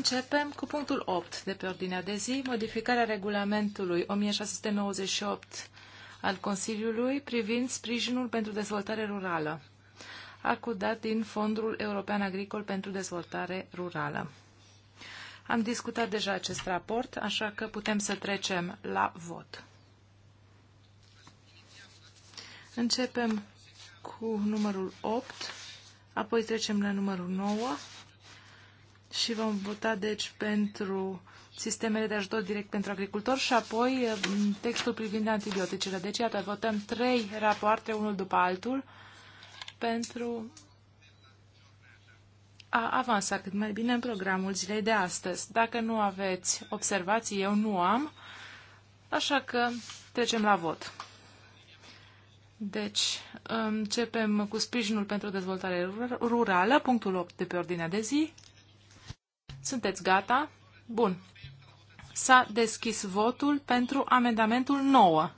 Începem cu punctul 8 de pe ordinea de zi, modificarea regulamentului 1698 al Consiliului privind sprijinul pentru dezvoltare rurală, acudat din Fondul European Agricol pentru Dezvoltare Rurală. Am discutat deja acest raport, așa că putem să trecem la vot. Începem cu numărul 8, apoi trecem la numărul 9, și vom vota deci pentru sistemele de ajutor direct pentru agricultori și apoi eh, textul privind antibioticele. Deci, iată, votăm trei rapoarte, unul după altul, pentru a avansa cât mai bine în programul zilei de astăzi. Dacă nu aveți observații, eu nu am, așa că trecem la vot. Deci, începem cu sprijinul pentru dezvoltare rurală, punctul 8 de pe ordinea de zi. Sunteți gata? Bun. S-a deschis votul pentru amendamentul 9.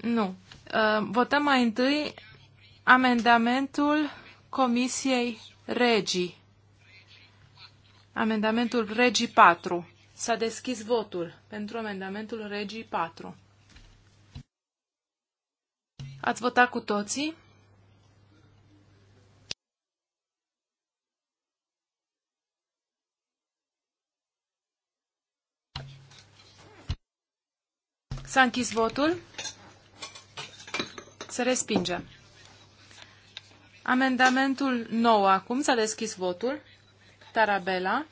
Nu. Uh, votăm mai întâi amendamentul Comisiei Regii. Amendamentul Regii 4. S-a deschis votul pentru amendamentul Regii 4. Ați votat cu toții? S-a închis votul. Se respinge. Amendamentul 9 acum. S-a deschis votul. Tarabela.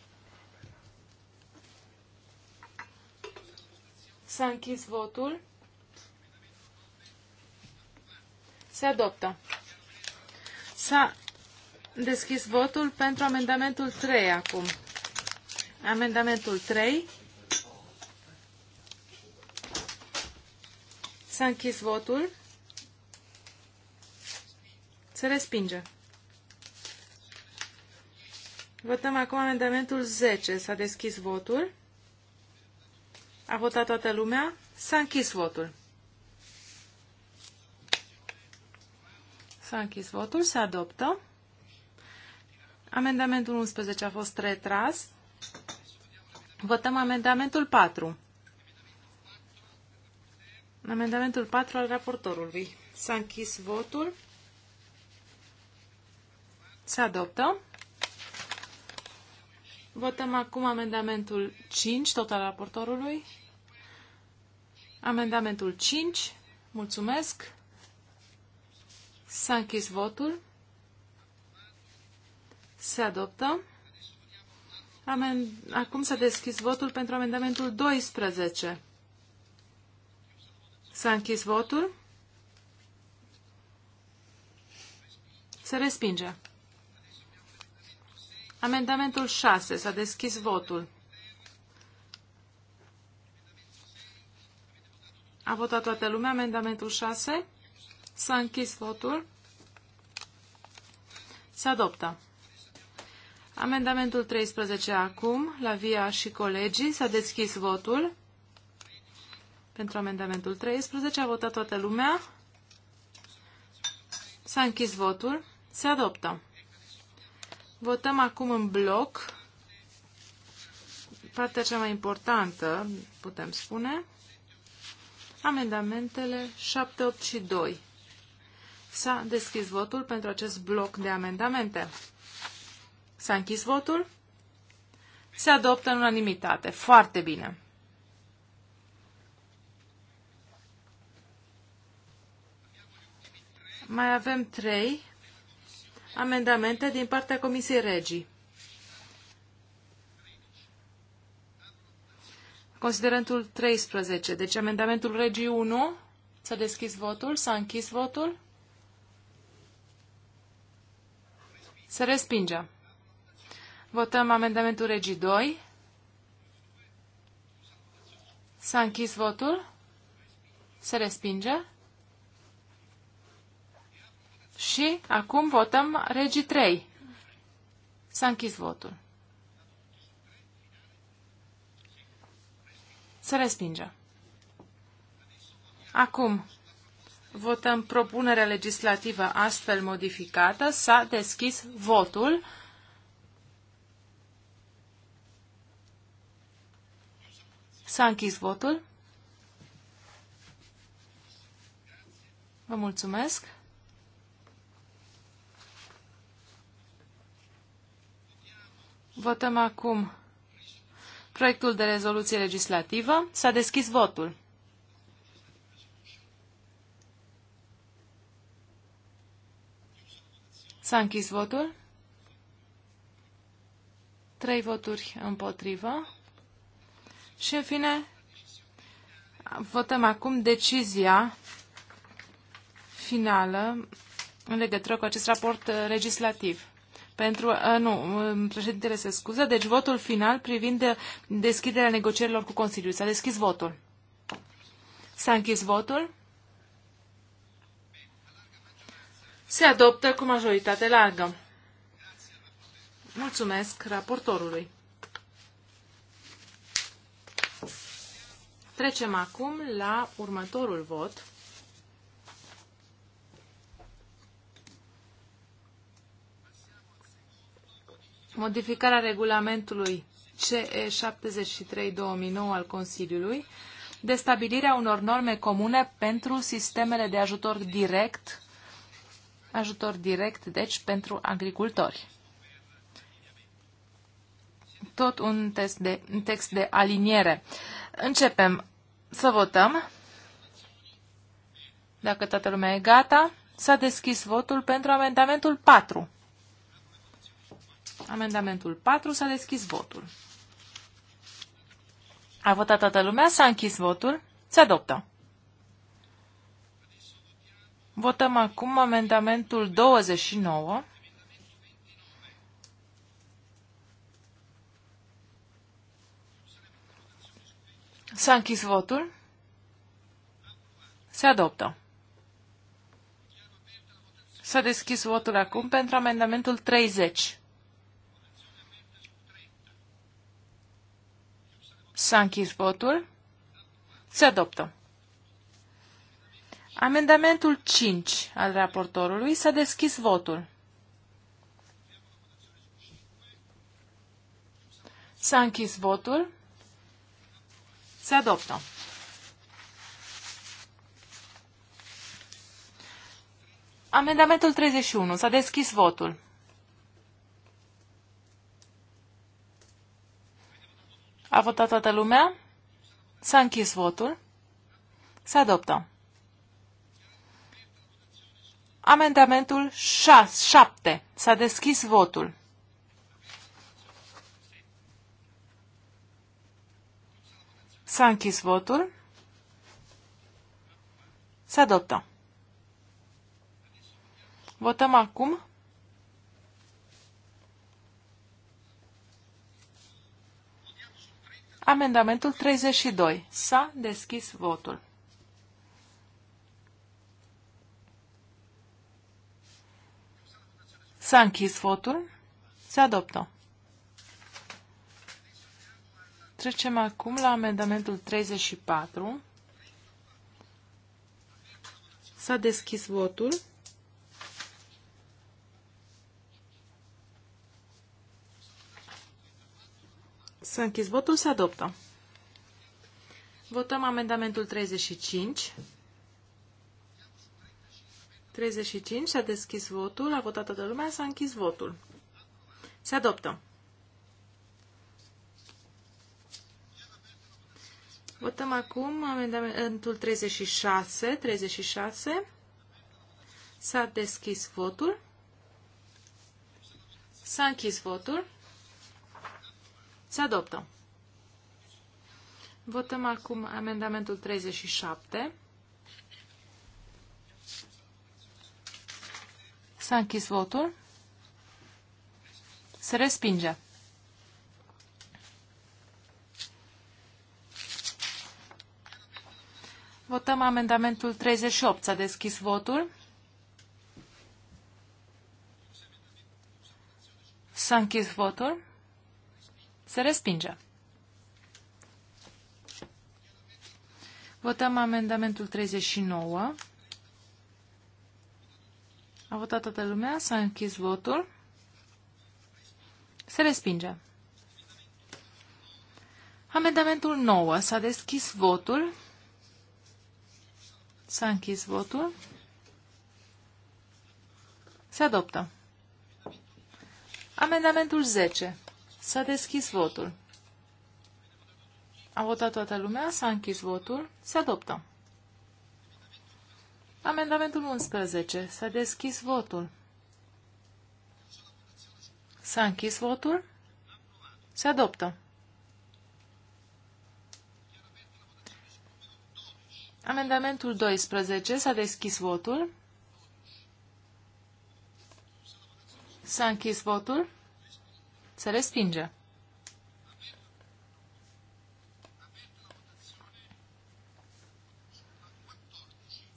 S-a închis votul. Se adoptă. S-a deschis votul pentru amendamentul 3 acum. Amendamentul 3. S-a închis votul. Se respinge. Votăm acum amendamentul 10. S-a deschis votul. A votat toată lumea. S-a închis votul. S-a închis votul. Se adoptă. Amendamentul 11 a fost retras. Votăm amendamentul 4. Amendamentul 4 al raportorului. S-a închis votul. Se adoptă. Votăm acum amendamentul 5, tot al raportorului. Amendamentul 5. Mulțumesc. S-a închis votul. Se adoptă. Amen... Acum s-a deschis votul pentru amendamentul 12. S-a închis votul. Se respinge. Amendamentul 6. S-a deschis votul. A votat toată lumea amendamentul 6. S-a închis votul. Se adoptă. Amendamentul 13 acum, la VIA și colegii, s-a deschis votul pentru amendamentul 13. A votat toată lumea. S-a închis votul. Se adoptă. Votăm acum în bloc partea cea mai importantă, putem spune, amendamentele 7, 8 și 2. S-a deschis votul pentru acest bloc de amendamente. S-a închis votul. Se adoptă în unanimitate. Foarte bine. Mai avem trei amendamente din partea Comisiei Regii. Considerentul 13. Deci amendamentul Regii 1. S-a deschis votul, s-a închis votul. Se respinge. Votăm amendamentul Regii 2. S-a închis votul. Se respinge. Și acum votăm regii 3. S-a închis votul. Să respingă. Acum votăm propunerea legislativă astfel modificată. S-a deschis votul. S-a închis votul. Vă mulțumesc. Votăm acum proiectul de rezoluție legislativă. S-a deschis votul. S-a închis votul. Trei voturi împotrivă. Și, în fine, votăm acum decizia finală în legătură cu acest raport uh, legislativ pentru, uh, nu, președintele se scuză, deci votul final privind deschiderea negocierilor cu Consiliul. S-a deschis votul. S-a închis votul. Se adoptă cu majoritate largă. Mulțumesc raportorului. Trecem acum la următorul vot. modificarea regulamentului CE 73-2009 al Consiliului de stabilirea unor norme comune pentru sistemele de ajutor direct, ajutor direct, deci, pentru agricultori. Tot un, test de, un text de aliniere. Începem să votăm. Dacă toată lumea e gata, s-a deschis votul pentru amendamentul 4. Amendamentul 4. S-a deschis votul. A votat toată lumea, s-a închis votul, se adoptă. Votăm acum amendamentul 29. S-a închis votul. Se adoptă. S-a deschis votul acum pentru amendamentul 30. S-a închis votul. Se adoptă. Amendamentul 5 al raportorului s-a deschis votul. S-a închis votul. Se adoptă. Amendamentul 31. S-a deschis votul. A votat toată lumea? S-a închis votul. Se adoptă. Amendamentul 7. S-a deschis votul. S-a închis votul. Se adoptă. Votăm acum Amendamentul 32. S-a deschis votul. S-a închis votul. Se adoptă. Trecem acum la amendamentul 34. S-a deschis votul. Să închis votul, se adoptă. Votăm amendamentul 35. 35, s-a deschis votul, a votat toată lumea, s-a închis votul. Se adoptă. Votăm acum amendamentul 36. 36. S-a deschis votul. S-a închis votul. Se adoptă. Votăm acum amendamentul 37. S-a închis votul. Se respinge. Votăm amendamentul 38. S-a deschis votul. S-a închis votul. Se respinge. Votăm amendamentul 39. A votat toată lumea, s-a închis votul. Se respinge. Amendamentul 9. S-a deschis votul. S-a închis votul. Se adoptă. Amendamentul 10. S-a deschis votul. A votat toată lumea, s-a închis votul, se adoptă. Amendamentul 11. S-a deschis votul. S-a închis votul. Se adoptă. Amendamentul 12. S-a deschis votul. S-a închis votul. Se respinge.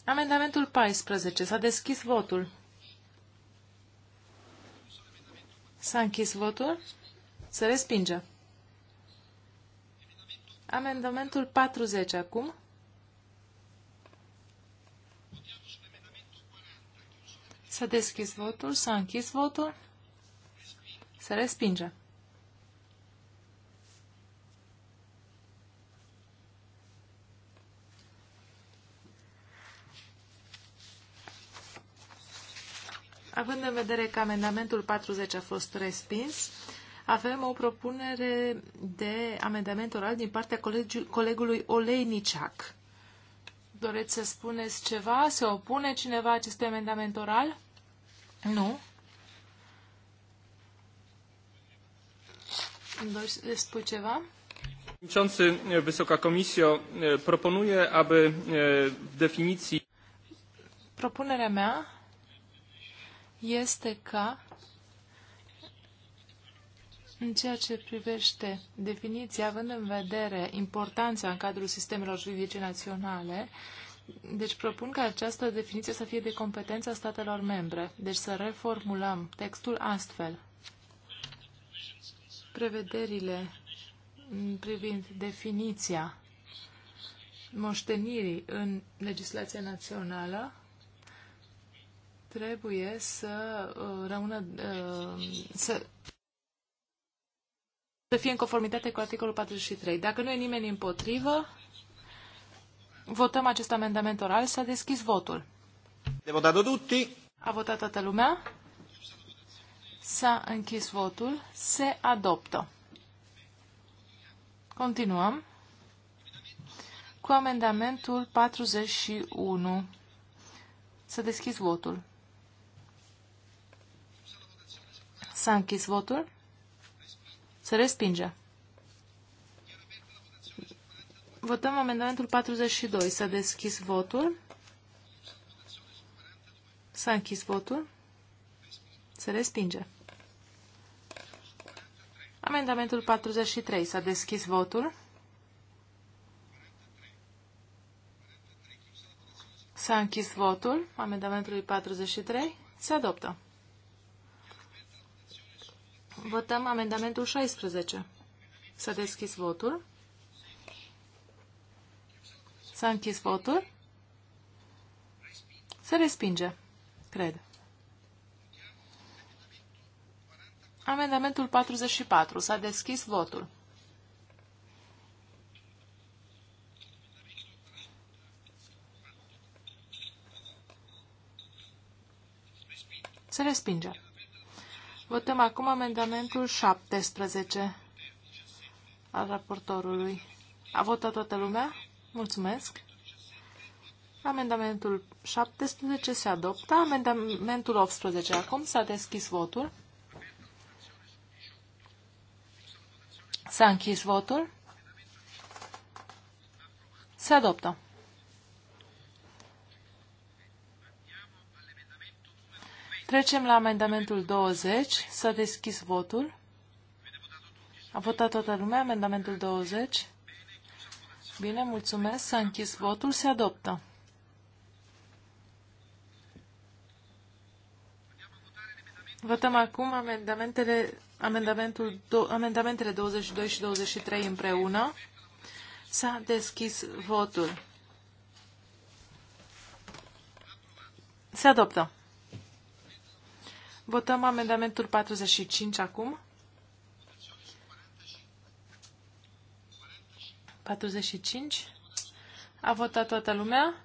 Amendamentul 14. S-a deschis votul. S-a închis votul. Se respinge. Amendamentul 40 acum. S-a deschis votul, s-a închis votul. Se respinge. Având în vedere că amendamentul 40 a fost respins, avem o propunere de amendament oral din partea colegi, colegului Oleiniciac. Doreți să spuneți ceva? Se opune cineva acestui amendament oral? Nu. spui ceva? Przewodniczący, Wysoka Komisjo, proponuję, aby w definicji... Propunerea mea este ca în ceea ce privește definiția, având în vedere importanța în cadrul sistemelor juridice naționale, deci propun ca această definiție să fie de competența statelor membre. Deci să reformulăm textul astfel prevederile privind definiția moștenirii în legislația națională trebuie să uh, rămână uh, să să fie în conformitate cu articolul 43. Dacă nu e nimeni împotrivă, votăm acest amendament oral. S-a deschis votul. De votat tutti. A votat toată lumea. S-a închis votul. Se adoptă. Continuăm cu amendamentul 41. Să deschis votul. S-a închis votul. Se respinge. Votăm amendamentul 42. S-a deschis votul. S-a închis votul. Se respinge. Amendamentul 43. S-a deschis votul. S-a închis votul amendamentului 43. Se adoptă. Votăm amendamentul 16. S-a deschis votul. S-a închis votul. Se respinge, cred. Amendamentul 44. S-a deschis votul. Se respinge. Votăm acum amendamentul 17 al raportorului. A votat toată lumea? Mulțumesc. Amendamentul 17 se adoptă. Amendamentul 18 acum s-a deschis votul. S-a închis votul. Se adoptă. Trecem la amendamentul 20. S-a deschis votul. A votat toată lumea amendamentul 20. Bine, mulțumesc. S-a închis votul. Se adoptă. Votăm acum amendamentele Amendamentul do, amendamentele 22 și 23 împreună. S-a deschis votul. Se adoptă. Votăm amendamentul 45 acum. 45. A votat toată lumea.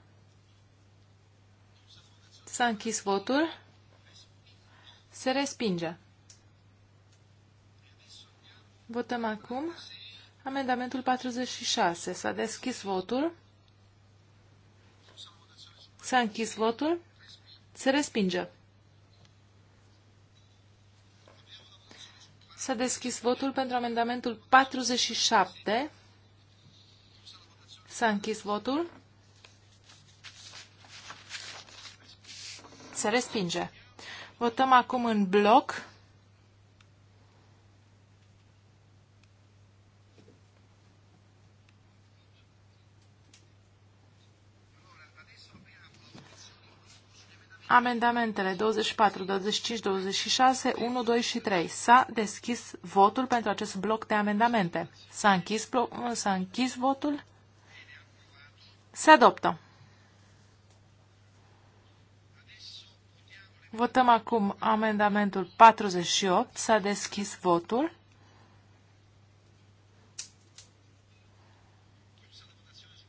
S-a închis votul. Se respinge. Votăm acum amendamentul 46. S-a deschis votul. S-a închis votul. Se respinge. S-a deschis votul pentru amendamentul 47. S-a închis votul. Se respinge. Votăm acum în bloc Amendamentele 24, 25, 26, 1, 2 și 3. S-a deschis votul pentru acest bloc de amendamente. S-a închis, s-a închis votul. Se adoptă. Votăm acum amendamentul 48. S-a deschis votul.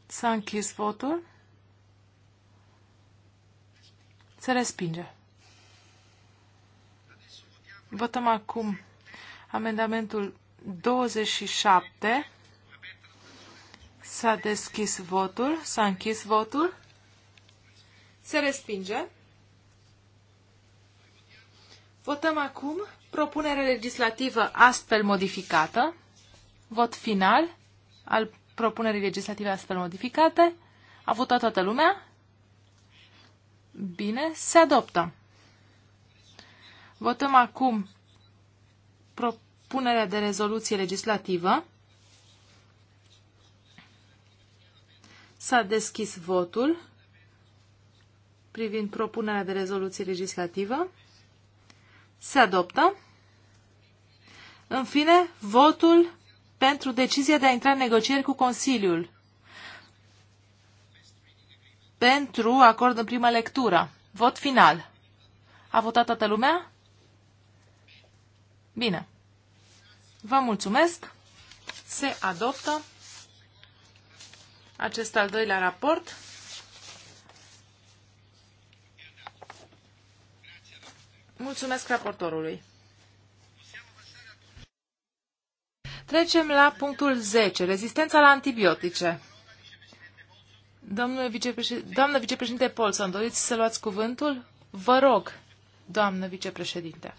S-a închis votul. Se respinge. Votăm acum amendamentul 27. S-a deschis votul, s-a închis votul. Se respinge. Votăm acum propunerea legislativă astfel modificată. Vot final al propunerii legislative astfel modificate. A votat toată lumea? Bine, se adoptă. Votăm acum propunerea de rezoluție legislativă. S-a deschis votul privind propunerea de rezoluție legislativă. Se adoptă. În fine, votul pentru decizia de a intra în negocieri cu Consiliul pentru acord în prima lectură. Vot final. A votat toată lumea? Bine. Vă mulțumesc. Se adoptă acest al doilea raport. Mulțumesc raportorului. Trecem la punctul 10. Rezistența la antibiotice. Domnule vicepreședinte, doamnă vicepreședinte Polson, doriți să luați cuvântul? Vă rog, doamnă vicepreședinte.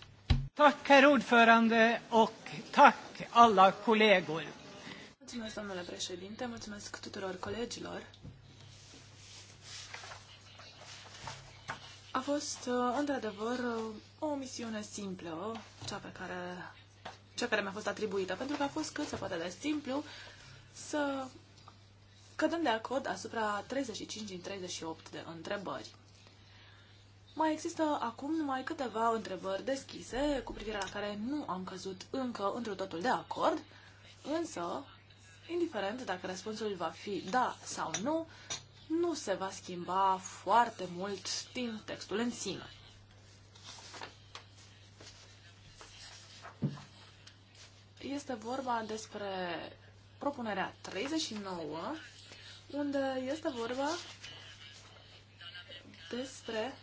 Tack, herr ordförande, och tack alla kollegor. Mulțumesc, domnule președinte, mulțumesc tuturor colegilor. A fost, uh, într-adevăr, uh, o misiune simplă, cea pe care, cea care mi-a fost atribuită, pentru că a fost cât se poate de simplu să cădem de acord asupra 35 din 38 de întrebări. Mai există acum numai câteva întrebări deschise cu privire la care nu am căzut încă într totul de acord, însă, indiferent dacă răspunsul va fi da sau nu, nu se va schimba foarte mult din textul în sine. Este vorba despre propunerea 39 unde este vorba despre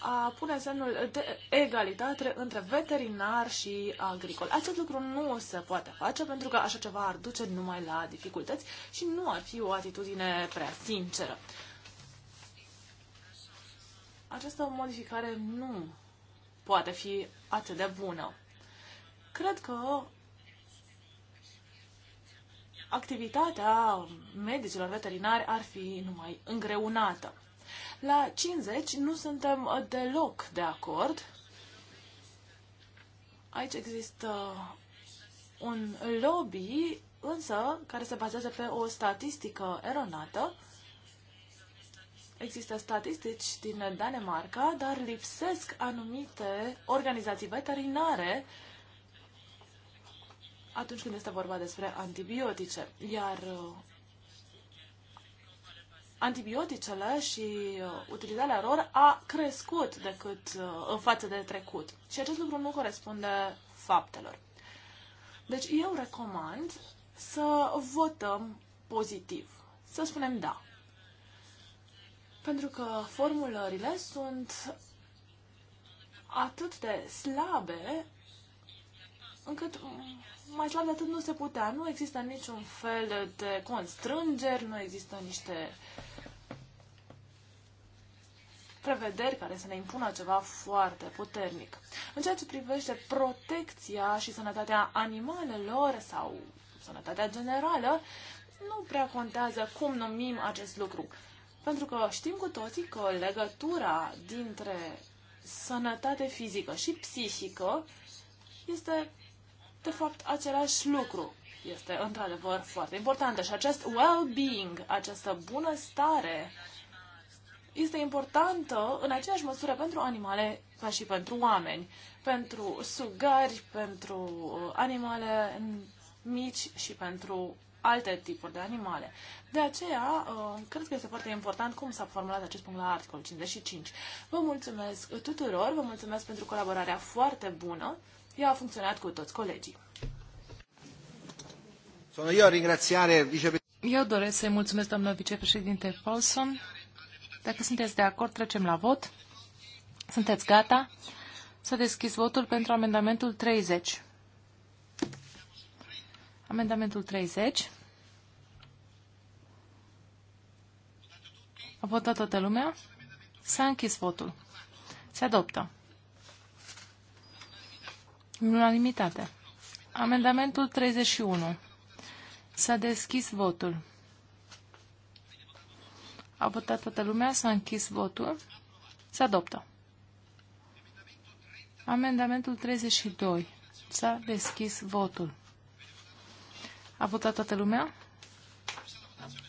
a pune semnul de egalitate între veterinar și agricol. Acest lucru nu se poate face pentru că așa ceva ar duce numai la dificultăți și nu ar fi o atitudine prea sinceră. Această modificare nu poate fi atât de bună. Cred că activitatea medicilor veterinari ar fi numai îngreunată. La 50 nu suntem uh, deloc de acord. Aici există uh, un lobby, însă, care se bazează pe o statistică eronată. Există statistici din Danemarca, dar lipsesc anumite organizații veterinare uh, atunci când este vorba despre antibiotice. Iar uh, antibioticele și uh, utilizarea lor a crescut decât uh, în față de trecut. Și acest lucru nu corespunde faptelor. Deci eu recomand să votăm pozitiv. Să spunem da. Pentru că formulările sunt atât de slabe încât mai slab de atât nu se putea. Nu există niciun fel de constrângeri, nu există niște prevederi care să ne impună ceva foarte puternic. În ceea ce privește protecția și sănătatea animalelor sau sănătatea generală, nu prea contează cum numim acest lucru. Pentru că știm cu toții că legătura dintre sănătate fizică și psihică este de fapt același lucru. Este într-adevăr foarte importantă și acest well-being, această bunăstare este importantă în aceeași măsură pentru animale ca și pentru oameni, pentru sugari, pentru uh, animale mici și pentru alte tipuri de animale. De aceea, uh, cred că este foarte important cum s-a formulat acest punct la articolul 55. Vă mulțumesc tuturor, vă mulțumesc pentru colaborarea foarte bună eu a funcționat cu toți colegii. Eu doresc să-i mulțumesc, doamnă vicepreședinte Paulson. Dacă sunteți de acord, trecem la vot. Sunteți gata? Să deschis votul pentru amendamentul 30. Amendamentul 30. A votat toată lumea? S-a închis votul. Se adoptă. În unanimitate. Amendamentul 31. S-a deschis votul. A votat toată lumea, s-a închis votul. Se adoptă. Amendamentul 32. S-a deschis votul. A votat toată lumea?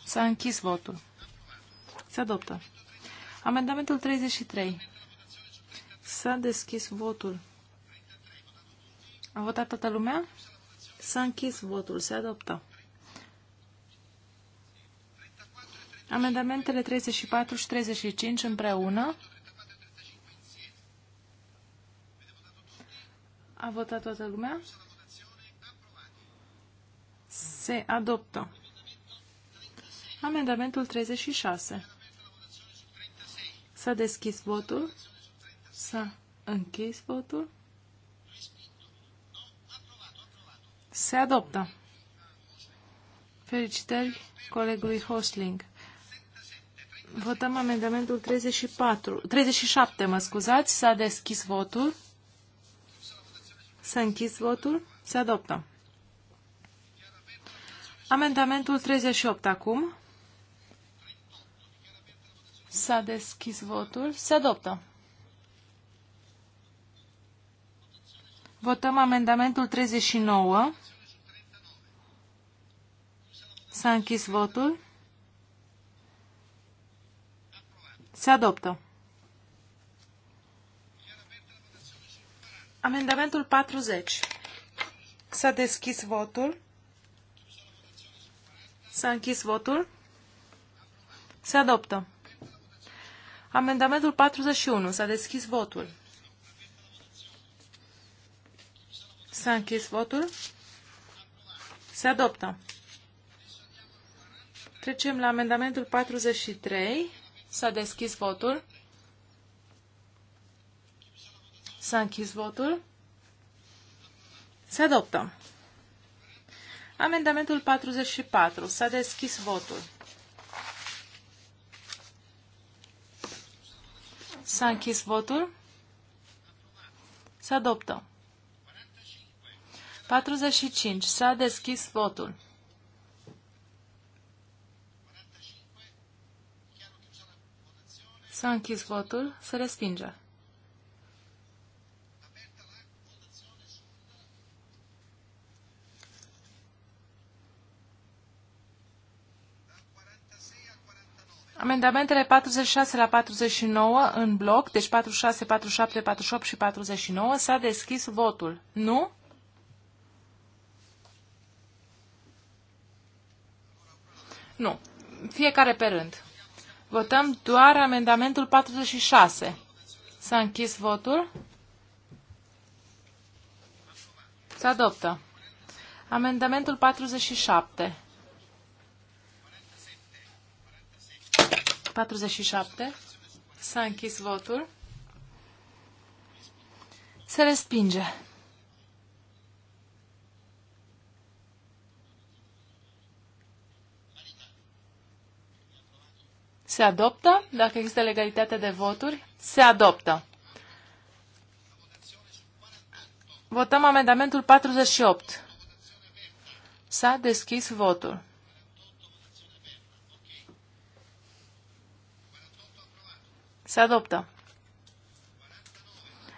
S-a închis votul. Se adoptă. Amendamentul 33. S-a deschis votul. A votat toată lumea? S-a închis votul. Se adoptă. Amendamentele 34 și 35 împreună. A votat toată lumea? Se adoptă. Amendamentul 36. S-a deschis votul. S-a închis votul. Se adoptă. Felicitări colegului Hosling. Votăm amendamentul 34, 37, mă scuzați. S-a deschis votul. S-a închis votul. Se adoptă. Amendamentul 38 acum. S-a deschis votul. Se adoptă. Votăm amendamentul 39. S-a închis votul. Se adoptă. Amendamentul 40. S-a deschis votul. S-a închis votul. Se adoptă. Amendamentul 41. S-a deschis votul. S-a închis votul. Se adoptă. Trecem la amendamentul 43. S-a deschis votul. S-a închis votul. Se adoptă. Amendamentul 44. S-a deschis votul. S-a închis votul. Se adoptă. 45. S-a deschis votul. S-a închis votul. Se respinge. Amendamentele 46 la 49 în bloc, deci 46, 47, 48 și 49, s-a deschis votul. Nu? Nu. Fiecare pe rând. Votăm doar amendamentul 46. S-a închis votul. Se adoptă. Amendamentul 47. 47. S-a închis votul. Se respinge. Se adoptă. Dacă există legalitate de voturi, se adoptă. Votăm amendamentul 48. S-a deschis votul. Se adoptă.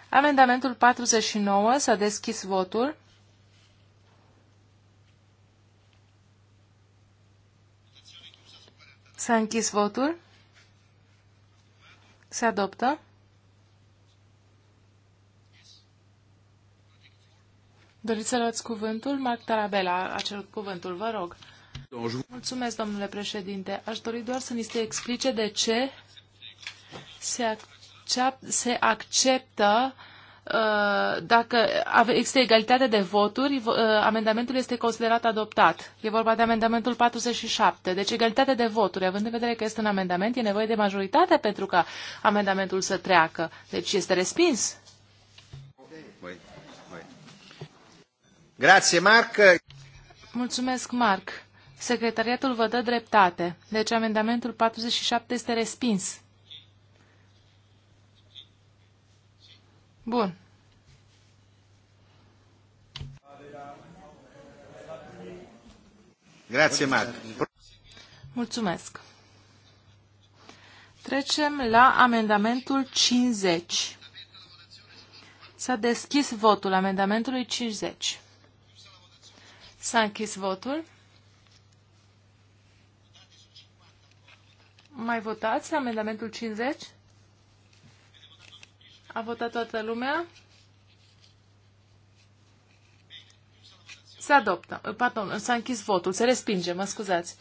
Amendamentul 49. S-a deschis votul. S-a închis votul. Se adoptă. Doriți să luați cuvântul? Marc Tarabela a cerut cuvântul, vă rog. Mulțumesc, domnule președinte. Aș dori doar să ni se explice de ce se, se acceptă Uh, dacă există egalitate de voturi, uh, amendamentul este considerat adoptat. E vorba de amendamentul 47. Deci egalitate de voturi, având în vedere că este un amendament, e nevoie de majoritate pentru ca amendamentul să treacă. Deci este respins. Grazie, Marc. Mulțumesc, Marc. Secretariatul vă dă dreptate. Deci amendamentul 47 este respins. Bun. Grazie, Marc. Mulțumesc. Trecem la amendamentul 50. S-a deschis votul amendamentului 50. S-a închis votul. Mai votați la amendamentul 50? A votat toată lumea? Se adoptă. Uh, pardon, uh, s-a închis votul. Se respinge, mă scuzați.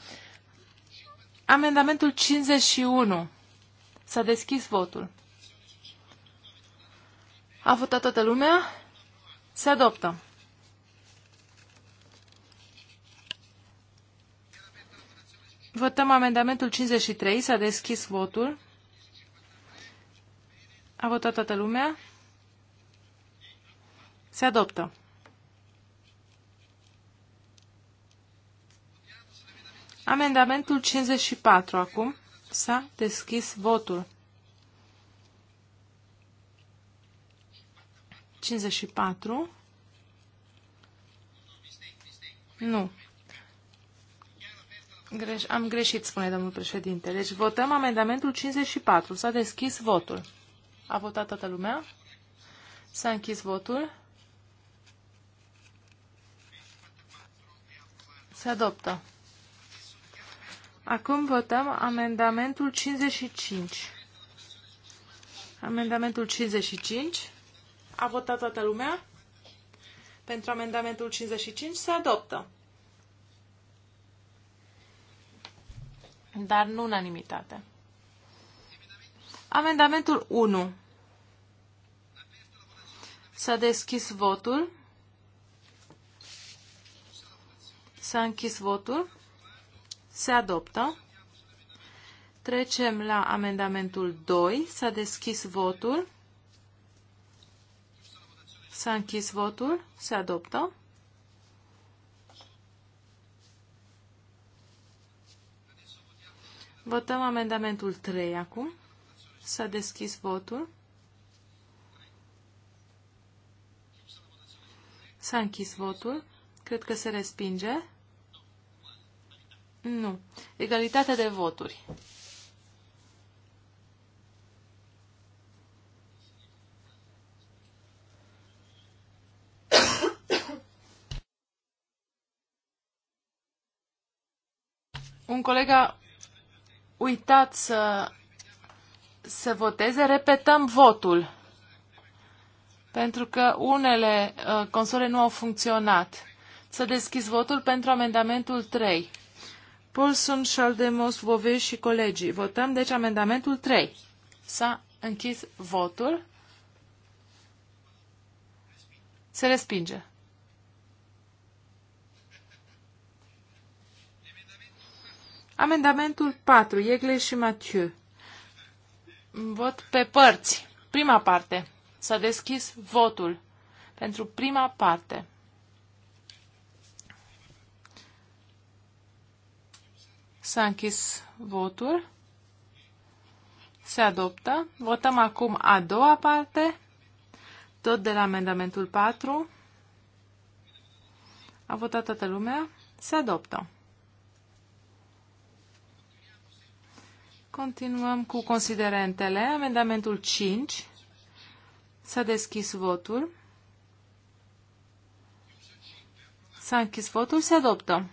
Amendamentul 51. S-a deschis votul. A votat toată lumea? Se adoptă. Votăm amendamentul 53. S-a deschis votul. A votat toată lumea. Se adoptă. Amendamentul 54 acum. S-a deschis votul. 54. Nu. Greș am greșit, spune domnul președinte. Deci votăm amendamentul 54. S-a deschis votul. A votat toată lumea. S-a închis votul. Se adoptă. Acum votăm amendamentul 55. Amendamentul 55. A votat toată lumea. Pentru amendamentul 55 se adoptă. Dar nu unanimitate. Amendamentul 1. S-a deschis votul. S-a închis votul. Se adoptă. Trecem la amendamentul 2. S-a deschis votul. S-a închis votul. Se adoptă. Votăm amendamentul 3 acum. S-a deschis votul. S-a închis votul. Cred că se respinge. Nu. egalitatea de voturi. Un coleg a uitat să să voteze, repetăm votul. Pentru că unele uh, console nu au funcționat. Să deschis votul pentru amendamentul 3. Paulson, Chaldemos, Vove și colegii. Votăm, deci, amendamentul 3. S-a închis votul. Se respinge. Amendamentul 4. Iegle și Mathieu. Vot pe părți. Prima parte. S-a deschis votul pentru prima parte. S-a închis votul. Se adoptă. Votăm acum a doua parte, tot de la amendamentul 4. A votat toată lumea. Se adoptă. Continuăm cu considerentele. Amendamentul 5. S-a deschis votul. S-a închis votul. Se adoptă.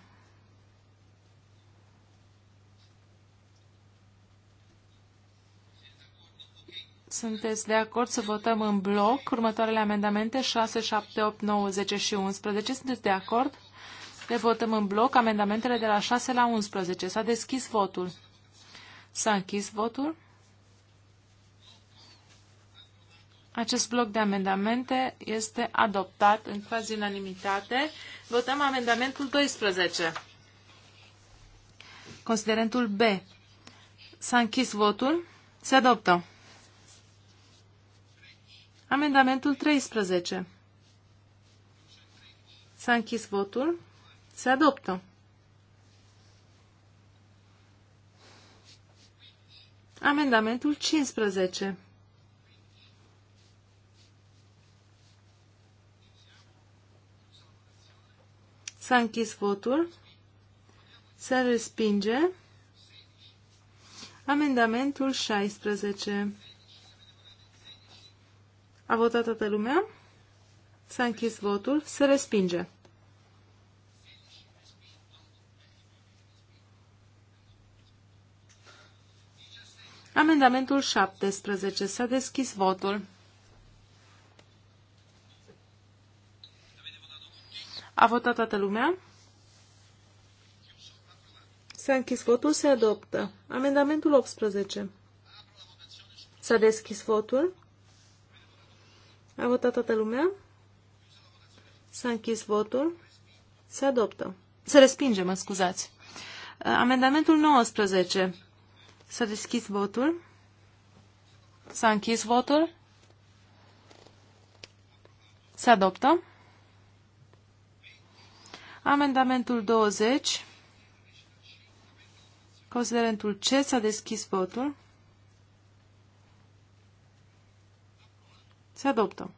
Sunteți de acord să votăm în bloc următoarele amendamente 6, 7, 8, 9, 10 și 11? Sunteți de acord? Le votăm în bloc amendamentele de la 6 la 11. S-a deschis votul. S-a închis votul. Acest bloc de amendamente este adoptat în caz unanimitate. Votăm amendamentul 12. Considerentul B. S-a închis votul. Se adoptă. Amendamentul 13. S-a închis votul. Se adoptă. Amendamentul 15. S-a închis votul. Se respinge. Amendamentul 16. A votat toată lumea? S-a închis votul. Se respinge. Amendamentul 17. S-a deschis votul. A votat toată lumea? S-a închis votul, se adoptă. Amendamentul 18. S-a deschis votul. A votat toată lumea? S-a închis votul. Se adoptă. Se respinge, mă scuzați. Amendamentul 19. S-a deschis votul. S-a închis votul. Se adoptă. Amendamentul 20. Considerentul C s-a deschis votul. Se adoptă.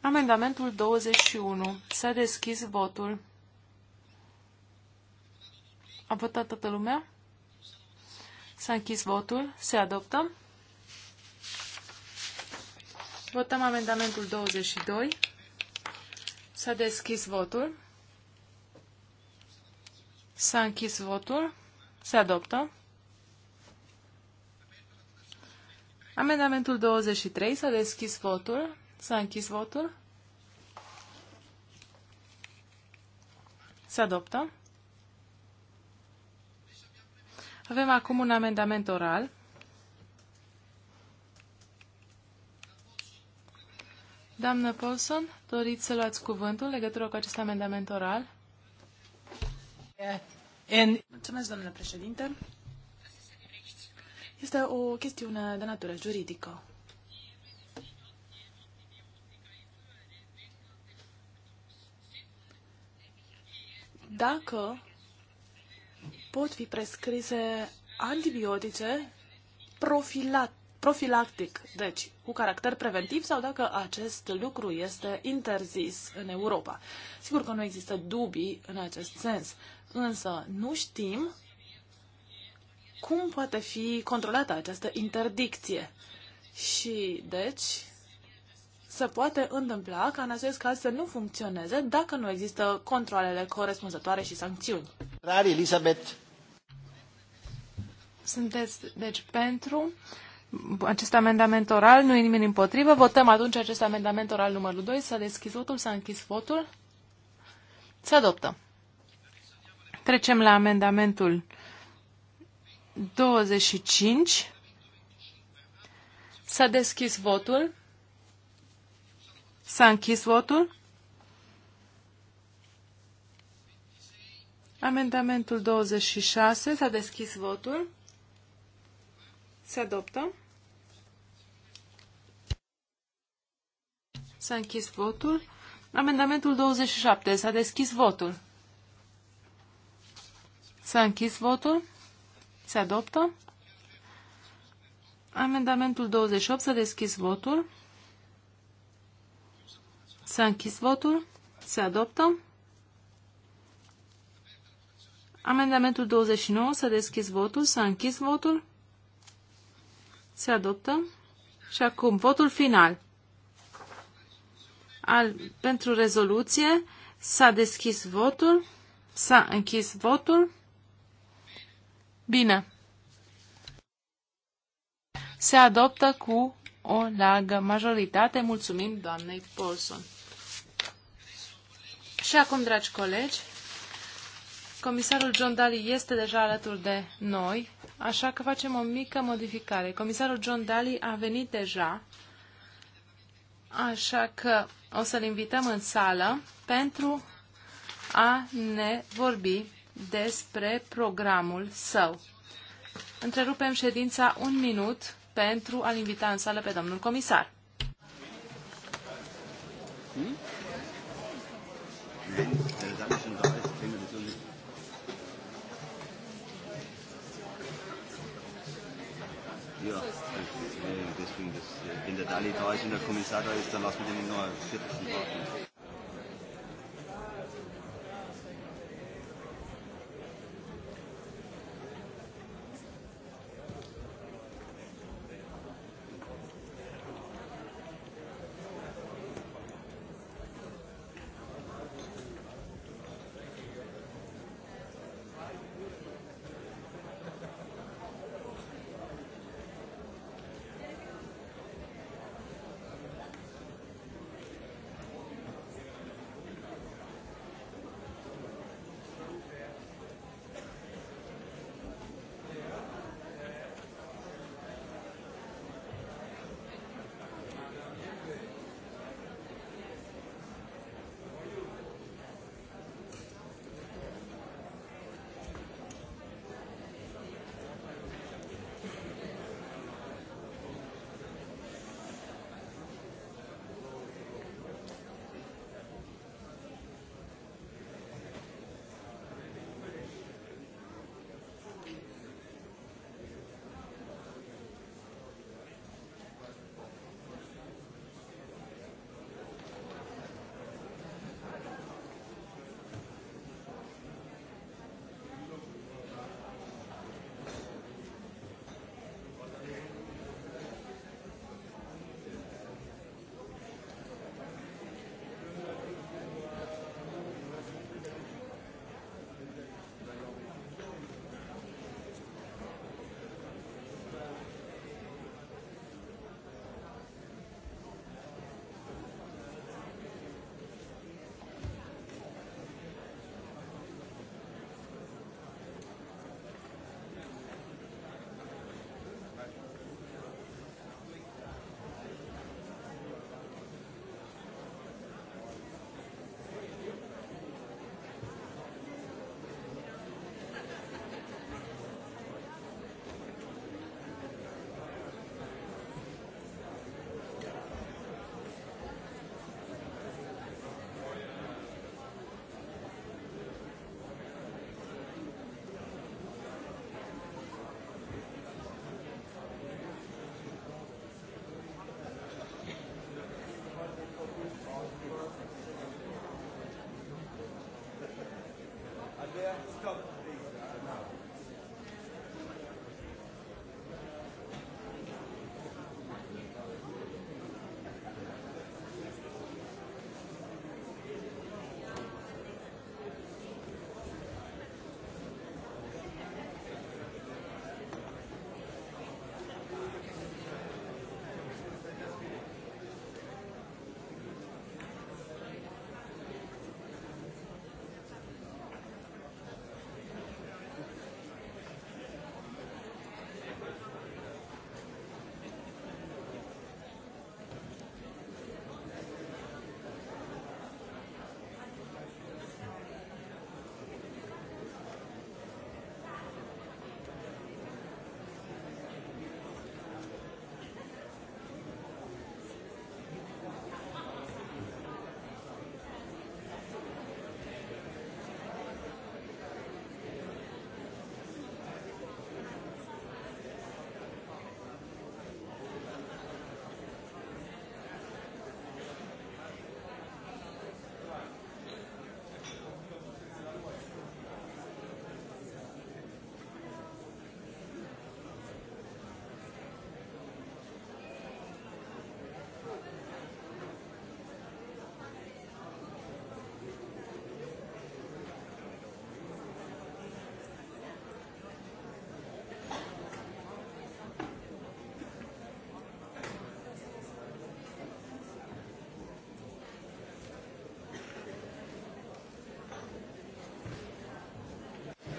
Amendamentul 21. S-a deschis votul. A votat toată lumea? S-a închis votul. Se adoptă. Votăm amendamentul 22. S-a deschis votul. S-a închis votul. Se adoptă. Amendamentul 23. S-a deschis votul. S-a închis votul. Se adoptă. Avem acum un amendament oral. Doamnă Paulson, doriți să luați cuvântul în legătură cu acest amendament oral? Mulțumesc, domnule președinte. Este o chestiune de natură juridică. Dacă pot fi prescrise antibiotice profilat, profilactic, deci cu caracter preventiv sau dacă acest lucru este interzis în Europa. Sigur că nu există dubii în acest sens, însă nu știm cum poate fi controlată această interdicție. Și, deci, se poate întâmpla ca în acest caz să nu funcționeze dacă nu există controlele corespunzătoare și sancțiuni. Rar Elizabeth sunteți, deci, pentru acest amendament oral, nu e nimeni împotrivă. Votăm atunci acest amendament oral numărul 2. S-a deschis votul, s-a închis votul. Se adoptă. Trecem la amendamentul 25. S-a deschis votul. S-a închis votul. Amendamentul 26. S-a deschis votul. Se adoptă. S-a închis votul. Amendamentul 27. S-a deschis votul. S-a închis votul. Se adoptă. Amendamentul 28. S-a deschis votul. S-a închis votul. Se adoptă. Amendamentul 29. S-a deschis votul. S-a închis votul. Se adoptă. Și acum, votul final. Al, pentru rezoluție s-a deschis votul, s-a închis votul. Bine. Se adoptă cu o largă majoritate. Mulțumim doamnei Polson. Și acum, dragi colegi, Comisarul John Daly este deja alături de noi, așa că facem o mică modificare. Comisarul John Daly a venit deja, așa că o să-l invităm în sală pentru a ne vorbi despre programul său. Întrerupem ședința un minut pentru a-l invita în sală pe domnul comisar. Hmm? Ja, deswegen, das, wenn äh, der Dalli da ist und der Kommissar da ist, dann lassen wir den in einer Viertelstunde warten.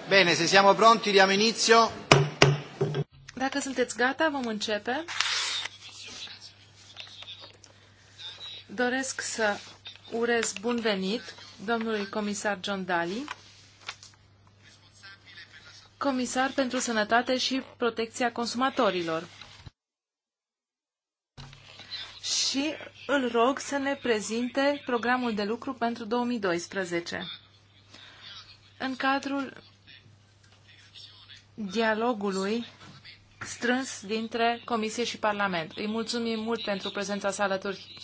Bine, se siamo pronti, diamo inizio. Dacă sunteți gata, vom începe. Doresc să urez bun venit domnului comisar John Daly, comisar pentru sănătate și protecția consumatorilor. Și îl rog să ne prezinte programul de lucru pentru 2012. În cadrul dialogului strâns dintre Comisie și Parlament. Îi mulțumim mult pentru prezența sa alături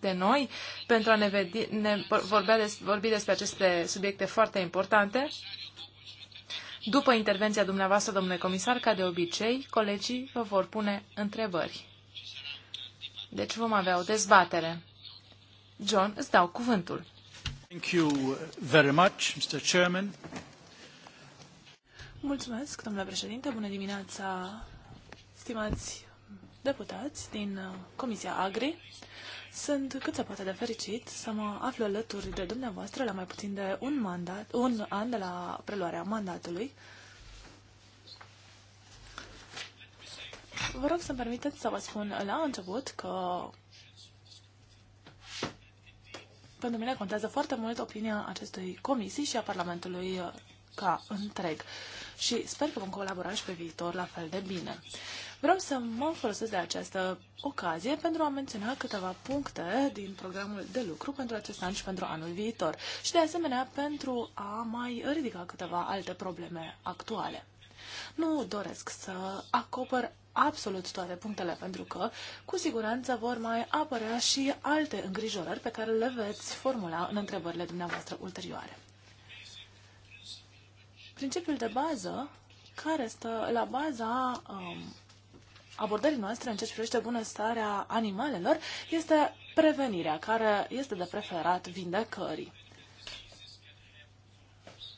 de noi, pentru a ne, vedi, ne vorbea des, vorbi despre aceste subiecte foarte importante. După intervenția dumneavoastră, domnule comisar, ca de obicei, colegii vă vor pune întrebări. Deci vom avea o dezbatere. John, îți dau cuvântul. Thank you very much, Mr. Chairman. Mulțumesc, domnule președinte. Bună dimineața, stimați deputați din uh, Comisia Agri. Sunt cât se poate de fericit să mă aflu alături de dumneavoastră la mai puțin de un, mandat, un an de la preluarea mandatului. Vă rog să-mi permiteți să vă spun la început că pentru mine contează foarte mult opinia acestei comisii și a Parlamentului uh, ca întreg și sper că vom colabora și pe viitor la fel de bine. Vreau să mă folosesc de această ocazie pentru a menționa câteva puncte din programul de lucru pentru acest an și pentru anul viitor și de asemenea pentru a mai ridica câteva alte probleme actuale. Nu doresc să acopăr absolut toate punctele, pentru că, cu siguranță, vor mai apărea și alte îngrijorări pe care le veți formula în întrebările dumneavoastră ulterioare. Principiul de bază care stă la baza um, abordării noastre în ceea ce privește bunăstarea animalelor este prevenirea, care este de preferat vindecării.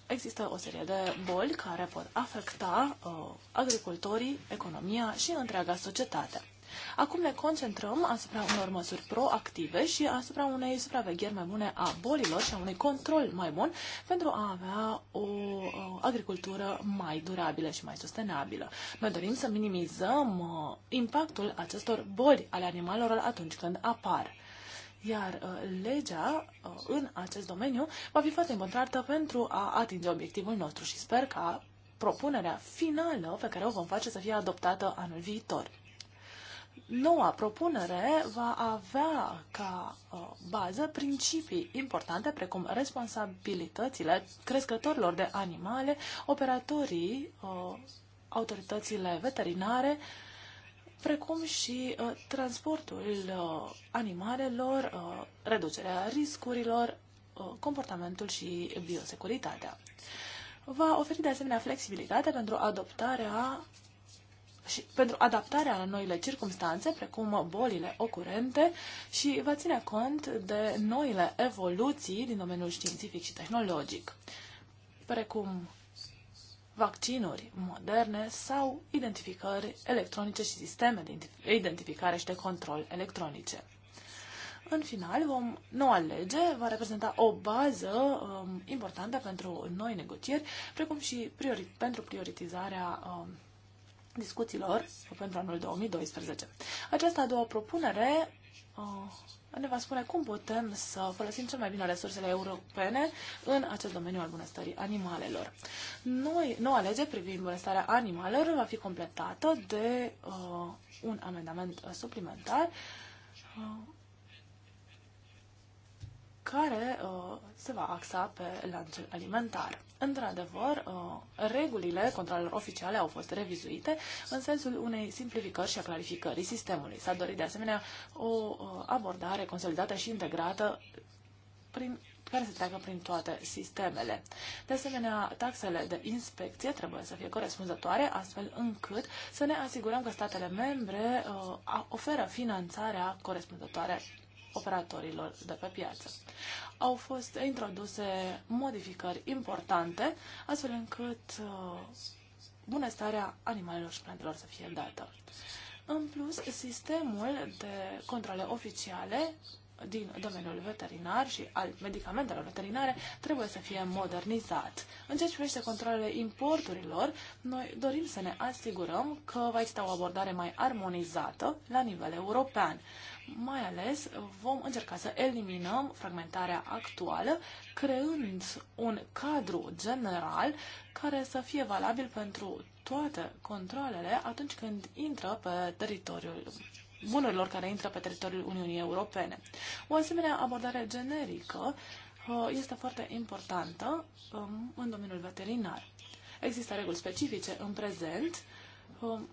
Există o serie de boli care pot afecta uh, agricultorii, economia și întreaga societate. Acum ne concentrăm asupra unor măsuri proactive și asupra unei supravegheri mai bune a bolilor și a unui control mai bun pentru a avea o agricultură mai durabilă și mai sustenabilă. Noi dorim să minimizăm uh, impactul acestor boli ale animalelor atunci când apar iar uh, legea uh, în acest domeniu va fi foarte importantă pentru a atinge obiectivul nostru și sper ca propunerea finală pe care o vom face să fie adoptată anul viitor noua propunere va avea ca uh, bază principii importante precum responsabilitățile crescătorilor de animale, operatorii, uh, autoritățile veterinare, precum și uh, transportul animalelor, reducerea riscurilor, comportamentul și biosecuritatea. Va oferi de asemenea flexibilitate pentru adoptarea și pentru adaptarea la noile circumstanțe, precum bolile ocurente, și va ține cont de noile evoluții din domeniul științific și tehnologic, precum vaccinuri moderne sau identificări electronice și sisteme de identificare și de control electronice. În final, vom, noua lege va reprezenta o bază um, importantă pentru noi negocieri, precum și priori, pentru prioritizarea um, discuțiilor pentru anul 2012. Această a doua propunere uh, ne va spune cum putem să folosim cel mai bine resursele europene în acest domeniu al bunăstării animalelor. Noi, noua lege privind bunăstarea animalelor va fi completată de uh, un amendament uh, suplimentar uh, care uh, se va axa pe lanțul alimentar. Într-adevăr, uh, regulile controlelor oficiale au fost revizuite în sensul unei simplificări și a clarificării sistemului. S-a dorit de asemenea o uh, abordare consolidată și integrată prin care se treacă prin toate sistemele. De asemenea, taxele de inspecție trebuie să fie corespunzătoare, astfel încât să ne asigurăm că statele membre uh, oferă finanțarea corespunzătoare operatorilor de pe piață. Au fost introduse modificări importante, astfel încât uh, bunăstarea animalelor și plantelor să fie dată. În plus, sistemul de controle oficiale din domeniul veterinar și al medicamentelor veterinare trebuie să fie modernizat. În ceea ce privește controlele importurilor, noi dorim să ne asigurăm că va exista o abordare mai armonizată la nivel european. Mai ales vom încerca să eliminăm fragmentarea actuală, creând un cadru general care să fie valabil pentru toate controlele atunci când intră pe teritoriul bunurilor care intră pe teritoriul Uniunii Europene. O asemenea abordare generică uh, este foarte importantă um, în domeniul veterinar. Există reguli specifice în prezent. Um,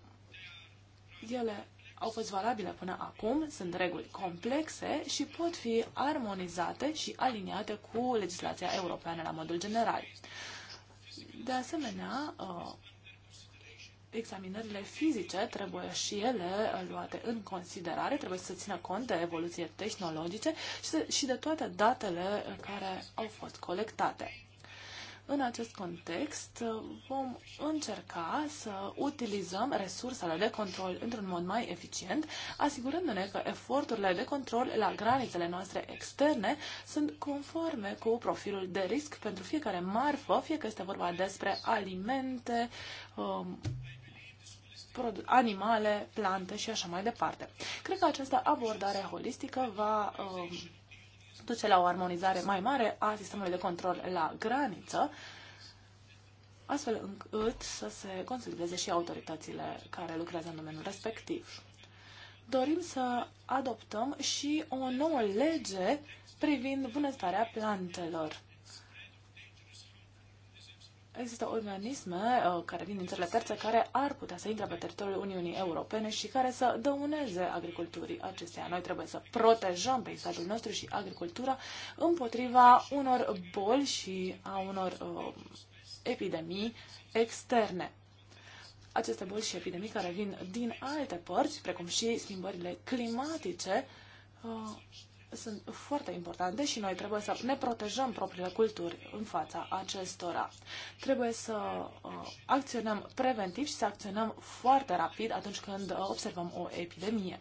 ele au fost valabile până acum, sunt reguli complexe și pot fi armonizate și aliniate cu legislația europeană la modul general. De asemenea, uh, examinările fizice trebuie și ele uh, luate în considerare, trebuie să se țină cont de evoluție tehnologice și de toate datele uh, care au fost colectate. În acest context, vom încerca să utilizăm resursele de control într-un mod mai eficient, asigurându-ne că eforturile de control la granițele noastre externe sunt conforme cu profilul de risc pentru fiecare marfă, fie că este vorba despre alimente, um, animale, plante și așa mai departe. Cred că această abordare holistică va uh, duce la o armonizare mai mare a sistemului de control la graniță, astfel încât să se consolideze și autoritățile care lucrează în domeniul respectiv. Dorim să adoptăm și o nouă lege privind bunăstarea plantelor. Există organisme uh, care vin din țările terțe care ar putea să intre pe teritoriul Uniunii Europene și care să dăuneze agriculturii acesteia. Noi trebuie să protejăm peisajul nostru și agricultura împotriva unor boli și a unor uh, epidemii externe. Aceste boli și epidemii care vin din alte părți, precum și schimbările climatice, uh, sunt foarte importante și noi trebuie să ne protejăm propriile culturi în fața acestora. Trebuie să uh, acționăm preventiv și să acționăm foarte rapid atunci când uh, observăm o epidemie.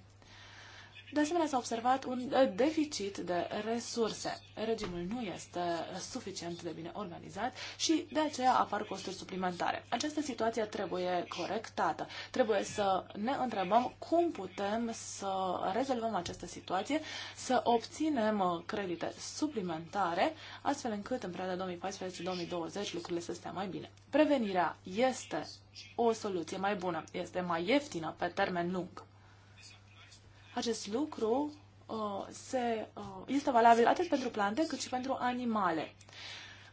De asemenea, s-a observat un eh, deficit de resurse. Regimul nu este eh, suficient de bine organizat și de aceea apar costuri suplimentare. Această situație trebuie corectată. Trebuie să ne întrebăm cum putem să rezolvăm această situație, să obținem eh, credite suplimentare, astfel încât în perioada 2014-2020 lucrurile să stea mai bine. Prevenirea este o soluție mai bună, este mai ieftină pe termen lung. Acest lucru uh, se, uh, este valabil atât pentru plante cât și pentru animale.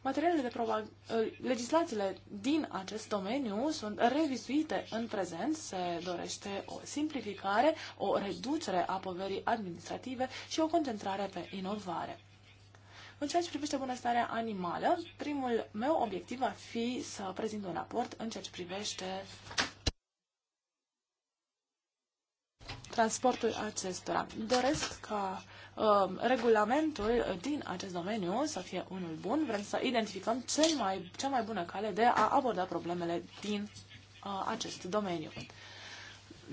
Materialele de proba- uh, legislațiile din acest domeniu sunt revizuite în prezent. Se dorește o simplificare, o reducere a poverii administrative și o concentrare pe inovare. În ceea ce privește bunăstarea animală, primul meu obiectiv va fi să prezint un raport în ceea ce privește transportul acestora. Doresc ca um, regulamentul din acest domeniu să fie unul bun. Vrem să identificăm cel mai, cea mai bună cale de a aborda problemele din uh, acest domeniu.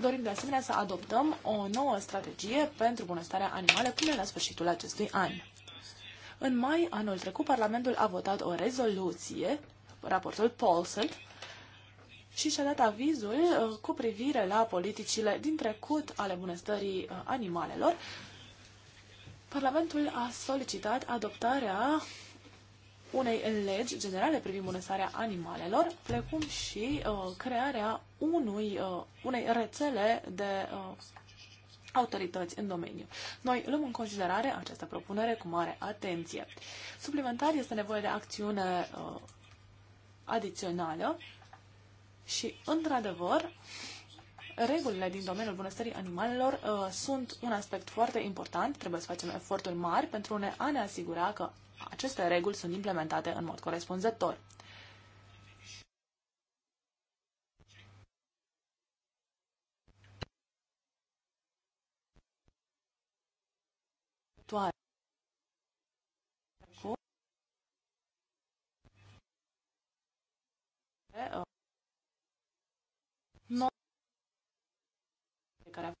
Dorim de asemenea să adoptăm o nouă strategie pentru bunăstarea animale până la sfârșitul acestui an. În mai anul trecut, Parlamentul a votat o rezoluție, raportul Paulson, și și-a dat avizul uh, cu privire la politicile din trecut ale bunăstării uh, animalelor. Parlamentul a solicitat adoptarea unei legi generale privind bunăstarea animalelor, precum și uh, crearea unui, uh, unei rețele de uh, autorități în domeniu. Noi luăm în considerare această propunere cu mare atenție. Suplimentar este nevoie de acțiune uh, adițională și, într-adevăr, regulile din domeniul bunăstării animalelor uh, sunt un aspect foarte important. Trebuie să facem eforturi mari pentru ne a ne asigura că aceste reguli sunt implementate în mod corespunzător. viitoare. care avem.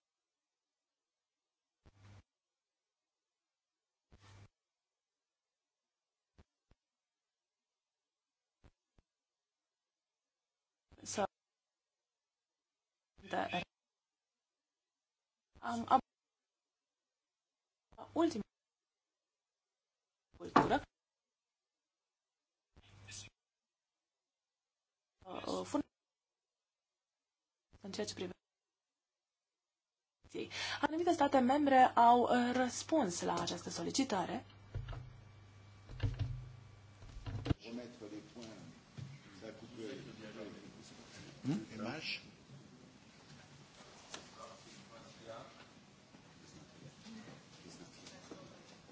Să de... Da. Am, am ultima cultură uh, uh, în ceea ce privește Comisiei. Anumite state membre au uh, răspuns la această solicitare. Hmm?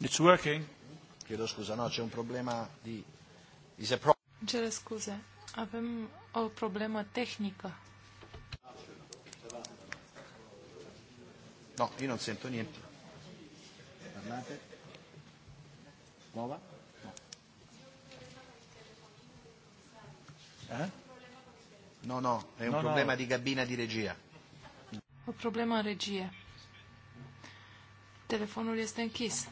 It's working. Chiedo scusa, no, c'è un problema di... Is a pro- Cere scuze, avem o problemă tehnică. No, io non sento niente. Parlate? Nuova? No. Eh? No, no, è un no, problema no. di cabina di regia. Un problema în regia. Telefonul este închis.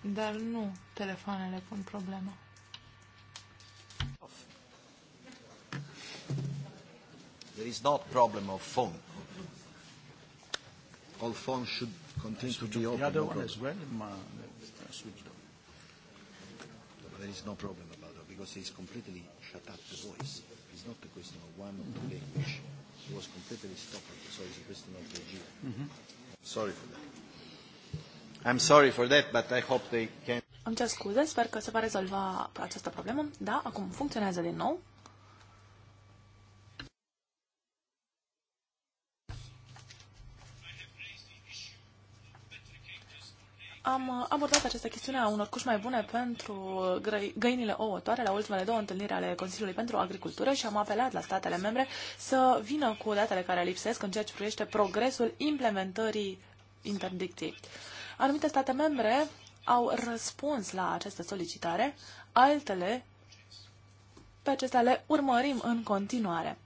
Dar nu telefoanele pun problema. There is no problem of phone all phones should continue to be open. The other one as well. Uh, There is no problem about that because he's completely shut up the voice. It's not a question of one or two language. He was completely stopped, so it's a question of the G. Mm-hmm. Sorry for that. I'm sorry for that, but I hope they can... Îmi cer scuze, sper că se va rezolva această problemă. Da, acum funcționează din nou. am abordat această chestiune a unor cuși mai bune pentru găinile ouătoare la ultimele două întâlniri ale Consiliului pentru Agricultură și am apelat la statele membre să vină cu datele care lipsesc în ceea ce privește progresul implementării interdicției. Anumite state membre au răspuns la această solicitare, altele pe acestea le urmărim în continuare.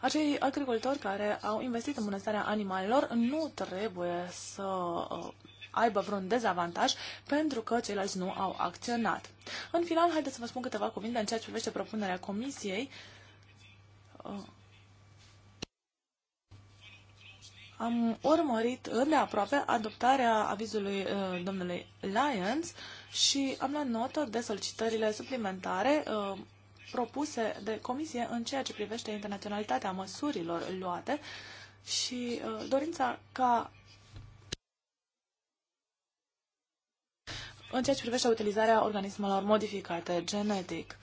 Acei agricultori care au investit în bunăstarea animalelor nu trebuie să uh, aibă vreun dezavantaj pentru că ceilalți nu au acționat. În final, haideți să vă spun câteva cuvinte în ceea ce privește propunerea Comisiei. Uh, am urmărit îndeaproape adoptarea avizului uh, domnului Lyons și am luat notă de solicitările suplimentare uh, propuse de comisie în ceea ce privește internaționalitatea măsurilor luate și uh, dorința ca în ceea ce privește utilizarea organismelor modificate genetic.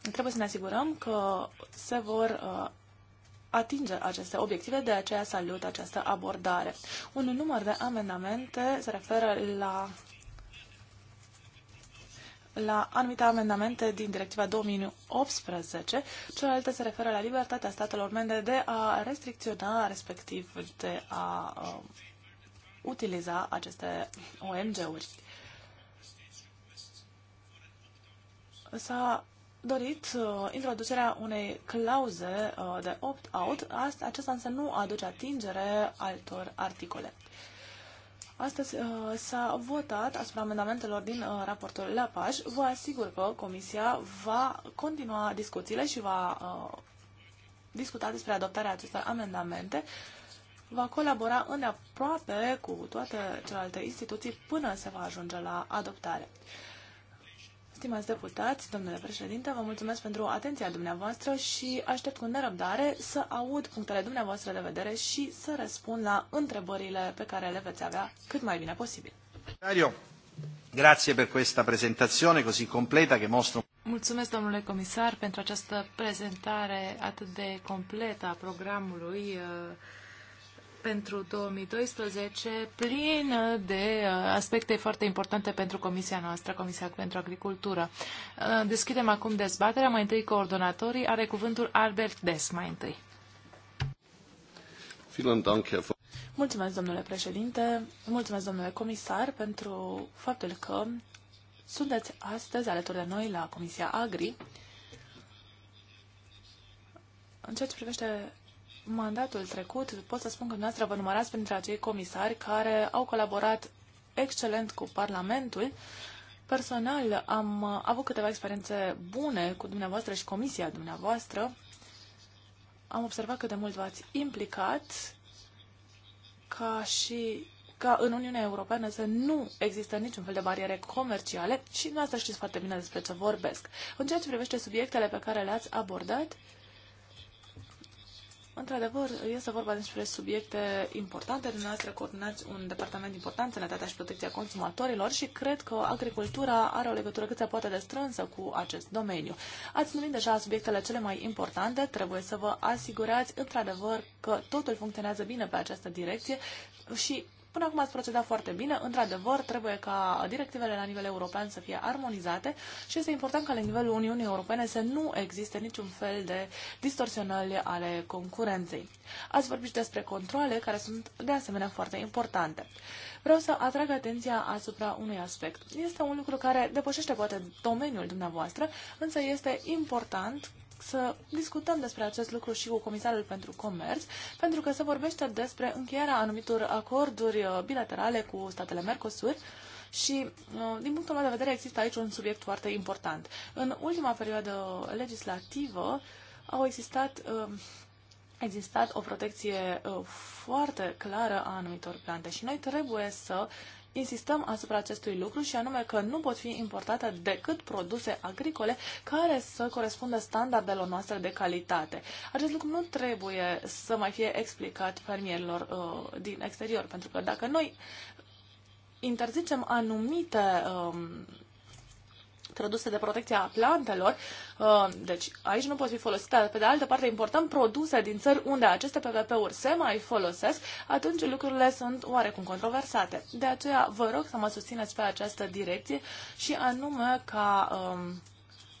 Trebuie să ne asigurăm că se vor uh, atinge aceste obiective, de aceea salut această abordare. Un număr de amendamente se referă la la anumite amendamente din Directiva 2018, celelalte se referă la libertatea statelor membre de a restricționa, respectiv de a uh, utiliza aceste OMG-uri. S-a dorit uh, introducerea unei clauze uh, de opt-out, acesta însă nu aduce atingere altor articole. Astăzi uh, s-a votat asupra amendamentelor din uh, raportul LAPAJ. Vă asigur că Comisia va continua discuțiile și va uh, discuta despre adoptarea acestor amendamente uh, va colabora îndeaproape cu toate celelalte instituții până se va ajunge la adoptare. Stimați deputați, domnule președinte, vă mulțumesc pentru atenția dumneavoastră și aștept cu nerăbdare să aud punctele dumneavoastră de vedere și să răspund la întrebările pe care le veți avea cât mai bine posibil. Dario, grazie per questa presentazione così completa che mostro... Mulțumesc, domnule comisar, pentru această prezentare atât de completă a programului uh, pentru 2012 plin de uh, aspecte foarte importante pentru Comisia noastră, Comisia pentru Agricultură. Uh, deschidem acum dezbaterea. Mai întâi coordonatorii. Are cuvântul Albert Des mai întâi. Mulțumesc, domnule președinte, mulțumesc, domnule comisar, pentru faptul că sunteți astăzi alături de noi la Comisia Agri. În ceea ce privește mandatul trecut pot să spun că dumneavoastră vă numărați printre acei comisari care au colaborat excelent cu Parlamentul. Personal am avut câteva experiențe bune cu dumneavoastră și comisia dumneavoastră. Am observat cât de mult v-ați implicat ca și ca în Uniunea Europeană să nu există niciun fel de bariere comerciale și dumneavoastră știți foarte bine despre ce vorbesc. În ceea ce privește subiectele pe care le-ați abordat, Într-adevăr, este vorba despre subiecte importante. Dumneavoastră coordonați un departament important, sănătatea și protecția consumatorilor și cred că agricultura are o legătură cât se poate de strânsă cu acest domeniu. Ați numit deja subiectele cele mai importante. Trebuie să vă asigurați, într-adevăr, că totul funcționează bine pe această direcție și Până acum ați procedat foarte bine. Într-adevăr, trebuie ca directivele la nivel european să fie armonizate și este important ca la nivelul Uniunii Europene să nu existe niciun fel de distorsionări ale concurenței. Ați vorbit despre controle, care sunt de asemenea foarte importante. Vreau să atrag atenția asupra unui aspect. Este un lucru care depășește poate domeniul dumneavoastră, însă este important să discutăm despre acest lucru și cu Comisarul pentru Comerț, pentru că se vorbește despre încheierea anumitor acorduri uh, bilaterale cu statele Mercosur și, uh, din punctul meu de vedere, există aici un subiect foarte important. În ultima perioadă legislativă au existat uh, existat o protecție foarte clară a anumitor plante și noi trebuie să insistăm asupra acestui lucru și anume că nu pot fi importate decât produse agricole care să corespundă standardelor noastre de calitate. Acest lucru nu trebuie să mai fie explicat fermierilor uh, din exterior, pentru că dacă noi interzicem anumite uh, produse de protecție a plantelor, uh, deci aici nu pot fi folosite. Pe de altă parte, importăm produse din țări unde aceste PVP-uri se mai folosesc, atunci lucrurile sunt oarecum controversate. De aceea vă rog să mă susțineți pe această direcție și anume ca um,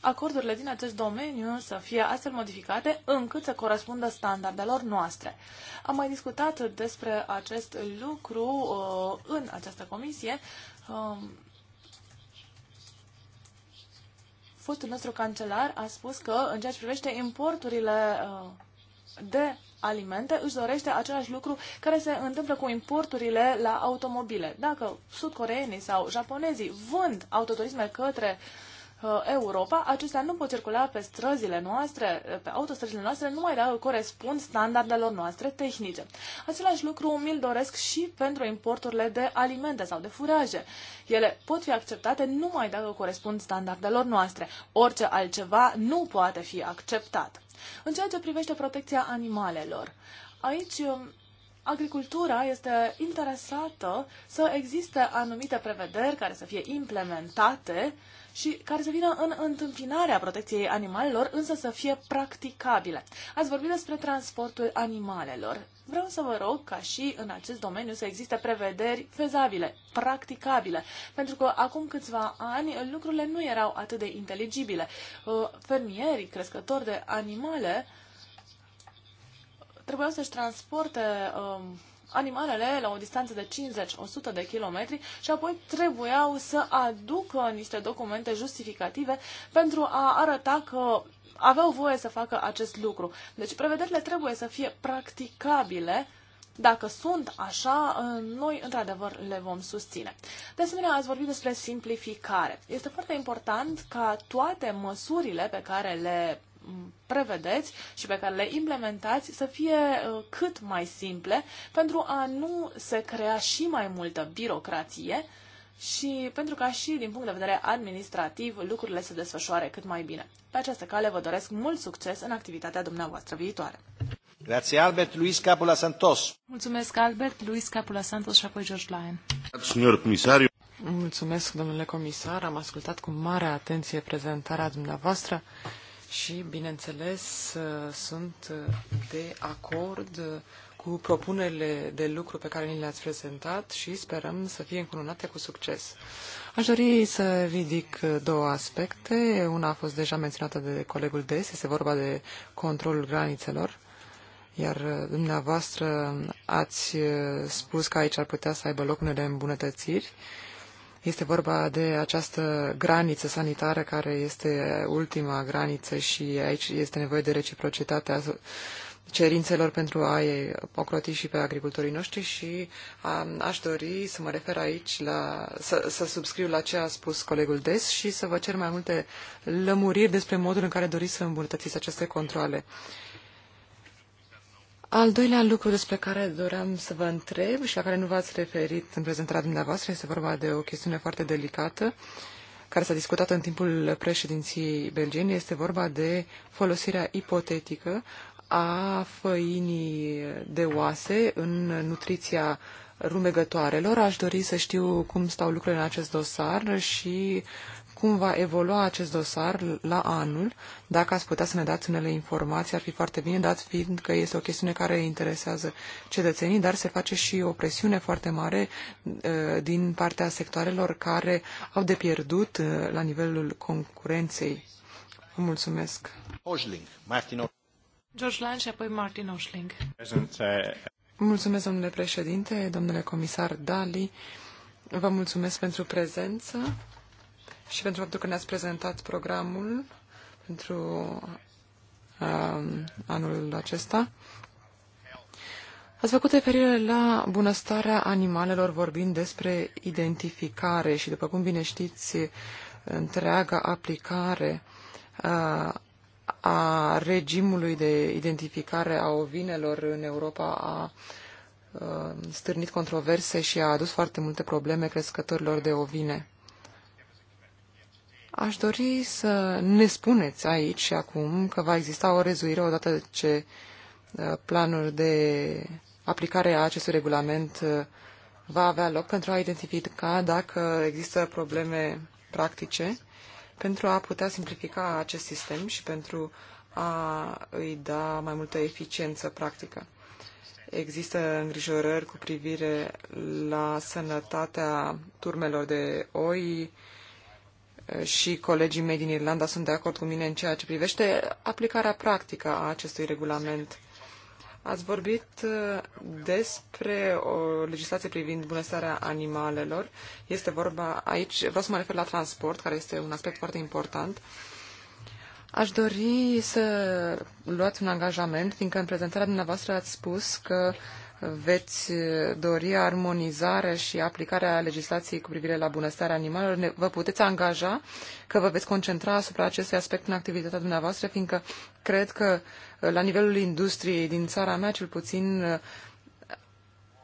acordurile din acest domeniu să fie astfel modificate încât să corespundă standardelor noastre. Am mai discutat despre acest lucru uh, în această comisie. Um, fostul nostru cancelar a spus că, în ceea ce privește importurile uh, de alimente, își dorește același lucru care se întâmplă cu importurile la automobile. Dacă sudcoreenii sau japonezii vând autoturisme către uh, Uh, Europa, acestea nu pot circula pe străzile noastre, uh, pe autostrăzile noastre, mai dacă corespund standardelor noastre tehnice. Același lucru mi-l doresc și pentru importurile de alimente sau de furaje. Ele pot fi acceptate numai dacă corespund standardelor noastre. Orice altceva nu poate fi acceptat. În ceea ce privește protecția animalelor, aici um, agricultura este interesată să existe anumite prevederi care să fie implementate uh, și care să vină în întâmpinarea protecției animalelor, însă să fie practicabile. Ați vorbit despre transportul animalelor. Vreau să vă rog ca și în acest domeniu să existe prevederi fezabile, practicabile, pentru că acum câțiva ani lucrurile nu erau atât de inteligibile. Uh, Fermierii, crescători de animale, trebuiau să-și transporte um, animalele la o distanță de 50-100 de kilometri și apoi trebuiau să aducă niște documente justificative pentru a arăta că aveau voie să facă acest lucru. Deci prevederile trebuie să fie practicabile dacă sunt așa, ă, noi într-adevăr le vom susține. De asemenea, ați vorbit despre simplificare. Este foarte important ca toate măsurile pe care le prevedeți și pe care le implementați să fie uh, cât mai simple pentru a nu se crea și mai multă birocrație și pentru ca și din punct de vedere administrativ lucrurile se desfășoare cât mai bine. Pe această cale vă doresc mult succes în activitatea dumneavoastră viitoare. Grazie Albert Luis Capula Santos. Mulțumesc Albert Luis Capula Santos și apoi George Lyon. Signor comisariu. Mulțumesc, domnule comisar. Am ascultat cu mare atenție prezentarea dumneavoastră și, bineînțeles, uh, sunt uh, de acord uh, cu propunerile de lucru pe care ni le-ați prezentat și sperăm să fie încununate cu succes. Aș dori să ridic două aspecte. Una a fost deja menționată de colegul Des, este vorba de controlul granițelor, iar dumneavoastră ați spus că aici ar putea să aibă loc unele îmbunătățiri. Este vorba de această graniță sanitară care este ultima graniță și aici este nevoie de reciprocitatea cerințelor pentru a ocroti și pe agricultorii noștri și a, aș dori să mă refer aici la, să, să subscriu la ce a spus colegul Des și să vă cer mai multe lămuriri despre modul în care doriți să îmbunătățiți aceste controle. Uh, al doilea lucru despre care doream să vă întreb și la care nu v-ați referit în prezentarea dumneavoastră este vorba de o chestiune foarte delicată care s-a discutat în timpul președinției belgiene. Este vorba de folosirea ipotetică a făinii de oase în nutriția rumegătoarelor. Aș dori să știu cum stau lucrurile în acest dosar și uh, cum va evolua acest dosar la anul. Dacă ați putea să ne dați unele informații, ar fi foarte bine, dat fiind că este o chestiune care interesează cetățenii, dar se face și o presiune foarte mare uh, din partea sectoarelor care au de pierdut uh, la nivelul concurenței. Vă mulțumesc. George Lange apoi Martin Oșling. Uh, mulțumesc, domnule președinte, domnule comisar Dali. Vă mulțumesc pentru prezență și pentru faptul că ne-ați prezentat programul pentru uh, anul acesta. Ați făcut referire la bunăstarea animalelor vorbind despre identificare și, după cum bine știți, întreaga aplicare uh, a regimului de identificare a ovinelor în Europa a uh, stârnit controverse și a adus foarte multe probleme crescătorilor de ovine. Aș dori să ne spuneți aici și acum că va exista o rezuire odată ce uh, planul de aplicare a acestui regulament uh, va avea loc pentru a identifica dacă există probleme practice, pentru a putea simplifica acest sistem și pentru a îi da mai multă eficiență practică. Există îngrijorări cu privire la sănătatea turmelor de oi, și colegii mei din Irlanda sunt de acord cu mine în ceea ce privește aplicarea practică a acestui regulament. Ați vorbit uh, despre o legislație privind bunăstarea animalelor. Este vorba aici, vreau să mă refer la transport, care este un aspect foarte important. Aș dori să luați un angajament, fiindcă în prezentarea dumneavoastră ați spus că veți uh, dori armonizarea și aplicarea legislației cu privire la bunăstarea animalelor, vă puteți angaja că vă veți concentra asupra acestui aspect în activitatea dumneavoastră, fiindcă cred că uh, la nivelul industriei din țara mea, cel puțin, uh,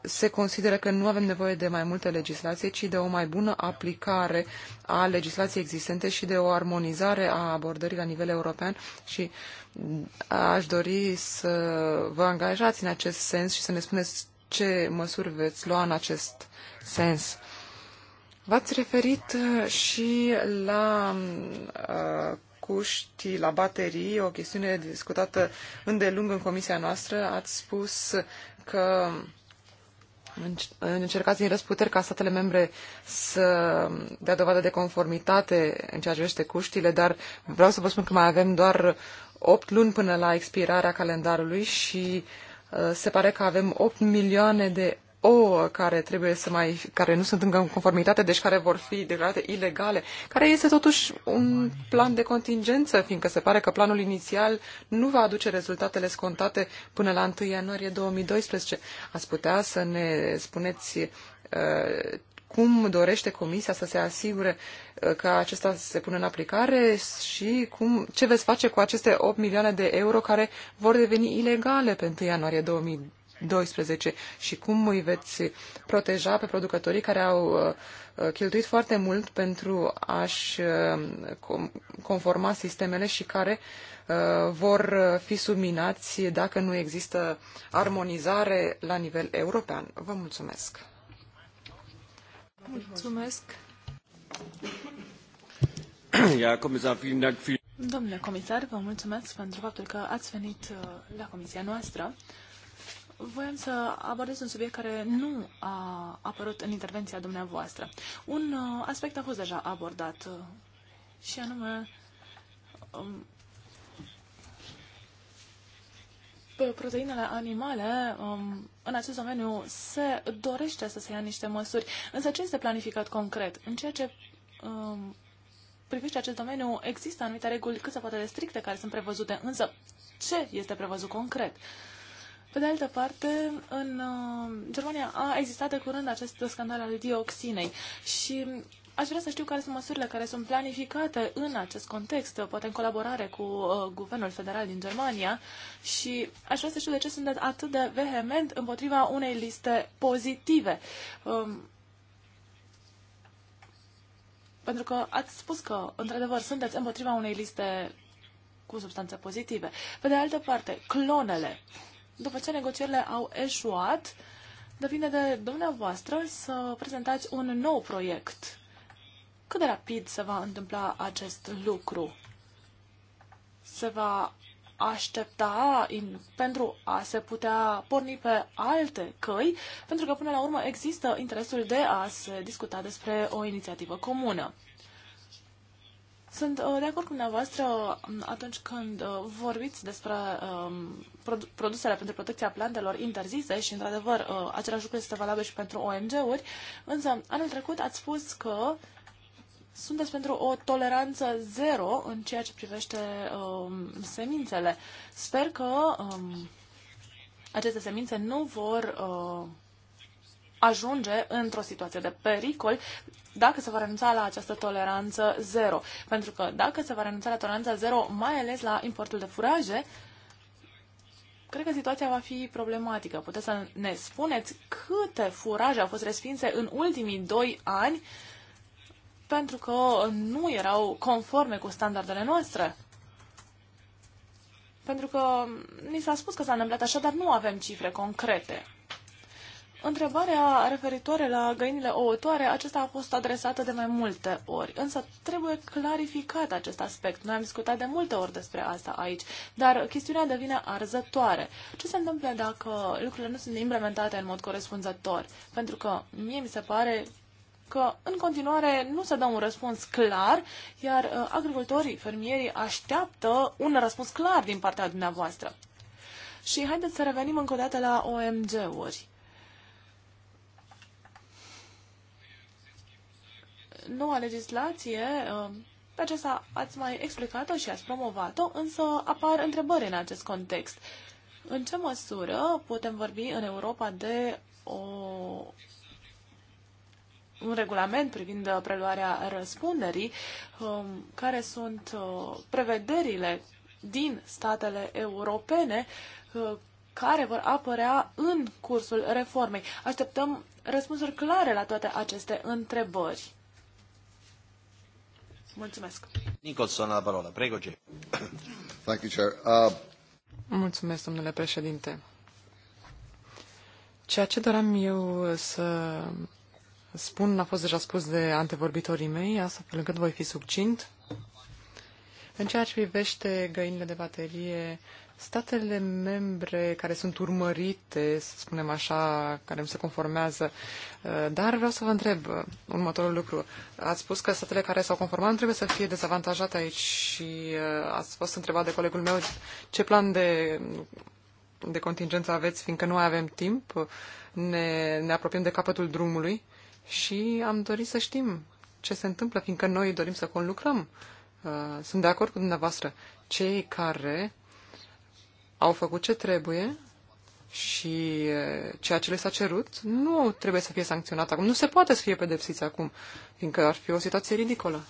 se consideră că nu avem nevoie de mai multă legislație, ci de o mai bună aplicare a legislației existente și de o armonizare a abordării la nivel european și mm, aș dori să vă angajați în acest sens și să ne spuneți ce măsuri veți lua în acest sens. V-ați referit uh, și la mm, uh, la baterii, o chestiune discutată îndelung în comisia noastră. Ați spus că uh, încercați din răsputeri ca statele membre să dea dovadă de conformitate în ceea ce privește cuștile, dar vreau să vă spun că mai avem doar 8 luni până la expirarea calendarului și uh, se pare că avem 8 milioane de ouă care trebuie să mai, care nu sunt încă în conformitate, deci care vor fi declarate ilegale, care este totuși un plan de contingență, fiindcă se pare că planul inițial nu va aduce rezultatele scontate până la 1 ianuarie 2012. Ați putea să ne spuneți uh, cum dorește Comisia să se asigure uh, că acesta se pune în aplicare și cum, ce veți face cu aceste 8 milioane de euro care vor deveni ilegale pe 1 ianuarie 2000, 2012 și cum îi veți proteja pe producătorii care au uh, cheltuit foarte mult pentru a-și uh, conforma sistemele și care uh, vor fi subminați dacă nu există armonizare la nivel european. Vă mulțumesc! Mulțumesc! Ja, comisar, vielen Dank für Domnule comisar, vă mulțumesc pentru faptul că ați venit la comisia noastră. Voiam să abordez un subiect care nu a apărut în intervenția dumneavoastră. Un uh, aspect a fost deja abordat uh, și anume um, proteinele animale, um, în acest domeniu se dorește să se ia niște măsuri. Însă ce este planificat concret? În ceea ce um, privește acest domeniu, există anumite reguli cât se poate de stricte care sunt prevăzute, însă ce este prevăzut concret? Uh, pe de altă parte, în uh, Germania a existat de curând acest scandal al dioxinei și Aș vrea să știu care sunt măsurile care sunt planificate în acest context, poate în colaborare cu uh, Guvernul Federal din Germania și aș vrea să știu de ce sunt atât de vehement împotriva unei liste pozitive. Um, pentru că ați spus că, într-adevăr, sunteți împotriva unei liste cu substanțe pozitive. Pe de altă parte, clonele. Uh, după ce negocierile au eșuat, depinde de dumneavoastră să prezentați un nou proiect. Cât de rapid se va întâmpla acest lucru? Se va aștepta in, pentru a se putea porni pe alte căi, pentru că până la urmă există interesul de a se discuta despre o inițiativă comună. Sunt uh, de acord cu dumneavoastră um, atunci când uh, vorbiți despre um, produsele pentru protecția plantelor interzise și, într-adevăr, uh, același lucru este valabil și pentru OMG-uri, însă anul trecut ați spus că sunteți pentru o toleranță zero în ceea ce privește um, semințele. Sper că um, aceste semințe nu vor uh, ajunge într-o situație de pericol dacă se va renunța la această toleranță zero. Pentru că dacă se va renunța la toleranța zero, mai ales la importul de furaje, cred că situația va fi problematică. Puteți să ne spuneți câte furaje au fost respinse în ultimii doi ani pentru că nu erau conforme cu standardele noastre? Pentru că ni s-a spus că s-a întâmplat așa, dar nu avem cifre concrete. Întrebarea referitoare la găinile ouătoare, acesta a fost adresată de mai multe ori, însă trebuie clarificat acest aspect. Noi am discutat de multe ori despre asta aici, dar chestiunea devine arzătoare. Ce se întâmplă dacă lucrurile nu sunt implementate în mod corespunzător? Pentru că mie mi se pare că în continuare nu se dă un răspuns clar, iar uh, agricultorii, fermierii așteaptă un răspuns clar din partea dumneavoastră. Și haideți să revenim încă o dată la OMG-uri noua legislație, um, pe aceasta ați mai explicat-o și ați promovat-o, însă apar întrebări în acest context. În ce măsură putem vorbi în Europa de o, un regulament privind preluarea răspunderii, um, care sunt uh, prevederile din statele europene uh, care vor apărea în cursul reformei. Așteptăm răspunsuri clare la toate aceste întrebări. Mulțumesc. Nicholson la parola. Prego, Jay. Thank you, Chair. Uh... Mulțumesc, domnule președinte. Ceea ce doream eu să spun a fost deja spus de antevorbitorii mei, astfel încât voi fi succint. În ceea ce privește găinile de baterie, statele membre care sunt urmărite, să spunem așa, care nu se conformează. Uh, dar vreau să vă întreb uh, următorul lucru. Ați spus că statele care s-au conformat nu trebuie să fie dezavantajate aici și uh, ați fost întrebat de colegul meu ce plan de de contingență aveți, fiindcă nu mai avem timp, ne, ne apropiem de capătul drumului și am dorit să știm ce se întâmplă, fiindcă noi dorim să conlucrăm. Sunt de acord cu dumneavoastră. Cei care au făcut ce trebuie și eh, ceea ce le s-a cerut nu trebuie să fie sancționat acum. Nu se poate să fie pedepsiți acum, fiindcă ar fi o situație ridicolă.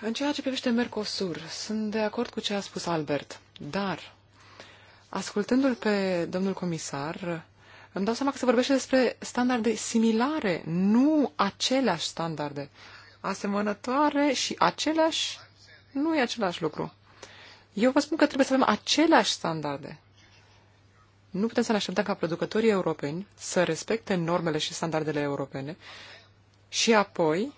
În ceea ce privește Mercosur, sunt de acord cu ce a spus Albert, dar, ascultându-l pe domnul comisar, îmi dau seama că se vorbește despre standarde similare, nu aceleași standarde. Asemănătoare și aceleași nu e același lucru. Eu vă spun că trebuie să avem aceleași standarde. Nu putem să ne așteptăm ca producătorii europeni să respecte normele și standardele europene și apoi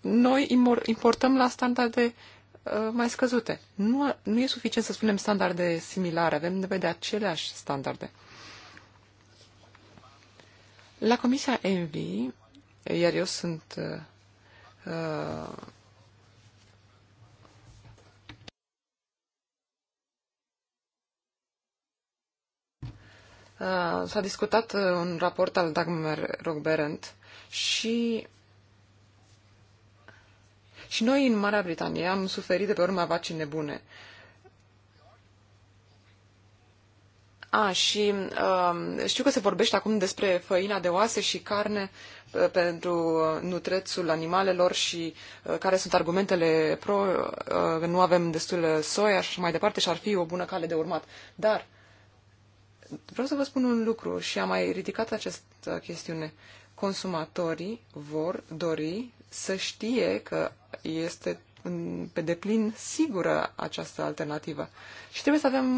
noi importăm la standarde uh, mai scăzute. Nu, nu e suficient să spunem standarde similare, avem nevoie de aceleași standarde. La Comisia Envi, iar eu sunt uh, uh Uh, s-a discutat uh, un raport al Dagmar Rockberent și și noi în Marea Britanie am suferit de pe urma vacii nebune. A, și uh, știu că se vorbește acum despre făina de oase și carne uh, pentru uh, nutrețul animalelor și uh, care sunt argumentele pro, uh, nu avem destul soia și mai departe și ar fi o bună cale de urmat. Dar uh, Vreau să vă spun un lucru și am mai ridicat această chestiune. Consumatorii vor dori să știe că este pe deplin sigură această alternativă. Și trebuie să avem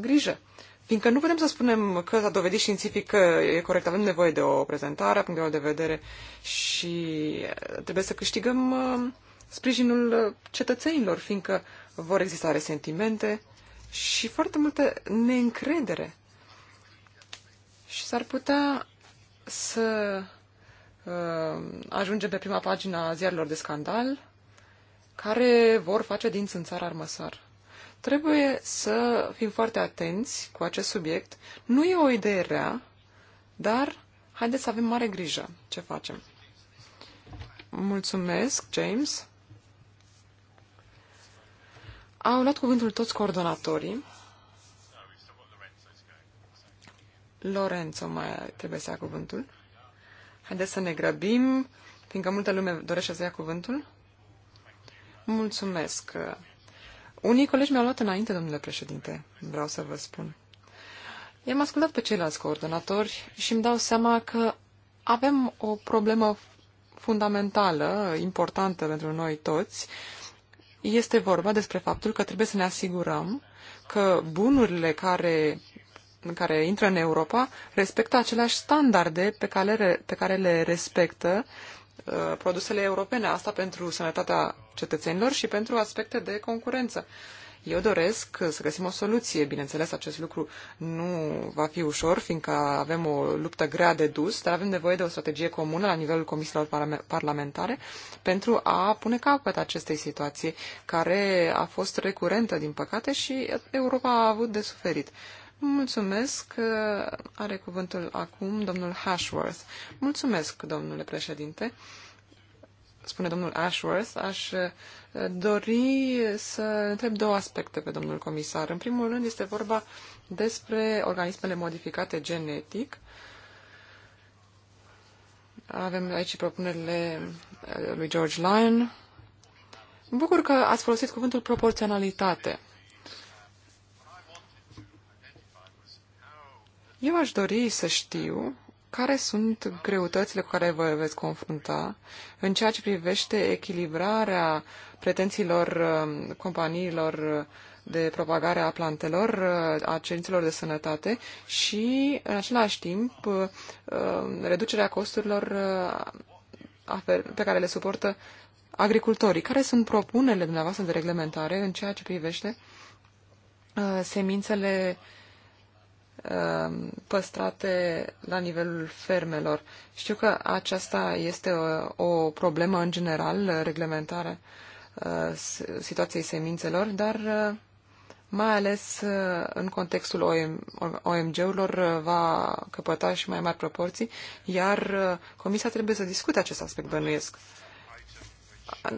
grijă. Fiindcă nu putem să spunem că s-a dovedit științific că e corect, avem nevoie de o prezentare punct punctelor de vedere și trebuie să câștigăm uh, sprijinul cetățenilor, fiindcă vor exista resentimente și foarte multă neîncredere. Și s-ar putea să uh, ajungem pe prima pagina a ziarilor de scandal, care vor face din țânțar armăsar. Trebuie să fim foarte atenți cu acest subiect. Nu e o idee rea, dar haideți să avem mare grijă ce facem. Mulțumesc, James. Au luat cuvântul toți coordonatorii. Lorenzo mai trebuie să ia cuvântul. Haideți să ne grăbim, fiindcă multă lume dorește să ia cuvântul. Mulțumesc. Unii colegi mi-au luat înainte, domnule președinte, vreau să vă spun. I-am ascultat pe ceilalți coordonatori și îmi dau seama că avem o problemă fundamentală, importantă pentru noi toți. Este vorba despre faptul că trebuie să ne asigurăm că bunurile care care intră în Europa respectă aceleași standarde pe care pe care le respectă uh, produsele europene. Asta pentru sănătatea cetățenilor și pentru aspecte de concurență. Eu doresc să găsim o soluție. Bineînțeles, acest lucru nu va fi ușor, fiindcă avem o luptă grea de dus, dar avem nevoie de o strategie comună la nivelul comisiilor parlamentare pentru a pune capăt acestei situații care a fost recurentă, din păcate, și Europa a avut de suferit. Mulțumesc. Are cuvântul acum domnul Ashworth. Mulțumesc, domnule președinte. Spune domnul Ashworth, aș eh, dori să întreb două aspecte pe domnul comisar. În primul rând este vorba despre organismele modificate genetic. Avem aici propunerile eh, lui George Lyon. Mă bucur că ați folosit cuvântul proporționalitate Eu aș dori să știu care sunt greutățile cu care vă veți confrunta în ceea ce privește echilibrarea pretențiilor um, companiilor de propagare a plantelor, uh, a cerințelor de sănătate și, în același timp, uh, um, reducerea costurilor uh, pe care le suportă agricultorii. Care sunt propunerile dumneavoastră de reglementare în ceea ce privește semințele uh, Um, păstrate la nivelul fermelor. Știu că aceasta este o, o problemă în general, reglementarea uh, situației semințelor, dar uh, mai ales uh, în contextul OMG-urilor va căpăta și mai mari proporții, iar Comisia trebuie să discute acest aspect, bănuiesc.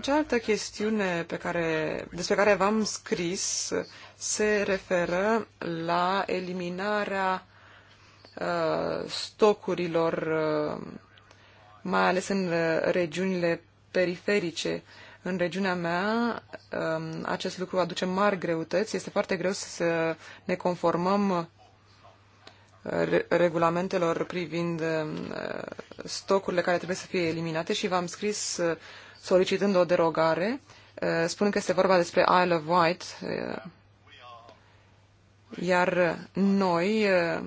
Cealaltă chestiune pe care, despre care v-am scris se referă la eliminarea uh, stocurilor, uh, mai ales în uh, regiunile periferice. În regiunea mea uh, acest lucru aduce mari greutăți. Este foarte greu să uh, ne conformăm uh, regulamentelor privind stocurile care trebuie să fie eliminate și v-am scris solicitând o derogare, uh, spun că este vorba despre Isle of Wight, uh, iar noi uh,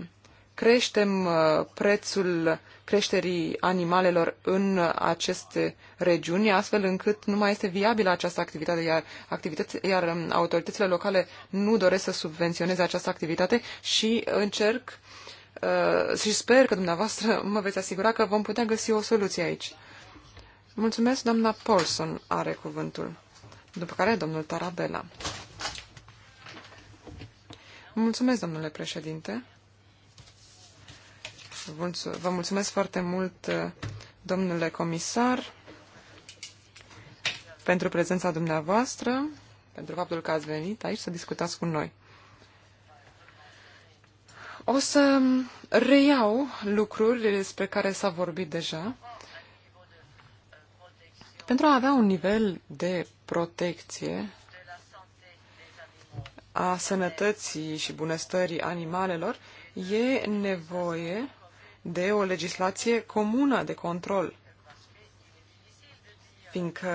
creștem prețul creșterii animalelor în aceste regiuni, astfel încât nu mai este viabilă această activitate, iar, activități, iar um, autoritățile locale nu doresc să subvenționeze această activitate și încerc uh, și sper că dumneavoastră mă veți asigura că vom putea găsi o soluție aici. Mulțumesc, doamna Paulson are cuvântul, după care domnul Tarabella. Mulțumesc, domnule președinte. Vă mulțumesc foarte mult, domnule comisar, pentru prezența dumneavoastră, pentru faptul că ați venit aici să discutați cu noi. O să reiau lucruri despre care s-a vorbit deja pentru a avea un nivel de protecție a sănătății și bunăstării animalelor, e nevoie de o legislație comună de control, fiindcă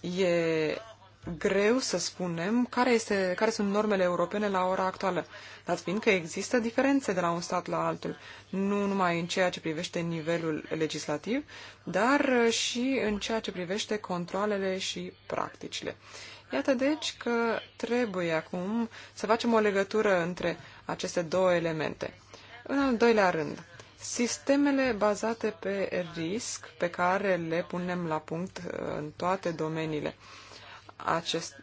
e greu să spunem care, este, care sunt normele europene la ora actuală, dat fiind că există diferențe de la un stat la altul, nu numai în ceea ce privește nivelul legislativ, dar și în ceea ce privește controlele și practicile. Iată deci că trebuie acum să facem o legătură între aceste două elemente. În al doilea rând, Sistemele bazate pe risc pe care le punem la punct uh, în toate domeniile acest,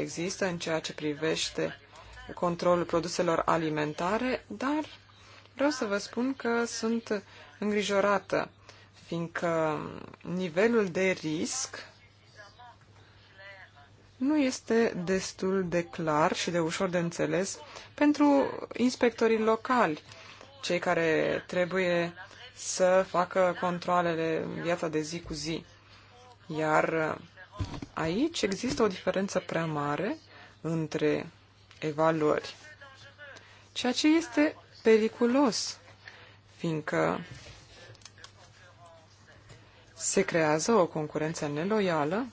există în ceea ce privește controlul produselor alimentare, dar vreau să vă spun că sunt îngrijorată, fiindcă nivelul de risc nu este destul de clar și de ușor de înțeles pentru inspectorii locali, cei care trebuie să facă controlele în viața de zi cu zi. Iar Aici există o diferență prea mare între evaluări, ceea ce este periculos, fiindcă se creează o concurență neloială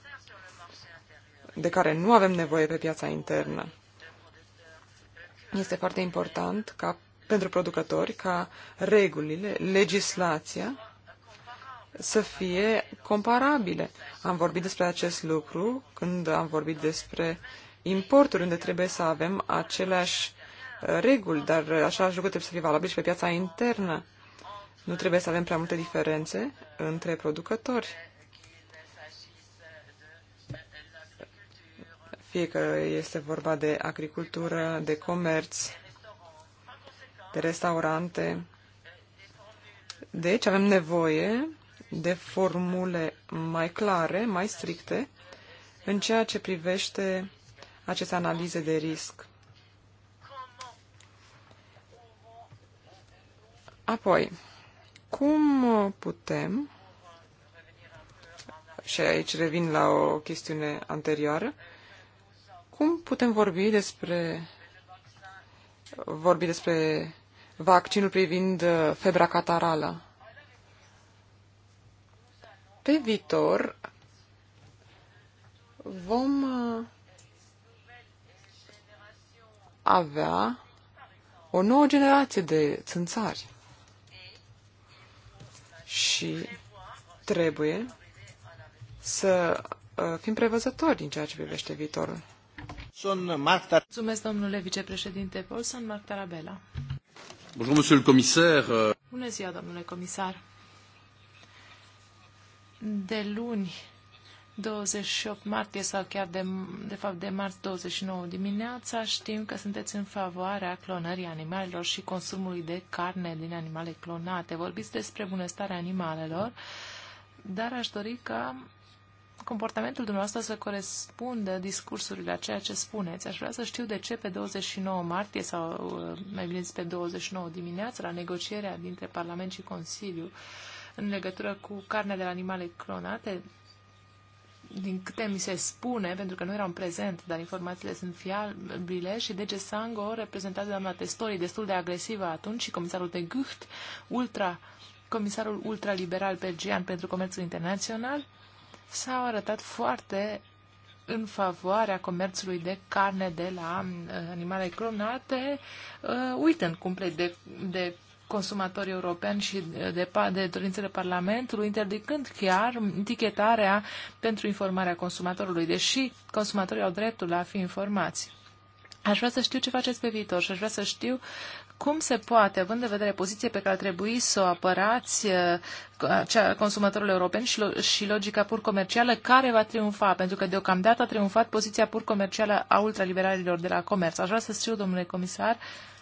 de care nu avem nevoie pe piața internă. Este foarte important ca pentru producători ca regulile, legislația să fie comparabile. Am vorbit despre acest lucru când am vorbit despre importuri, unde trebuie să avem aceleași uh, reguli, dar același lucru trebuie să fie valabil și pe piața internă. Nu trebuie să avem prea multe diferențe între producători. Fie că este vorba de agricultură, de comerț, de restaurante. Deci avem nevoie de formule mai clare, mai stricte, în ceea ce privește aceste analize de risc. Apoi, cum putem, și aici revin la o chestiune anterioară, cum putem vorbi despre, vorbi despre vaccinul privind febra catarală? Pe viitor vom uh, avea o nouă generație de țânțari. Și trebuie să uh, fim prevăzători în ceea ce privește viitorul. Sunt Marc Mulțumesc, domnule vicepreședinte Paulson, Marc Tarabella. Bună ziua, domnule comisar de luni 28 martie sau chiar de, de fapt de marți 29 dimineața știm că sunteți în favoarea clonării animalelor și consumului de carne din animale clonate. Vorbiți despre bunăstarea animalelor, dar aș dori ca comportamentul dumneavoastră să corespundă discursurile a ceea ce spuneți. Aș vrea să știu de ce pe 29 martie sau uh, mai bine zis pe 29 dimineața la negocierea dintre Parlament și Consiliu uh, în legătură cu carne de la animale clonate, din câte mi se spune, pentru că nu eram prezent, dar informațiile sunt fiabile și DG Sango, reprezentat de doamna Testori, destul de agresivă atunci și comisarul de Gucht, ultra, comisarul ultraliberal belgian pentru comerțul internațional, s-au arătat foarte în favoarea comerțului de carne de la uh, animale clonate, uh, uitând complet de, de consumatorii europeni și de, de dorințele Parlamentului, interdicând chiar etichetarea pentru informarea consumatorului, deși consumatorii au dreptul la a fi informați. Aș vrea să știu ce faceți pe viitor și aș vrea să știu cum se poate, având de vedere poziție pe care ar trebui să o apărați uh, cea, consumatorul european și, lo, și logica pur comercială, care va triumfa? Pentru că deocamdată a triumfat poziția pur comercială a ultraliberalilor de la comerț. Aș vrea să știu, domnule comisar, uh,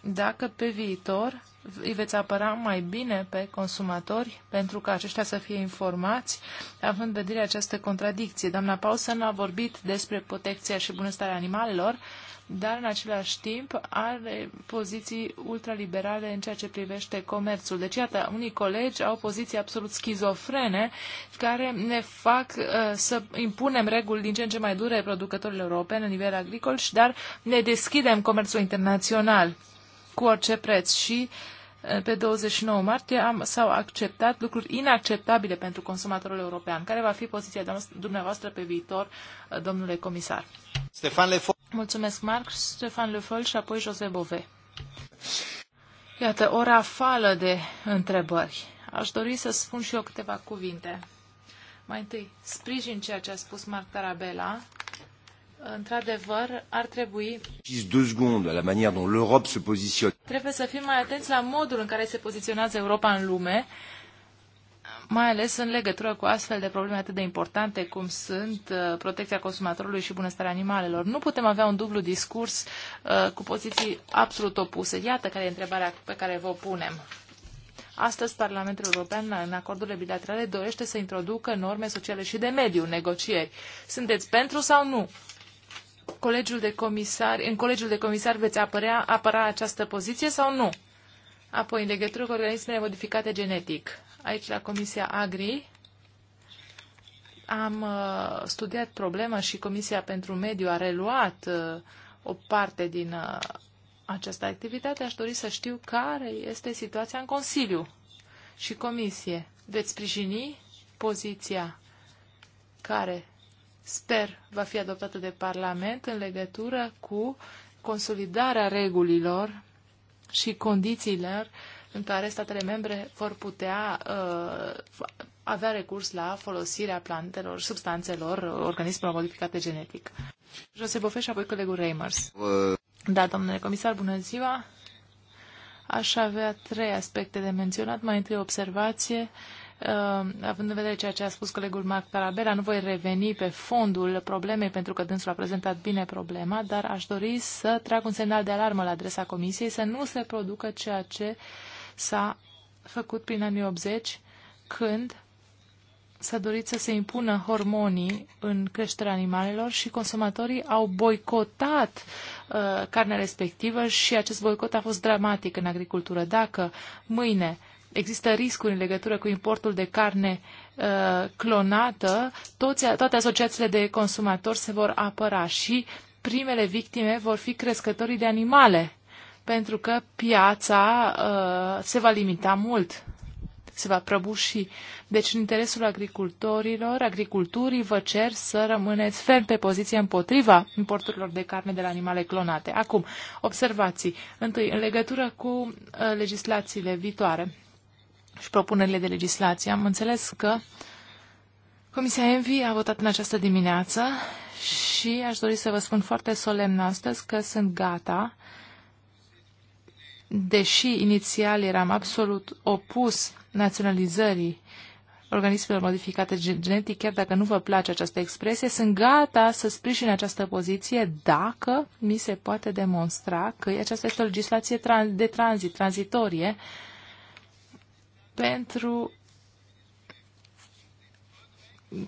dacă pe viitor îi veți apăra mai bine pe consumatori pentru ca aceștia să fie informați, având vedere această contradicție. Doamna Paulsen a vorbit despre protecția și bunăstarea animalelor, dar în același timp are poziții ultraliberale în ceea ce privește comerțul. Deci, iată, unii colegi au poziții absolut schizofrene care ne fac uh, să impunem reguli din ce în ce mai dure producătorilor europeni la nivel agricol, și dar ne deschidem comerțul internațional cu orice preț și pe 29 martie am, s-au acceptat lucruri inacceptabile pentru consumatorul european. Care va fi poziția dumneavoastră pe viitor, domnule comisar? Stefan Lefol. Mulțumesc, Marc, Stefan Lefol și apoi Jose Bove. Iată, o rafală de întrebări. Aș dori să spun și eu câteva cuvinte. Mai întâi, sprijin ceea ce a spus Marc Tarabella într-adevăr, ar trebui... 2 secunde la manière dont l'Europe se Trebuie să fim mai atenți la modul în care se poziționează Europa în lume, mai ales în legătură cu astfel de probleme atât de importante cum sunt uh, protecția consumatorului și bunăstarea animalelor. Nu putem avea un dublu discurs uh, cu poziții absolut opuse. Iată care e întrebarea pe care vă punem. Astăzi, Parlamentul European, în acordurile bilaterale, dorește să introducă norme sociale și de mediu în negocieri. Sunteți pentru sau nu? colegiul de comisari, în colegiul de comisari veți apărea, apăra această poziție sau nu? Apoi, în legătură cu organismele modificate genetic. Aici, la Comisia Agri, am uh, studiat problema și Comisia pentru Mediu a reluat uh, o parte din uh, această activitate. Aș dori să știu care este situația în Consiliu și Comisie. Veți sprijini poziția care sper, va fi adoptată de Parlament în legătură cu consolidarea regulilor și condițiilor în care statele membre vor putea uh, avea recurs la folosirea plantelor, substanțelor, organismelor modificate genetic. Jose Bofe și apoi colegul Reimers. Uh. Da, domnule comisar, bună ziua! Aș avea trei aspecte de menționat. Mai întâi observație. Uh, Uh, având în vedere ceea ce a spus colegul Marc Tarabella, nu voi reveni pe fondul problemei, pentru că dânsul a prezentat bine problema, dar aș dori să trag un semnal de alarmă la adresa Comisiei să nu se producă ceea ce s-a făcut prin anii 80, când s-a dorit să se impună hormonii în creșterea animalelor și consumatorii au boicotat uh, carnea respectivă și acest boicot a fost dramatic în agricultură. Dacă mâine există riscuri în legătură cu importul de carne uh, clonată, toți, toate asociațiile de consumatori se vor apăra și primele victime vor fi crescătorii de animale, pentru că piața uh, se va limita mult, se va prăbuși. Deci, în interesul agricultorilor, agriculturii, vă cer să rămâneți ferm pe poziție împotriva importurilor de carne de la animale clonate. Acum, observații. Întâi, în legătură cu uh, legislațiile viitoare și propunerile de legislație. Am înțeles că Comisia Envi a votat în această dimineață și aș dori să vă spun foarte solemn astăzi că sunt gata, deși inițial eram absolut opus naționalizării organismelor modificate genetic, chiar dacă nu vă place această expresie, sunt gata să sprijin această poziție dacă mi se poate demonstra că aceasta este o legislație de tranzit, tranzitorie, pentru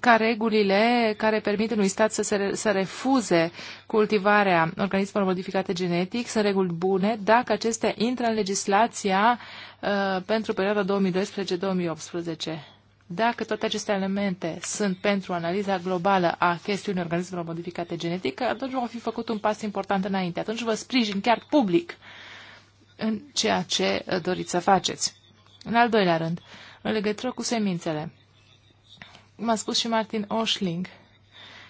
ca regulile care permit unui stat să, se, să refuze cultivarea organismelor modificate genetic sunt reguli bune dacă acestea intră în legislația uh, pentru perioada 2012-2018. Dacă toate aceste elemente sunt pentru analiza globală a chestiunii organismelor modificate genetic, atunci vom fi făcut un pas important înainte. Atunci vă sprijin chiar public în ceea ce uh, doriți să faceți. În al doilea rând, în legătură cu semințele, m a spus și Martin Oșling,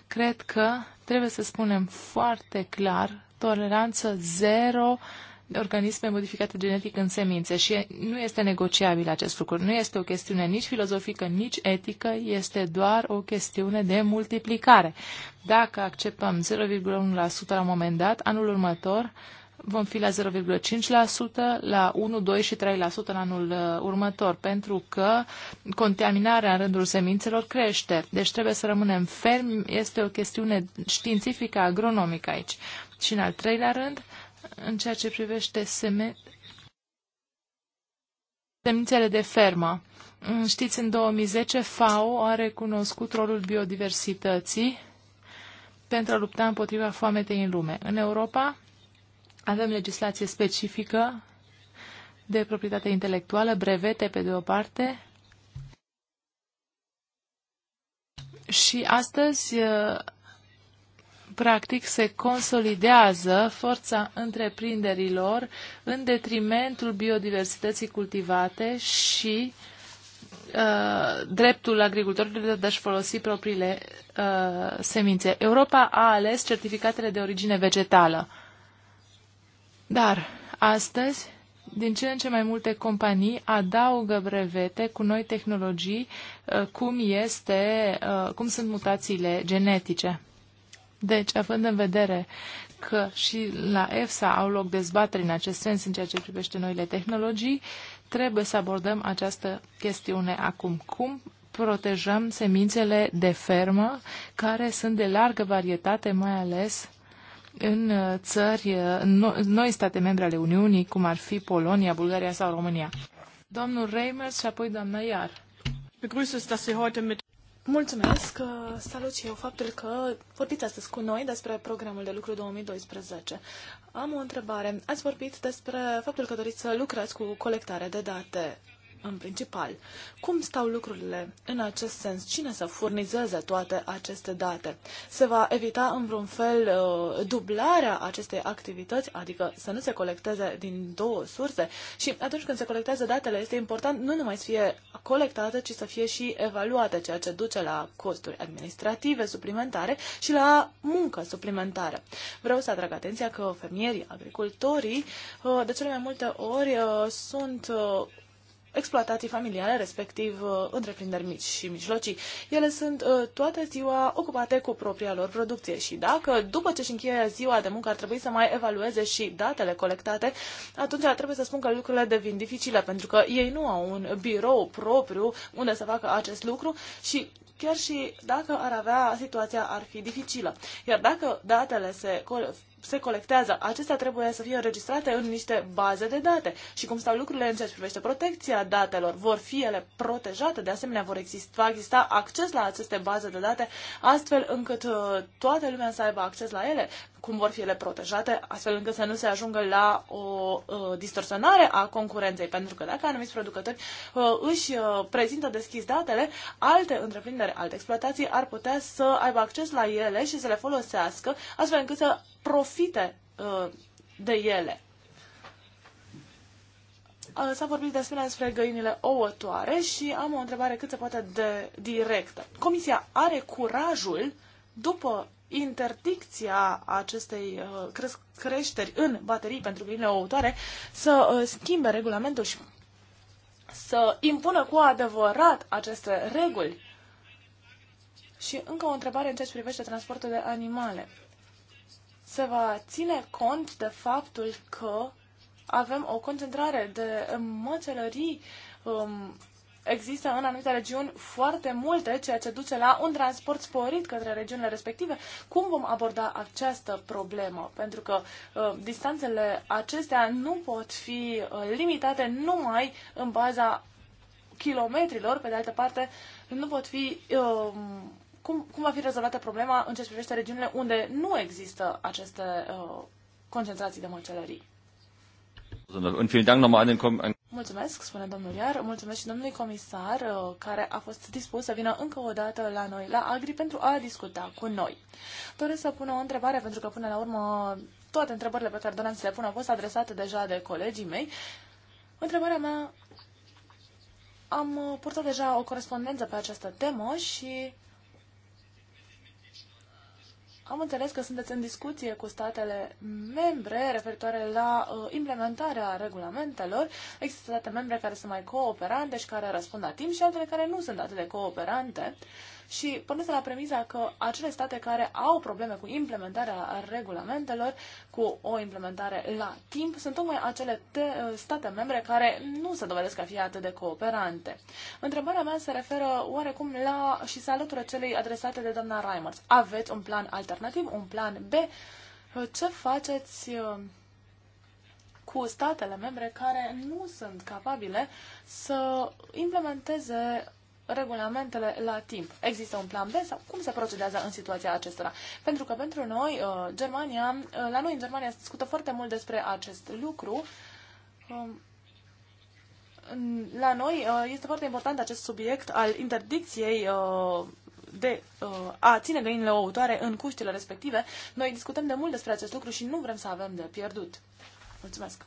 cred că trebuie să spunem foarte clar toleranță zero de organisme modificate genetic în semințe și nu este negociabil acest lucru. Nu este o chestiune nici filozofică, nici etică, este doar o chestiune de multiplicare. Dacă acceptăm 0,1% la un moment dat, anul următor vom fi la 0,5%, la 1, 2 și 3% în anul uh, următor, pentru că contaminarea în rândul semințelor crește. Deci trebuie să rămânem fermi, este o chestiune științifică, agronomică aici. Și în al treilea rând, în ceea ce privește seme... semințele de fermă. Mm, știți, în 2010 FAO a recunoscut rolul biodiversității pentru a lupta împotriva foametei în lume. În Europa, avem legislație specifică de proprietate intelectuală, brevete pe de o parte. Și astăzi, uh, practic, se consolidează forța întreprinderilor în detrimentul biodiversității cultivate și uh, dreptul agricultorilor de a-și folosi propriile uh, semințe. Europa a ales certificatele de origine vegetală dar astăzi, din ce în ce mai multe companii adaugă brevete cu noi tehnologii, uh, cum, este, uh, cum sunt mutațiile genetice. Deci, având în vedere că și la EFSA au loc dezbateri în acest sens în ceea ce privește noile tehnologii, trebuie să abordăm această chestiune acum. Cum protejăm semințele de fermă, care sunt de largă varietate, mai ales în uh, țări, uh, în noi state membre ale Uniunii, cum ar fi Polonia, Bulgaria sau România. Domnul Reimers și apoi doamna Iar. Mulțumesc! Uh, salut și eu faptul că vorbiți astăzi cu noi despre programul de lucru 2012. Am o întrebare. Ați vorbit despre faptul că doriți să lucrați cu colectare de date în principal. Cum stau lucrurile în acest sens? Cine să furnizeze toate aceste date? Se va evita în vreun fel uh, dublarea acestei activități, adică să nu se colecteze din două surse și atunci când se colectează datele este important nu numai să fie colectate, ci să fie și evaluate, ceea ce duce la costuri administrative suplimentare și la muncă suplimentară. Vreau să atrag atenția că fermierii, agricultorii, uh, de cele mai multe ori uh, sunt exploatații familiale, respectiv uh, întreprinderi mici și mijlocii. Ele sunt uh, toată ziua ocupate cu propria lor producție și dacă după ce își încheie ziua de muncă ar trebui să mai evalueze și datele colectate, atunci ar trebui să spun că lucrurile devin dificile pentru că ei nu au un birou propriu unde să facă acest lucru și chiar și dacă ar avea, situația ar fi dificilă. Iar dacă datele se se colectează, acestea trebuie să fie înregistrate în niște baze de date. Și cum stau lucrurile în ceea ce privește protecția datelor, vor fi ele protejate, de asemenea vor exista, va exista acces la aceste baze de date, astfel încât uh, toată lumea să aibă acces la ele, cum vor fi ele protejate, astfel încât să nu se ajungă la o uh, distorsionare a concurenței, pentru că dacă anumiți producători uh, își uh, prezintă deschis datele, alte întreprinderi, alte exploatații ar putea să aibă acces la ele și să le folosească, astfel încât să profite uh, de ele. Uh, s-a vorbit asemenea despre găinile ouătoare și am o întrebare cât se poate de directă. Comisia are curajul, după interdicția acestei uh, creșteri în baterii pentru găinile ouătoare, să schimbe regulamentul și să impună cu adevărat aceste reguli. Și încă o întrebare în ceea ce privește transportul de animale se va ține cont de faptul că avem o concentrare de măcelării um, există în anumite regiuni foarte multe, ceea ce duce la un transport sporit către regiunile respective. Cum vom aborda această problemă? Pentru că uh, distanțele acestea nu pot fi uh, limitate numai în baza kilometrilor, pe de altă parte nu pot fi uh, cum, cum va fi rezolvată problema în ce privește regiunile unde nu există aceste uh, concentrații de măcelării? Mulțumesc, spune domnul Iar, mulțumesc și domnului comisar uh, care a fost dispus să vină încă o dată la noi, la Agri, pentru a discuta cu noi. Doresc să pun o întrebare, pentru că până la urmă toate întrebările pe care doream să le pun au fost adresate deja de colegii mei. Întrebarea mea, am purtat deja o corespondență pe această temă și am înțeles că sunteți în discuție cu statele membre referitoare la uh, implementarea regulamentelor. Există state membre care sunt mai cooperante și care răspund la timp și altele care nu sunt atât de cooperante. Uh, și pornesc la premiza că acele state care au probleme cu implementarea regulamentelor, cu o implementare la timp, sunt tocmai acele state membre care nu se dovedesc a fi atât de cooperante. Întrebarea mea se referă oarecum la și se alătură celei adresate de doamna Reimers. Aveți un plan alternativ, un plan B? Ce faceți uh, cu statele membre care nu sunt capabile să implementeze regulamentele la timp? Există un plan B sau cum se procedează în situația acestora? Pentru că pentru noi, uh, Germania, uh, la noi în Germania se discută foarte mult despre acest lucru. Um, la noi uh, este foarte important acest subiect al interdicției de a ține găinile ouătoare în cuștile respective. Noi discutăm de mult despre acest lucru și nu vrem să avem de pierdut. Mulțumesc!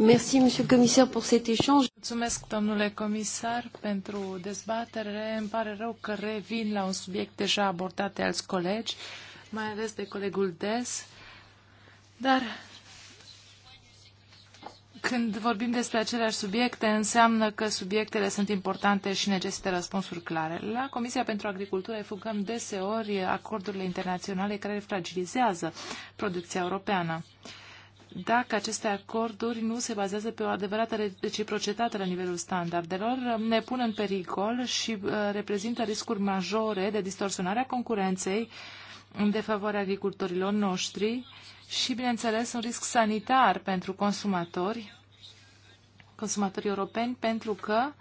Merci, monsieur le commissaire, pour cet échange. Mulțumesc, domnule comisar, pentru dezbatere. Îmi pare rău că revin la un subiect deja abordat de alți colegi, mai ales de colegul Des, dar când vorbim despre aceleași subiecte, înseamnă că subiectele sunt importante și necesită răspunsuri clare. La Comisia pentru Agricultură efugăm deseori acordurile internaționale care fragilizează producția europeană. Uh, dacă aceste acorduri nu se bazează pe o adevărată reciprocitate la nivelul standardelor, ne pun în pericol și uh, reprezintă riscuri majore de distorsionare a concurenței în defavoarea agricultorilor noștri și, bineînțeles, un risc sanitar pentru consumatori, consumatorii europeni, pentru că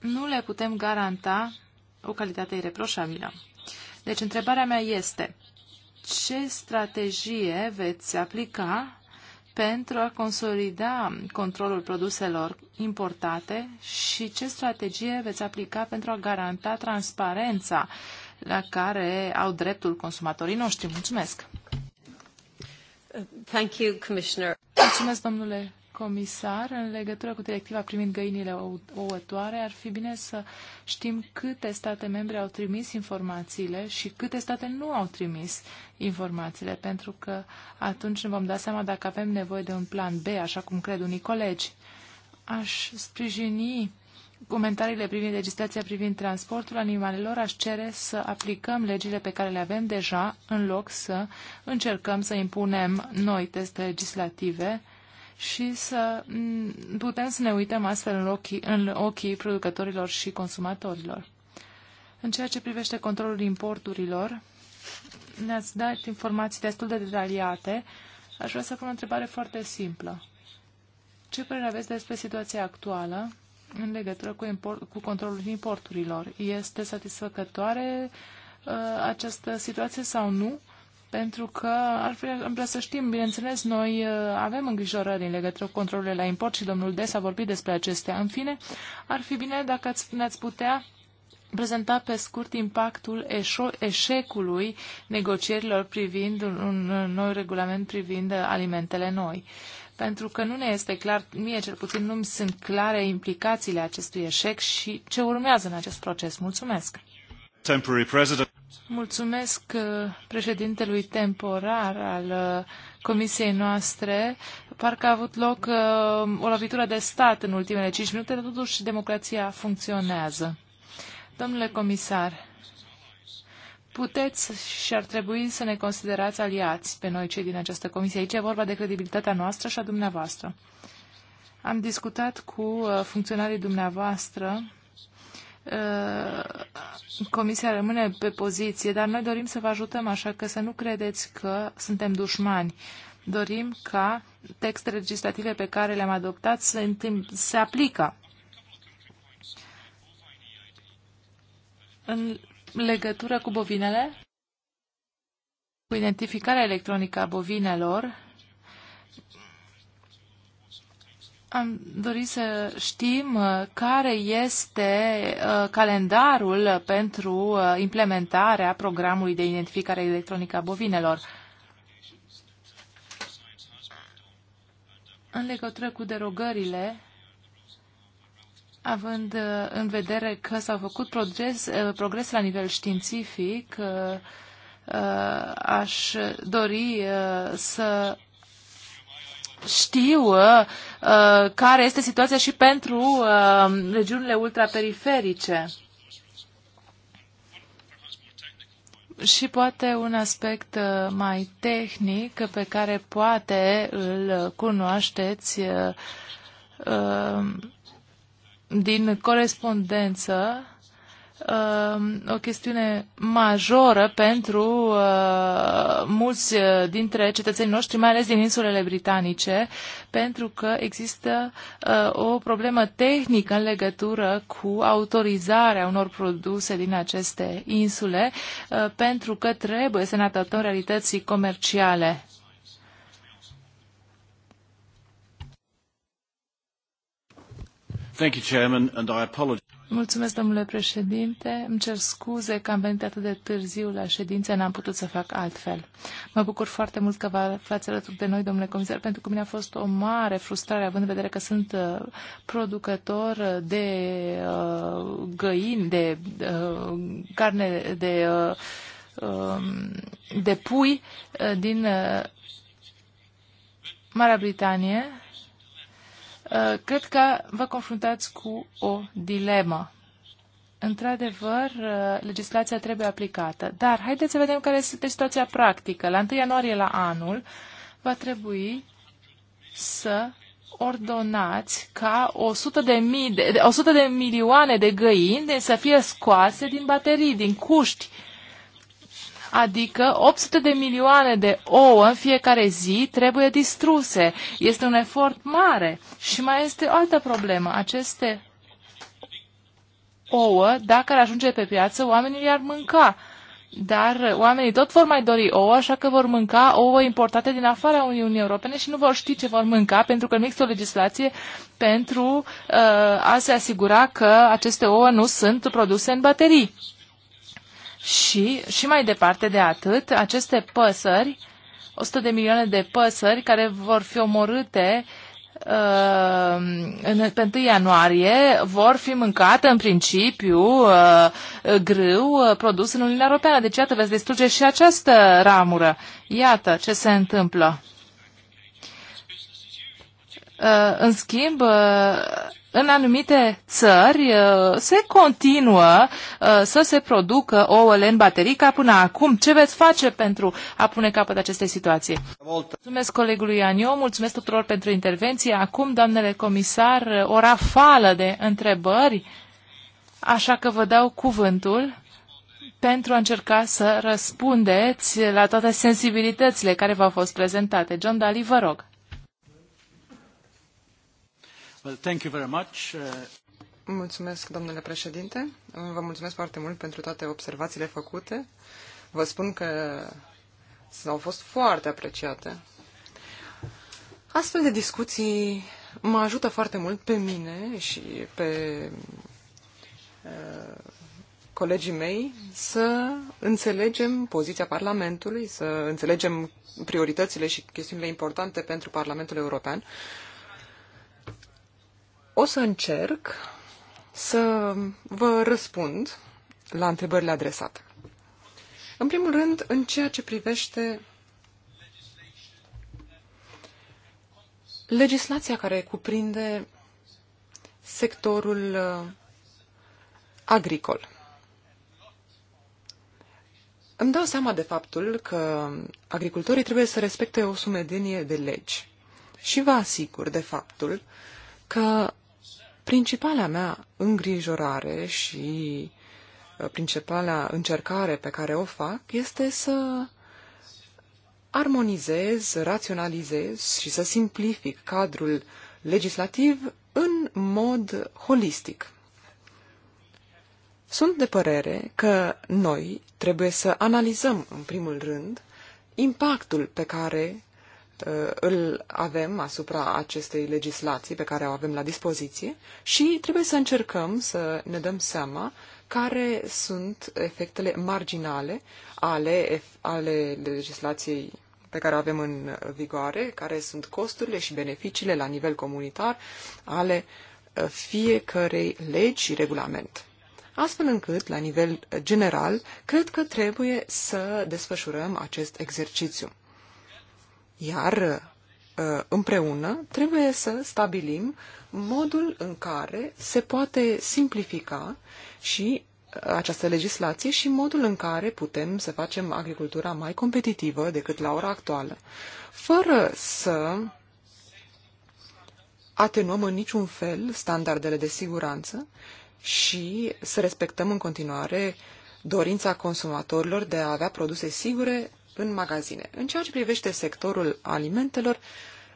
nu le putem garanta o calitate ireproșabilă. Deci, întrebarea mea este, ce strategie veți aplica pentru a consolida controlul produselor importate și ce strategie veți aplica pentru a garanta transparența la care au dreptul consumatorii noștri. Mulțumesc! Thank you, Commissioner. Mulțumesc, domnule comisar, în legătură cu directiva privind găinile ouătoare, ar fi bine să știm câte state membre au trimis informațiile și câte state nu au trimis informațiile, pentru că atunci ne vom da seama dacă avem nevoie de un plan B, așa cum cred unii colegi. Aș sprijini comentariile privind legislația privind transportul animalelor, aș cere să aplicăm legile pe care le avem deja, în loc să încercăm să impunem noi teste legislative și să mm, putem să ne uităm astfel în ochii, în ochii producătorilor și consumatorilor. În ceea ce privește controlul importurilor, ne-ați dat informații destul de detaliate. Aș vrea să pun o întrebare foarte simplă. Ce părere aveți despre situația actuală în legătură cu, import, cu controlul importurilor? Este satisfăcătoare uh, această situație sau nu? Uh, pentru că ar fi vrea să știm, bineînțeles, noi uh, avem îngrijorări în legătură cu controlele la import și domnul Des a vorbit despre acestea. În fine, ar fi bine dacă ne-ați putea prezenta pe scurt impactul eșecului negocierilor privind un nou regulament privind alimentele noi. Pentru că nu ne este clar, mie cel puțin nu mi sunt clare implicațiile acestui eșec și ce urmează în acest proces. Mulțumesc! temporary president. Mulțumesc uh, președintelui temporar al uh, comisiei noastre. Parcă a avut loc uh, o lovitură de stat în ultimele 5 minute, dar totuși democrația funcționează. Domnule comisar, puteți și ar trebui să ne considerați aliați pe noi cei din această comisie. Aici e vorba de credibilitatea noastră și a dumneavoastră. Am discutat cu funcționarii dumneavoastră Uh, comisia rămâne pe poziție, dar noi dorim să vă ajutăm, așa că să nu credeți că suntem dușmani. Dorim ca textele legislative pe care le-am adoptat să se aplică. În legătură cu bovinele, cu identificarea electronică a bovinelor, Am dorit să știm uh, care este uh, calendarul pentru uh, implementarea programului de identificare electronică a bovinelor. În legătură cu derogările, având în vedere că s-au făcut progres, progres la nivel științific, aș dori să știu uh, uh, care este situația și pentru uh, regiunile ultraperiferice. Și poate un aspect uh, mai tehnic pe care poate îl cunoașteți uh, din corespondență Um, o chestiune majoră pentru uh, mulți uh, dintre cetățenii noștri, mai ales din insulele britanice, pentru că există uh, o problemă tehnică în legătură cu autorizarea unor produse din aceste insule, uh, pentru că trebuie să ne adaptăm realității comerciale Mulțumesc, domnule președinte. Îmi cer scuze că am venit atât de târziu la ședință, n-am putut să fac altfel. Mă bucur foarte mult că vă aflați alături de noi, domnule comisar, pentru că mine a fost o mare frustrare, având în vedere că sunt uh, producător de uh, găini, de uh, carne de, uh, um, de pui uh, din uh, Marea Britanie Uh, cred că vă confruntați cu o dilemă. Într-adevăr, uh, legislația trebuie aplicată. Dar haideți să vedem care este situația practică. La 1 ianuarie la anul va trebui să ordonați ca 100 de, mii de, 100 de milioane de găini să fie scoase din baterii, din cuști. Uh, adică 800 de milioane de ouă în fiecare zi trebuie distruse. Este un efort mare. Și mai este o altă problemă. Aceste ouă, dacă ar ajunge pe piață, oamenii le-ar mânca. Dar oamenii tot vor mai dori ouă, așa că vor mânca ouă importate din afara Uniunii Europene și nu vor ști ce vor mânca, pentru că nu există o legislație pentru uh, a se asigura că aceste ouă nu sunt produse în baterii și, și mai departe de atât, aceste păsări, 100 de milioane de păsări care vor fi omorâte uh, în, pe 1 ianuarie vor fi mâncate în principiu uh, grâu uh, produs în Uniunea Europeană. Deci iată, veți distruge și această ramură. Iată ce se întâmplă. Uh, în schimb, uh, în anumite țări uh, se continuă uh, să se producă ouăle în baterii ca până acum. Ce veți face pentru a pune capăt acestei situații? Mulțumesc colegului Anio, mulțumesc tuturor pentru intervenție. Acum, doamnele comisar, o rafală de întrebări, așa că vă dau cuvântul pentru a încerca să răspundeți la toate sensibilitățile care v-au fost prezentate. John Daly, vă rog. Well, thank you very much. Uh, mulțumesc, domnule președinte. Vă mulțumesc foarte mult pentru toate observațiile făcute. Vă spun că au fost foarte apreciate. Astfel de discuții mă ajută foarte mult pe mine și pe uh, colegii mei să înțelegem poziția Parlamentului, să înțelegem prioritățile și chestiunile importante pentru Parlamentul European o să încerc să vă răspund la întrebările adresate. În primul rând, în ceea ce privește legislația care cuprinde sectorul uh, agricol. Îmi dau seama de faptul că agricultorii trebuie să respecte o sumedenie de legi și vă asigur de faptul că Principala mea îngrijorare și uh, principala încercare pe care o fac este să armonizez, raționalizez și să simplific cadrul legislativ în mod holistic. Sunt de părere că noi trebuie să analizăm, în primul rând, impactul pe care Uh, îl avem asupra acestei legislații pe care o avem la dispoziție și trebuie să încercăm să ne dăm seama care sunt efectele marginale ale, ale legislației pe care o avem în vigoare, care sunt costurile și beneficiile la nivel comunitar ale uh, fiecărei legi și regulament. Astfel încât, la nivel general, cred că trebuie să desfășurăm acest exercițiu. Iar uh, împreună trebuie să stabilim modul în care se poate simplifica și uh, această legislație și modul în care putem să facem agricultura mai competitivă decât la ora actuală, fără să atenuăm în niciun fel standardele de siguranță și să respectăm în continuare dorința consumatorilor de a avea produse sigure în magazine. În ceea ce privește sectorul alimentelor,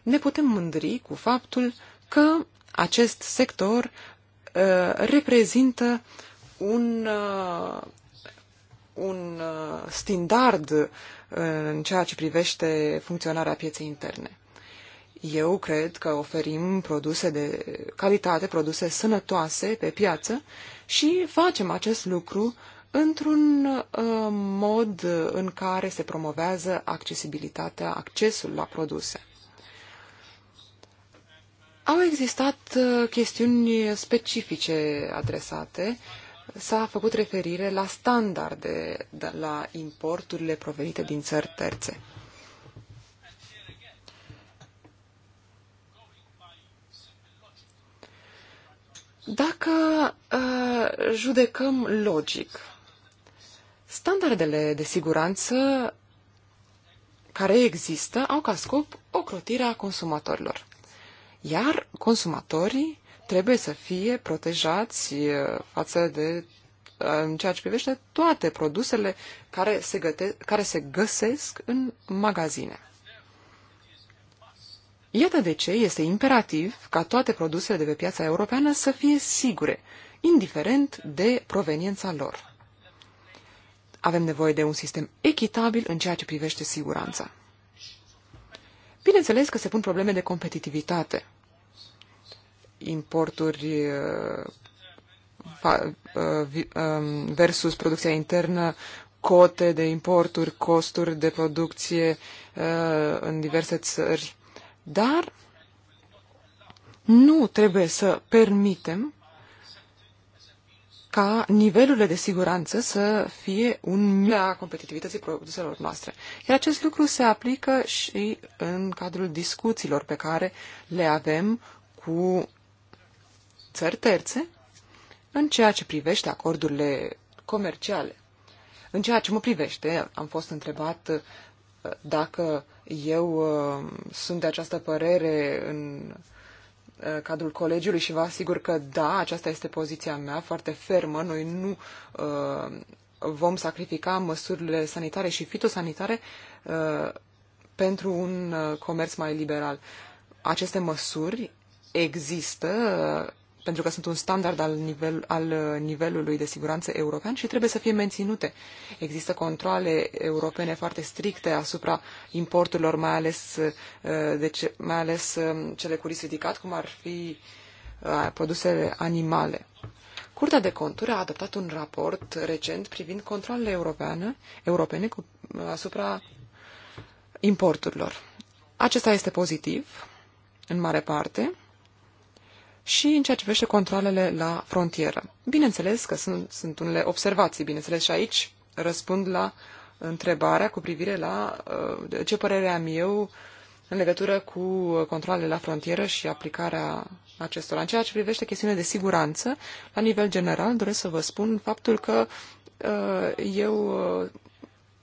ne putem mândri cu faptul că acest sector uh, reprezintă un, uh, un uh, standard uh, în ceea ce privește funcționarea pieței interne. Eu cred că oferim produse de calitate, produse sănătoase pe piață și facem acest lucru într-un uh, mod în care se promovează accesibilitatea, accesul la produse. Au existat uh, chestiuni specifice adresate. S-a făcut referire la standarde la importurile provenite din țări terțe. Dacă uh, judecăm logic Standardele de siguranță care există au ca scop ocrotirea consumatorilor. Iar consumatorii trebuie să fie protejați eh, față de eh, în ceea ce privește toate produsele care se, găte, care se găsesc în magazine. Iată de ce este imperativ ca toate produsele de pe piața europeană să fie sigure, indiferent de proveniența lor. Avem nevoie de un sistem echitabil în ceea ce privește siguranța. Bineînțeles că se pun probleme de competitivitate. Importuri uh, uh, um, versus producția internă, cote de importuri, costuri de producție uh, în diverse țări. Dar nu trebuie să permitem ca nivelurile de siguranță să fie un a competitivității produselor noastre. Iar acest lucru se aplică și în cadrul discuțiilor pe care le avem cu țări terțe în ceea ce privește acordurile comerciale. În ceea ce mă privește, am fost întrebat uh, dacă eu uh, sunt de această părere în Uh, cadrul colegiului și vă asigur că da, aceasta este poziția mea foarte fermă. Noi nu uh, vom sacrifica măsurile sanitare și fitosanitare uh, pentru un uh, comerț mai liberal. Aceste măsuri există uh, pentru că sunt un standard al, nivel, al uh, nivelului de siguranță european și trebuie să fie menținute. Există controle europene foarte stricte asupra importurilor, mai ales, uh, deci, mai ales um, cele cu risc ridicat, cum ar fi uh, produsele animale. Curtea de conturi a adoptat un raport recent privind controlele europeană, europene cu, asupra importurilor. Acesta este pozitiv, în mare parte, și în ceea ce privește controlele la frontieră. Bineînțeles că sunt, sunt unele observații, bineînțeles și aici răspund la întrebarea cu privire la uh, ce părere am eu în legătură cu controlele la frontieră și aplicarea acestora. În ceea ce privește chestiunea de siguranță, la nivel general doresc să vă spun faptul că uh, eu uh,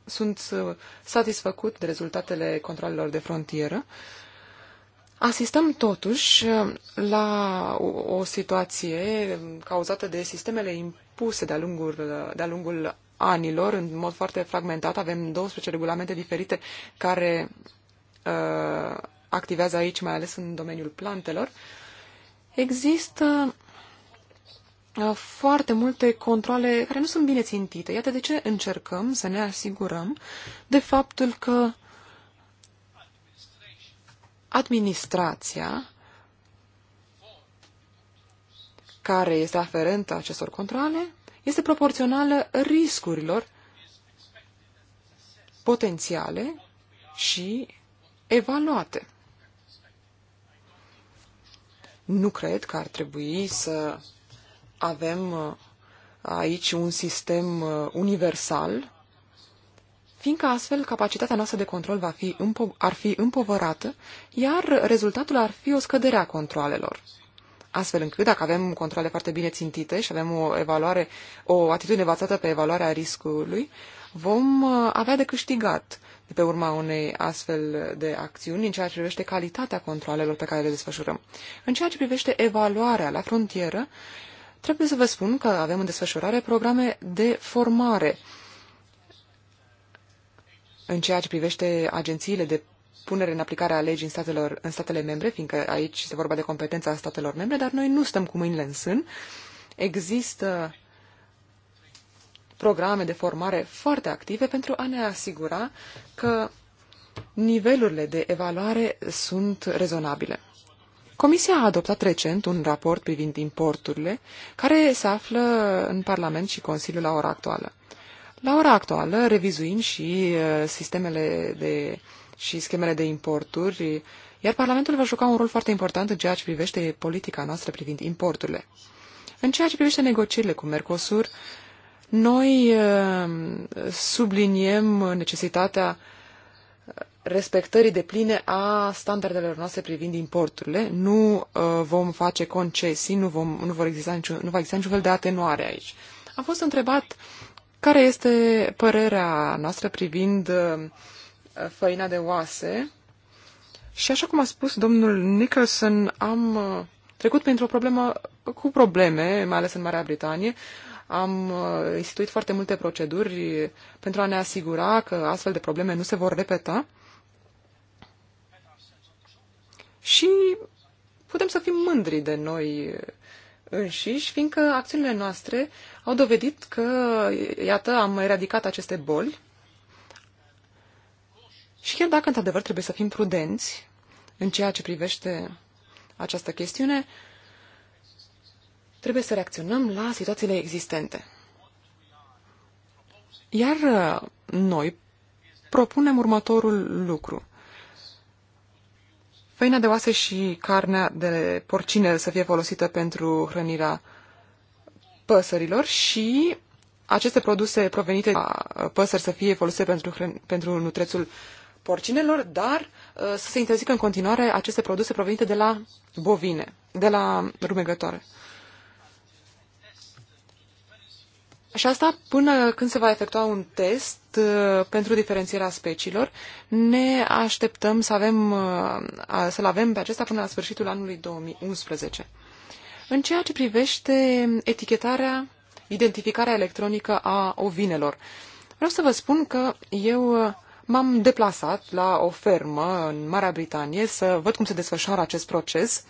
sunt satisfăcut de rezultatele controlelor de frontieră Asistăm totuși uh, la o, situație cauzată de sistemele impuse de-a lungul, de-a lungul anilor, în mod foarte fragmentat. Avem 12 regulamente diferite care uh, activează aici, mai ales în domeniul plantelor. Există uh, foarte multe controle care nu sunt bine țintite. Iată de ce încercăm să ne asigurăm de faptul că uh, administrația care este aferentă acestor controle este proporțională riscurilor potențiale și evaluate. Nu cred că ar trebui să avem uh, aici un sistem uh, universal fiindcă astfel capacitatea noastră de control va fi ar fi împovărată, iar rezultatul ar fi o scădere a controalelor. Astfel încât, dacă avem controle foarte bine țintite și avem o evaluare, o atitudine bazată pe evaluarea riscului, vom uh, avea de câștigat de pe urma unei astfel de acțiuni în ceea ce privește calitatea controalelor pe care le desfășurăm. În ceea ce privește evaluarea la frontieră, trebuie să vă spun că avem în desfășurare programe de formare în ceea ce privește agențiile de punere în aplicare a legii în, statelor, în statele membre, fiindcă aici este vorba de competența statelor membre, dar noi nu stăm cu mâinile în sân. Există programe de formare foarte active pentru a ne asigura că nivelurile de evaluare sunt rezonabile. Comisia a adoptat recent un raport privind importurile, care se află în Parlament și Consiliu la ora actuală. La ora actuală revizuim și uh, sistemele de, și schemele de importuri, iar Parlamentul va juca un rol foarte important în ceea ce privește politica noastră privind importurile. În ceea ce privește negocierile cu Mercosur, noi uh, subliniem necesitatea respectării de pline a standardelor noastre privind importurile. Nu uh, vom face concesii, nu, vom, nu, vor exista niciun, nu va exista niciun fel de atenuare aici. Am fost întrebat uh, care este părerea noastră privind uh, făina de oase? Și așa cum a spus domnul Nicholson, am uh, trecut printr-o problemă cu probleme, mai ales în Marea Britanie. Am uh, instituit foarte multe proceduri pentru a ne asigura că astfel de probleme nu se vor repeta. Și putem să fim mândri de noi înșiși, fiindcă acțiunile noastre au dovedit că, iată, am eradicat aceste boli și chiar dacă, într-adevăr, trebuie să fim prudenți în ceea ce privește această chestiune, trebuie să reacționăm la situațiile existente. Iar uh, noi propunem următorul lucru. Făina de oase și carnea de porcine să fie folosită pentru hrănirea păsărilor și aceste produse provenite de uh, păsări să fie folosite pentru, pentru nutrețul porcinelor, dar uh, să se interzică în continuare aceste produse provenite de la bovine, de la rumegătoare. Și asta până când se va efectua un test uh, pentru diferențierea speciilor. Ne așteptăm să avem, să-l avem pe acesta până la sfârșitul anului 2011. În ceea ce privește etichetarea, identificarea electronică a ovinelor, vreau să vă spun că eu uh, m-am deplasat la o fermă în Marea Britanie să văd cum se desfășoară acest proces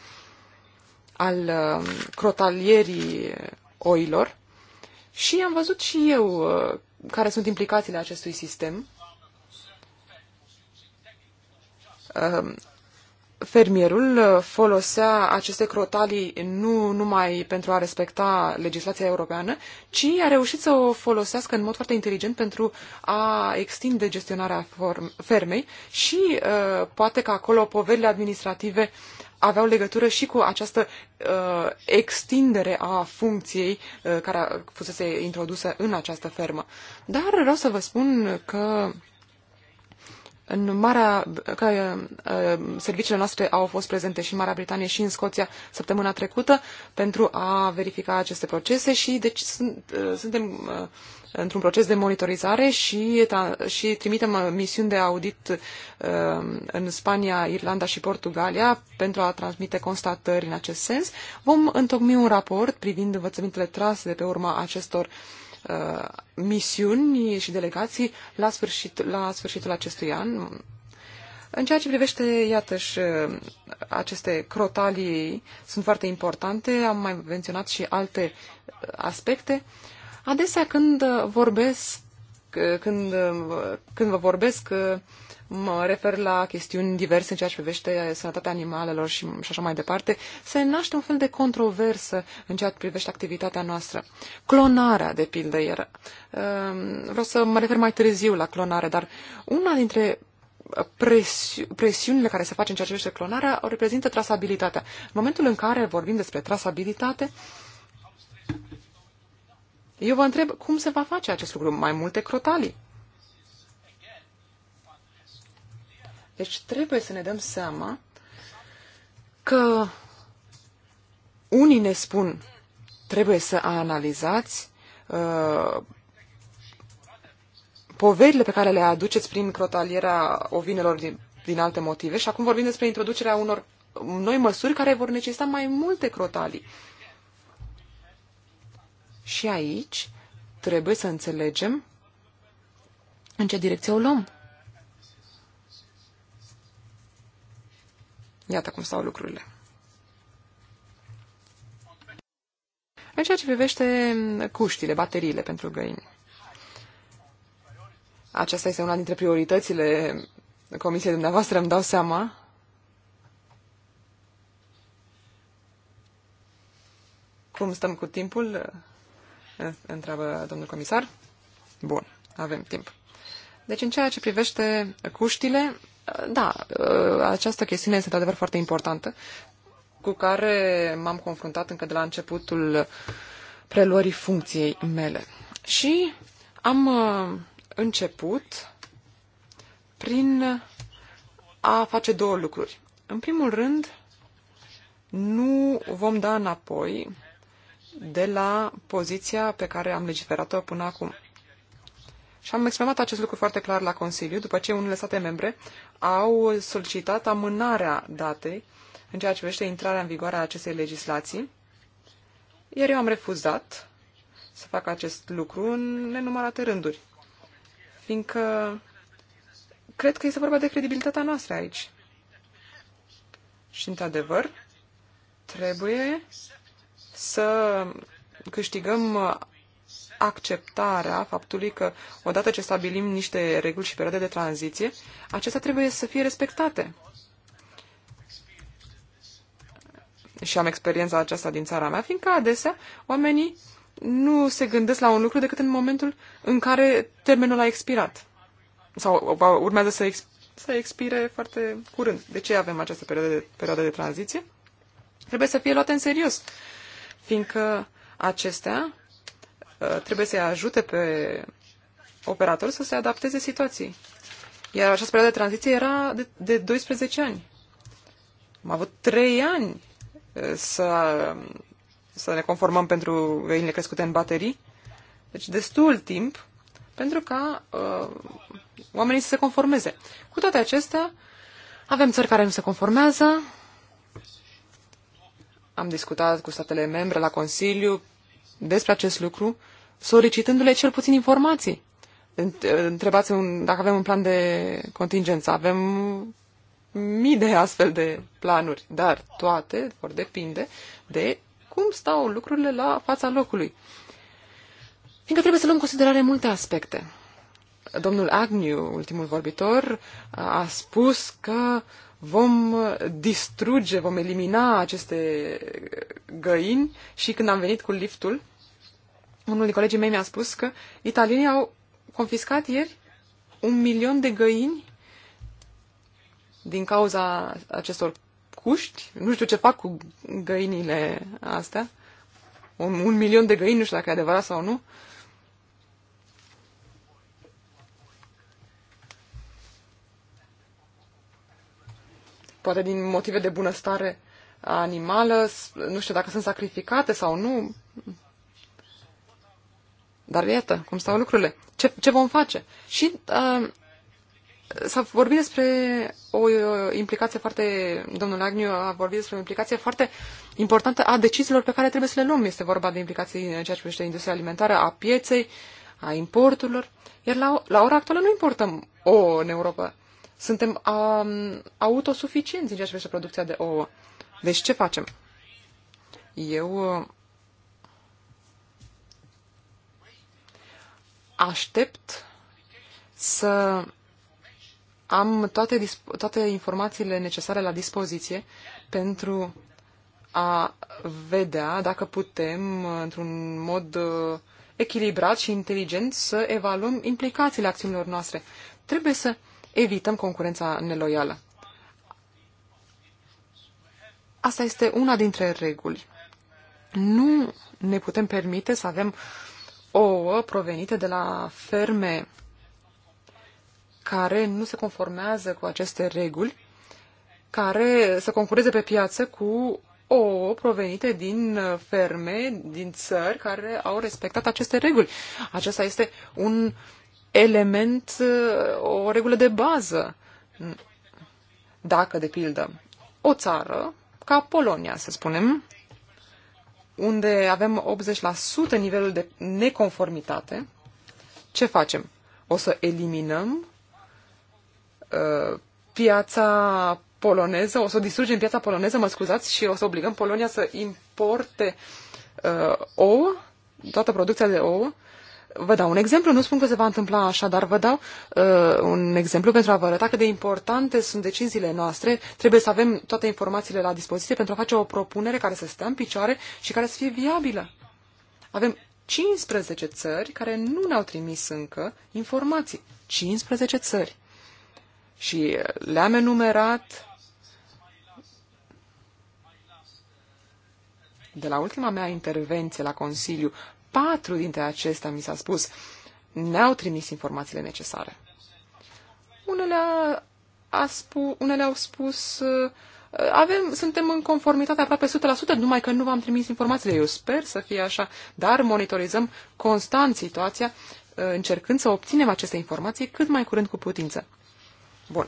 al uh, crotalierii oilor și am văzut și eu uh, care sunt implicațiile acestui sistem fermierul uh, folosea aceste crotalii nu numai pentru a respecta legislația europeană, ci a reușit să o folosească în mod foarte inteligent pentru a extinde gestionarea fermei și uh, poate că acolo poverile administrative aveau legătură și cu această uh, extindere a funcției uh, care fusese introdusă în această fermă. Dar vreau să vă spun că uh, în Marea, că uh, serviciile noastre au fost prezente și în Marea Britanie și în Scoția săptămâna trecută pentru a verifica aceste procese și deci sunt, uh, suntem uh, într-un proces de monitorizare și, și trimitem misiuni de audit în Spania, Irlanda și Portugalia pentru a transmite constatări în acest sens. Vom întocmi un raport privind învățămintele trase de pe urma acestor Uh, misiuni și delegații la, sfârșit, la sfârșitul acestui an. În ceea ce privește, iată-și, uh, aceste crotalii sunt foarte importante, am mai menționat și alte uh, aspecte. Adesea când vorbesc când, când vă vorbesc, mă refer la chestiuni diverse în ceea ce privește sănătatea animalelor și, și așa mai departe, se naște un fel de controversă în ceea ce privește activitatea noastră. Clonarea, de pildă, era. Um, vreau să mă refer mai târziu la clonare, dar una dintre presi- presiunile care se face în ceea ce privește clonarea o reprezintă trasabilitatea. În momentul în care vorbim despre trasabilitate, uh, eu vă întreb cum se va face acest lucru, mai multe crotalii. Deci trebuie să ne dăm seama că unii ne spun trebuie să analizați uh, poverile pe care le aduceți prin crotalierea ovinelor din, din alte motive și acum vorbim despre introducerea unor noi măsuri care vor necesita mai multe crotalii. Și aici trebuie să înțelegem în ce direcție o luăm. Iată cum stau lucrurile. În ceea ce privește cuștile, bateriile pentru găini. Aceasta este una dintre prioritățile comisiei dumneavoastră, îmi dau seama. Cum stăm cu timpul? Eh, întreabă domnul comisar. Bun, avem timp. Deci, în ceea ce privește cuștile, eh, da, eh, această chestiune este într-adevăr foarte importantă, cu care m-am confruntat încă de la începutul preluării funcției mele. Și am început prin a face două lucruri. În primul rând, nu vom da înapoi de la poziția pe care am legiferat-o până acum. Și am exprimat acest lucru foarte clar la Consiliu, după ce unele state membre au solicitat amânarea datei în ceea ce privește intrarea în vigoare a acestei legislații, iar eu am refuzat să fac acest lucru în nenumărate rânduri, fiindcă cred că este vorba de credibilitatea noastră aici. Și, într-adevăr, trebuie să câștigăm acceptarea faptului că odată ce stabilim niște reguli și perioade de tranziție, acestea trebuie să fie respectate. Și am experiența aceasta din țara mea, fiindcă adesea oamenii nu se gândesc la un lucru decât în momentul în care termenul a expirat. Sau urmează să, exp- să expire foarte curând. De ce avem această perioadă de, perioadă de tranziție? Trebuie să fie luate în serios fiindcă acestea uh, trebuie să-i ajute pe operator să se adapteze situației. Iar această perioadă de tranziție era de, de 12 ani. Am avut 3 ani uh, să, să ne conformăm pentru veinile crescute în baterii. Deci destul timp pentru ca uh, oamenii să se conformeze. Cu toate acestea, avem țări care nu se conformează, am discutat cu statele membre la Consiliu despre acest lucru, solicitându-le cel puțin informații. Întrebați un, dacă avem un plan de contingență. Avem mii de astfel de planuri, dar toate vor depinde de cum stau lucrurile la fața locului. Fiindcă trebuie să luăm în considerare multe aspecte. Domnul Agnew, ultimul vorbitor, a spus că uh, vom uh, distruge, vom elimina aceste găini și când am venit cu liftul, unul din colegii mei mi-a spus că italienii au confiscat ieri un milion de găini din cauza acestor cuști. Nu știu ce fac cu găinile astea. Un, un milion de găini, nu știu dacă e adevărat sau nu. poate din motive de bunăstare animală, nu știu dacă sunt sacrificate sau nu. Dar iată cum stau lucrurile. Ce, ce vom face? Și uh, s-a vorbit despre o implicație foarte, domnul Agniu a vorbit despre o implicație foarte importantă a deciziilor pe care trebuie să le luăm. Este vorba de implicații în ceea ce privește industria alimentară, a pieței, a importurilor. Iar la, la ora actuală nu importăm o în Europa. Suntem um, autosuficienți în ceea ce privește producția de ouă. Deci ce facem? Eu uh, aștept să am toate, toate informațiile necesare la dispoziție pentru a vedea dacă putem, uh, într-un mod uh, echilibrat și inteligent, să evaluăm implicațiile acțiunilor noastre. Trebuie să evităm concurența neloială. Asta este una dintre reguli. Nu ne putem permite să avem ouă provenite de la ferme care nu se conformează cu aceste reguli, care să concureze pe piață cu ouă provenite din ferme, din țări care au respectat aceste reguli. Acesta este un uh, element, uh, o regulă de bază. Dacă, de pildă, o țară, ca Polonia, să spunem, unde avem 80% nivelul de neconformitate, ce facem? O să eliminăm uh, piața poloneză, o să distrugem piața poloneză, mă scuzați, și o să obligăm Polonia să importe uh, ouă, toată producția de ouă, Vă dau un exemplu, nu spun că se va întâmpla așa, dar vă dau uh, un exemplu pentru a vă arăta cât de importante sunt deciziile noastre. Trebuie să avem toate informațiile la dispoziție pentru a face o propunere care să stea în picioare și care să fie viabilă. Avem 15 țări care nu ne-au trimis încă informații. 15 țări. Și le-am enumerat de la ultima mea intervenție la Consiliu patru dintre acestea, mi s-a spus, ne-au trimis informațiile necesare. Unele, a spu, unele au spus, uh, avem, suntem în conformitate aproape 100%, numai că nu v-am trimis informațiile. Eu sper să fie așa, dar monitorizăm constant situația, uh, încercând să obținem aceste informații cât mai curând cu putință. Bun.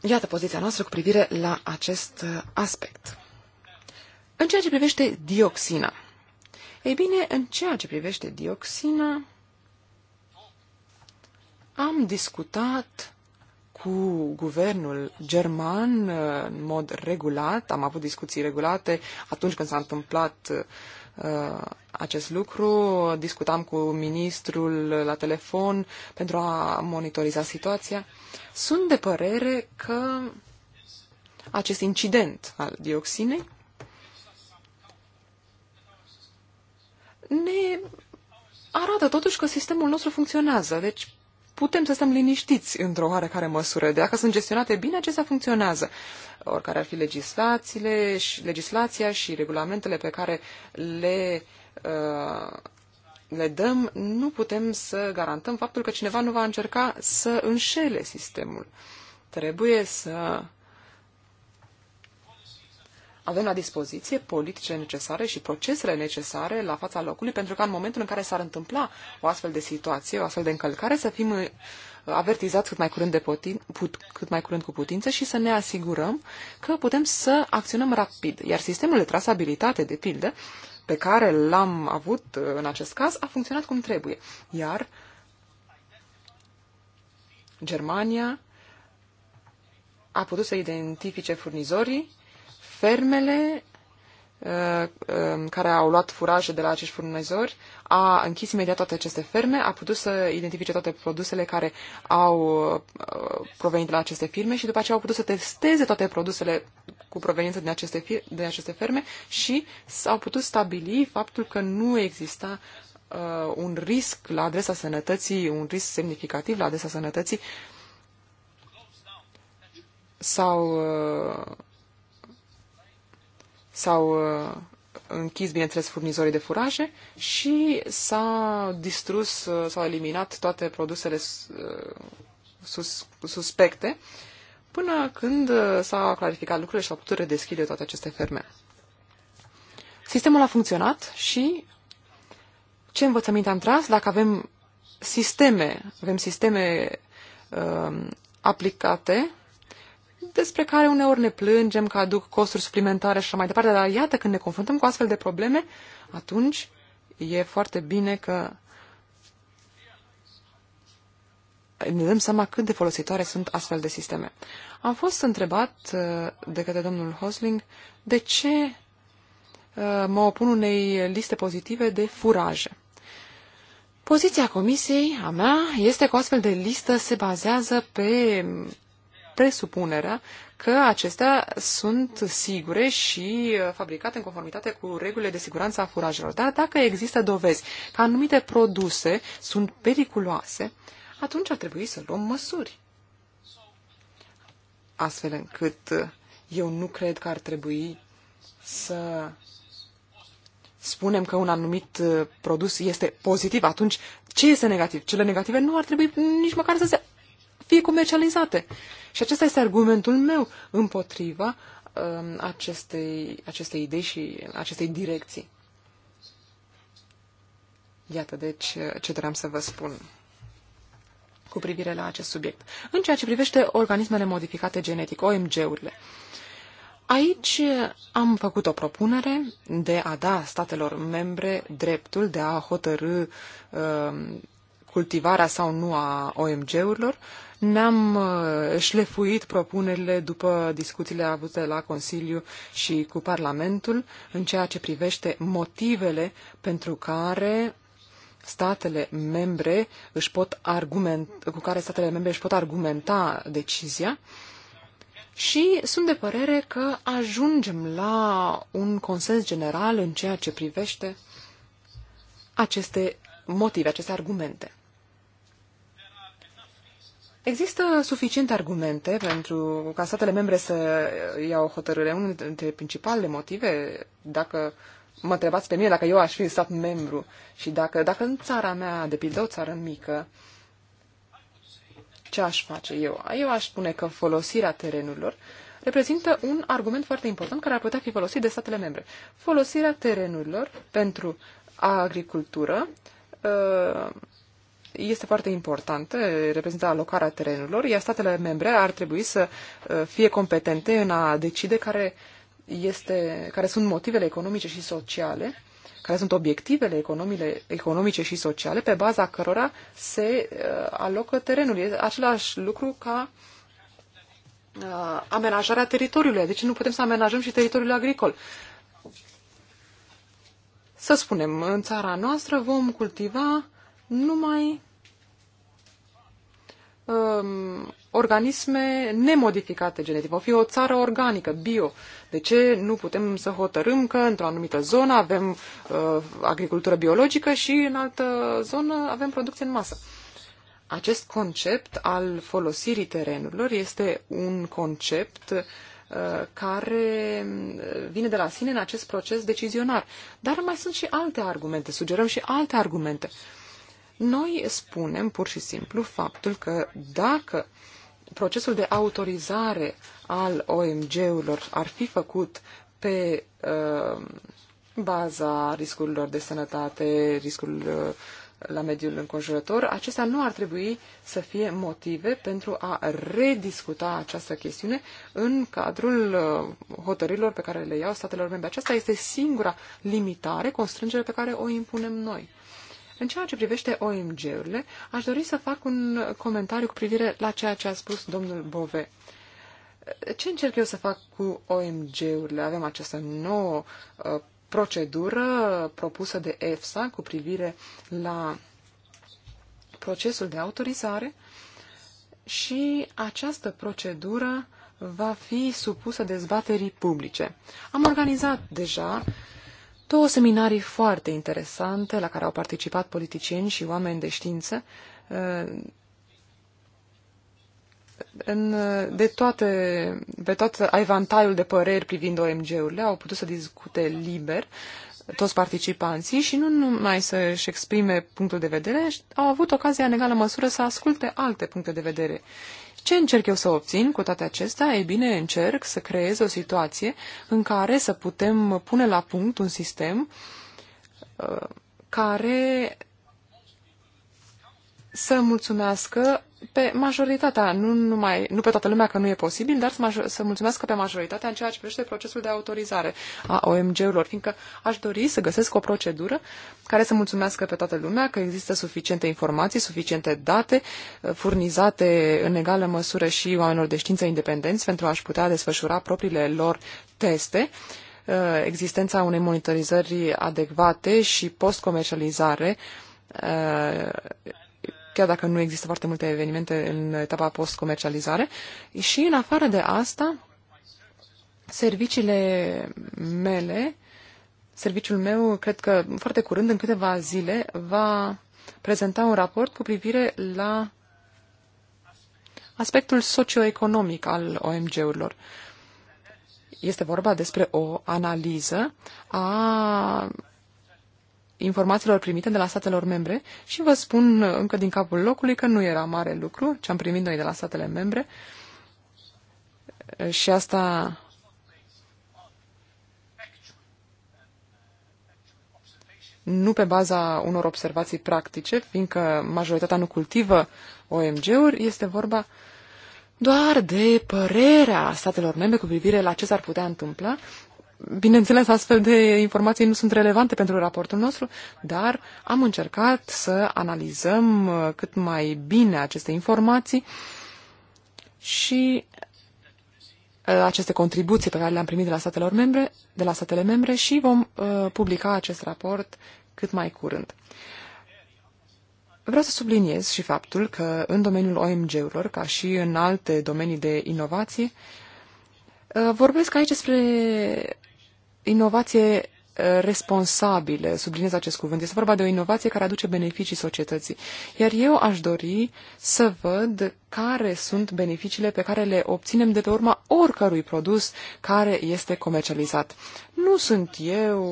Iată poziția noastră cu privire la acest uh, aspect. În ceea ce privește dioxina. Ei bine, în ceea ce privește dioxina, am discutat cu guvernul german uh, în mod regulat, am avut discuții regulate atunci când s-a întâmplat uh, acest lucru, discutam cu ministrul la telefon pentru a monitoriza situația. Sunt de părere că acest incident al dioxinei ne arată totuși că sistemul nostru funcționează. Deci putem să stăm liniștiți într-o oarecare măsură. Dacă sunt gestionate bine, acestea funcționează. Oricare ar fi legislațiile și legislația și regulamentele pe care le, uh, le dăm, nu putem să garantăm faptul că cineva nu va încerca să înșele sistemul. Trebuie să avem la dispoziție politicile necesare și procesele necesare la fața locului, pentru că în momentul în care s-ar întâmpla o astfel de situație, o astfel de încălcare, să fim uh, avertizați cât mai curând, de putin, put, cât mai curând cu putință și să ne asigurăm că putem să acționăm rapid. Iar sistemul de trasabilitate, de pildă, pe care l-am avut uh, în acest caz, a funcționat cum trebuie. Iar Germania a putut să identifice furnizorii fermele uh, um, care au luat furaje de la acești furnizori, a închis imediat toate aceste ferme, a putut să identifice toate produsele care au uh, provenit de la aceste firme și după aceea au putut să testeze toate produsele cu proveniență din aceste, fir- din aceste ferme și s-au putut stabili faptul că nu exista uh, un risc la adresa sănătății, un risc semnificativ la adresa sănătății sau uh, s-au uh, închis, bineînțeles, furnizorii de furaje și s-a distrus, uh, s-au eliminat toate produsele uh, sus, suspecte până când s au clarificat lucrurile și s-au putut redeschide toate aceste ferme. Sistemul a funcționat și ce învățăminte am tras? Dacă avem sisteme, avem sisteme uh, aplicate despre care uneori ne plângem că aduc costuri suplimentare și așa mai departe, dar iată, când ne confruntăm cu astfel de probleme, atunci e foarte bine că ne dăm seama cât de folositoare sunt astfel de sisteme. Am fost întrebat uh, de către domnul Hosling de ce uh, mă opun unei liste pozitive de furaje. Poziția comisiei a mea este că o astfel de listă se bazează pe presupunerea că acestea sunt sigure și uh, fabricate în conformitate cu regulile de siguranță a furajelor. Dar dacă există dovezi că anumite produse sunt periculoase, atunci ar trebui să luăm măsuri. Astfel încât uh, eu nu cred că ar trebui să spunem că un anumit uh, produs este pozitiv, atunci ce este negativ? Cele negative nu ar trebui nici măcar să se fie comercializate. Și acesta este argumentul meu împotriva um, acestei, acestei idei și acestei direcții. Iată, deci, ce doream să vă spun cu privire la acest subiect. În ceea ce privește organismele modificate genetic, OMG-urile, aici am făcut o propunere de a da statelor membre dreptul de a hotărâ uh, cultivarea sau nu a OMG-urilor. Ne-am uh, șlefuit propunerile după discuțiile avute la Consiliu și cu Parlamentul în ceea ce privește motivele pentru care statele membre își pot argument, cu care statele membre își pot argumenta decizia și sunt de părere că ajungem la un consens general în ceea ce privește aceste motive, aceste argumente. Există suficiente argumente pentru ca statele membre să iau o hotărâre. Unul dintre principalele motive, dacă mă întrebați pe mine dacă eu aș fi stat membru și dacă, dacă în țara mea, de pildă o țară mică, ce aș face eu? Eu aș spune că folosirea terenurilor reprezintă un argument foarte important care ar putea fi folosit de statele membre. Folosirea terenurilor pentru agricultură uh, este foarte importantă, reprezintă alocarea terenurilor, iar statele membre ar trebui să uh, fie competente în a decide care, este, care sunt motivele economice și sociale, care sunt obiectivele economile, economice și sociale pe baza cărora se uh, alocă terenul. Este același lucru ca uh, amenajarea teritoriului. Deci nu putem să amenajăm și teritoriul agricol. Să spunem, în țara noastră vom cultiva numai um, organisme nemodificate genetic. Va fi o țară organică, bio. De ce nu putem să hotărâm că într-o anumită zonă avem uh, agricultură biologică și în altă zonă avem producție în masă? Acest concept al folosirii terenurilor este un concept uh, care uh, vine de la sine în acest proces decizionar. Dar mai sunt și alte argumente, sugerăm și alte argumente. Uh, noi spunem pur și simplu faptul că dacă procesul de autorizare al OMG-urilor ar fi făcut pe uh, baza riscurilor de sănătate, riscul uh, la mediul înconjurător, acestea nu ar trebui să fie motive pentru a rediscuta această chestiune în cadrul uh, hotărârilor pe care le iau statelor membre. Aceasta este singura limitare, constrângere pe care o impunem noi. În ceea ce privește OMG-urile, aș dori să fac un comentariu cu privire la ceea ce a spus domnul Bove. Ce încerc eu să fac cu OMG-urile? Avem această nouă uh, procedură propusă de EFSA cu privire la procesul de autorizare și această procedură va fi supusă dezbaterii publice. Am organizat deja uh, două seminarii foarte interesante la care au participat politicieni și oameni de știință uh, în, de toate, pe tot avantajul de păreri privind OMG-urile, au putut să discute liber toți participanții și nu numai să-și exprime punctul de vedere, au avut ocazia în egală măsură să asculte alte puncte de vedere. Ce încerc eu să obțin cu toate acestea? Ei bine, încerc să creez o situație în care să putem pune la punct un sistem uh, care să mulțumească pe majoritatea, nu, numai, nu pe toată lumea că nu e posibil, dar să, major, să mulțumesc pe majoritatea în ceea ce privește procesul de autorizare a OMG-urilor, fiindcă aș dori să găsesc o procedură care să mulțumească pe toată lumea că există suficiente informații, suficiente date uh, furnizate în egală măsură și oamenilor de știință independenți pentru a-și putea desfășura propriile lor teste uh, existența unei monitorizări adecvate și post-comercializare uh, chiar dacă nu există foarte multe evenimente în etapa post-comercializare. Și în afară de asta, serviciile mele, serviciul meu, cred că foarte curând, în câteva zile, va prezenta un raport cu privire la aspectul socioeconomic al OMG-urilor. Este vorba despre o analiză a informațiilor primite de la statelor membre și vă spun încă din capul locului că nu era mare lucru ce am primit noi de la statele membre și asta nu pe baza unor observații practice, fiindcă majoritatea nu cultivă OMG-uri, este vorba doar de părerea statelor membre cu privire la ce s-ar putea întâmpla Bineînțeles, astfel de informații nu sunt relevante pentru raportul nostru, dar am încercat să analizăm uh, cât mai bine aceste informații și uh, aceste contribuții pe care le-am primit de la, statelor membre, de la statele membre și vom uh, publica acest raport cât mai curând. Vreau să subliniez și faptul că în domeniul OMG-urilor, ca și în alte domenii de inovație, uh, vorbesc aici despre inovație eh, responsabile, subliniez acest cuvânt. Este vorba de o inovație care aduce beneficii societății. Iar eu aș dori să văd care sunt beneficiile pe care le obținem de pe urma oricărui produs care este comercializat. Nu sunt eu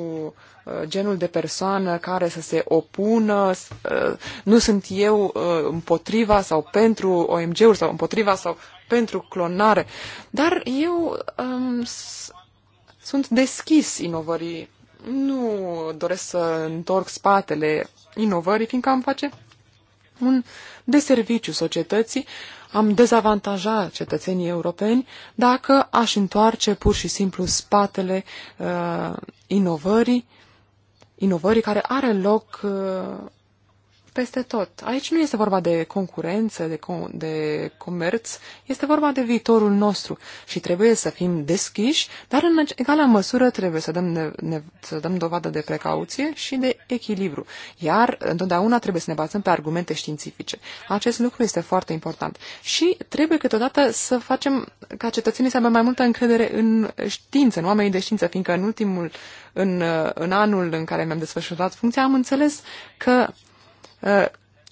eh, genul de persoană care să se opună, eh, nu sunt eu împotriva sau pentru OMG-uri sau împotriva sau pentru clonare, dar eu um, sunt deschis inovării. Nu doresc să întorc spatele inovării, fiindcă am face un deserviciu societății, am dezavantaja cetățenii europeni dacă aș întoarce pur și simplu spatele uh, inovării, inovării care are loc uh, peste tot. Aici nu este vorba de concurență, de, com- de comerț, este vorba de viitorul nostru și trebuie să fim deschiși, dar în egală măsură trebuie să dăm, ne- ne- să dăm dovadă de precauție și de echilibru. Iar întotdeauna trebuie să ne bazăm pe argumente științifice. Acest lucru este foarte important. Și trebuie câteodată să facem ca cetățenii să aibă mai multă încredere în știință, în oamenii de știință, fiindcă în ultimul, în, în anul în care mi-am desfășurat funcția, am înțeles că Uh,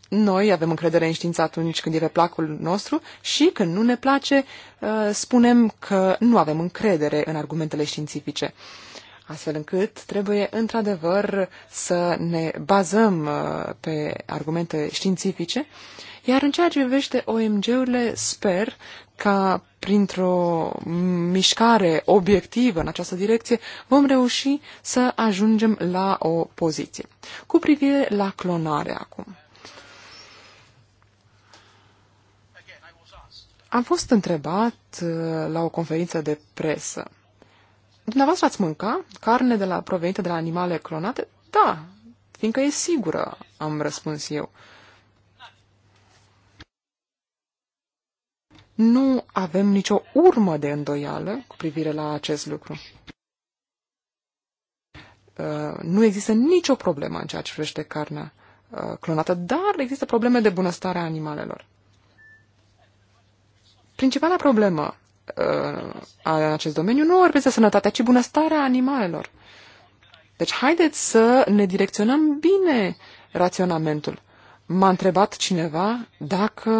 noi avem încredere în știință atunci când e pe placul nostru și când nu ne place, uh, spunem că nu avem încredere în argumentele științifice. Astfel încât trebuie într-adevăr să ne bazăm uh, pe argumente științifice, iar în ceea ce privește OMG-urile, sper ca printr-o mișcare obiectivă în această direcție, vom reuși să ajungem la o poziție. Cu privire la clonare acum. Am fost întrebat uh, la o conferință de presă. Dumneavoastră ați mânca carne de la, provenită de la animale clonate? Da, fiindcă e sigură, am răspuns eu. Nu avem nicio urmă de îndoială cu privire la acest lucru. Uh, nu există nicio problemă în ceea ce privește carnea uh, clonată, dar există probleme de bunăstare a animalelor. Principala problemă uh, a acest domeniu nu reprezintă sănătatea, ci bunăstarea animalelor. Deci haideți să ne direcționăm bine raționamentul. M-a întrebat cineva dacă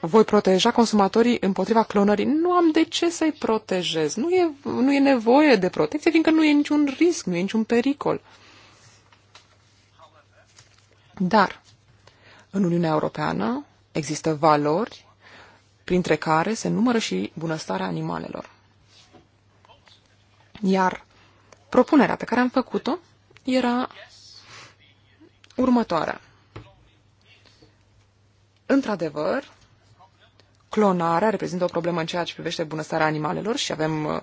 voi proteja consumatorii împotriva clonării. Nu am de ce să-i protejez. Nu e, nu e nevoie de protecție, fiindcă nu e niciun risc, nu e niciun pericol. Dar în Uniunea Europeană există valori printre care se numără și bunăstarea animalelor. Iar propunerea pe care am făcut-o era următoarea. Într-adevăr, clonarea reprezintă o problemă în ceea ce privește bunăstarea animalelor și avem uh,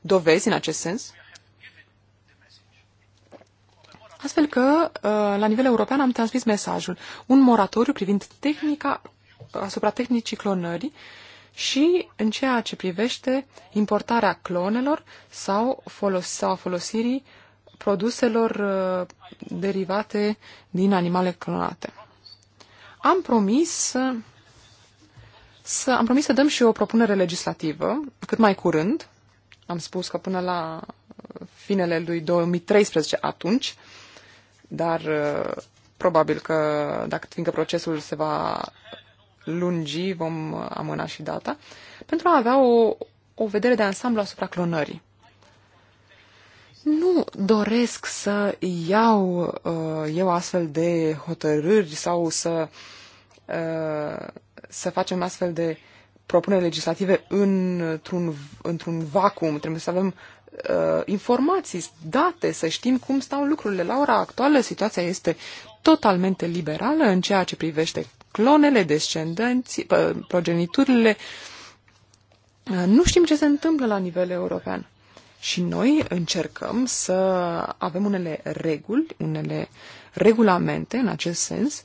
dovezi în acest sens. Astfel că, uh, la nivel european, am transmis mesajul. Un moratoriu privind tehnica asupra tehnicii clonării și în ceea ce privește importarea clonelor sau, folos, sau folosirii produselor uh, derivate din animale clonate. Am promis să, am promis să dăm și o propunere legislativă, cât mai curând. Am spus că până la uh, finele lui 2013 atunci, dar uh, probabil că, dacă fiindcă procesul se va lungi, vom uh, amâna și data, pentru a avea o, o vedere de ansamblu asupra clonării. Nu doresc să iau uh, eu astfel de hotărâri sau să uh, să facem astfel de propuneri legislative într-un, într-un vacuum. Trebuie să avem uh, informații, date, să știm cum stau lucrurile. La ora actuală, situația este totalmente liberală în ceea ce privește clonele, descendenții, uh, progeniturile. Uh, nu știm ce se întâmplă la nivel european. Și noi încercăm să avem unele reguli, unele regulamente în acest sens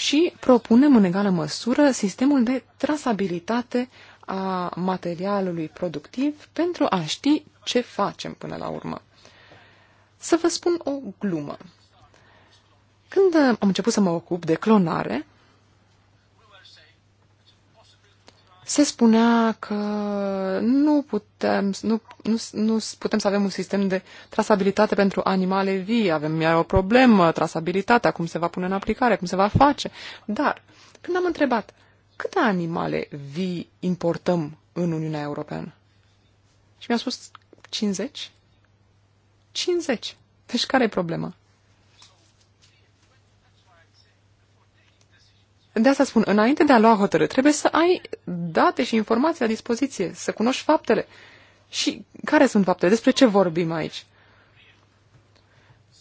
și propunem în egală măsură sistemul de trasabilitate a materialului productiv pentru a ști ce facem până la urmă. Să vă spun o glumă. Când am început să mă ocup de clonare, se spunea că nu putem, nu, nu, nu putem să avem un sistem de trasabilitate pentru animale vii. Avem iar o problemă, trasabilitatea, cum se va pune în aplicare, cum se va face. Dar când am întrebat câte animale vii importăm în Uniunea Europeană? Și mi-a spus 50? 50. Deci care e problema? de asta spun, înainte de a lua hotărâre, trebuie să ai date și informații la dispoziție, să cunoști faptele. Și care sunt faptele? Despre ce vorbim aici?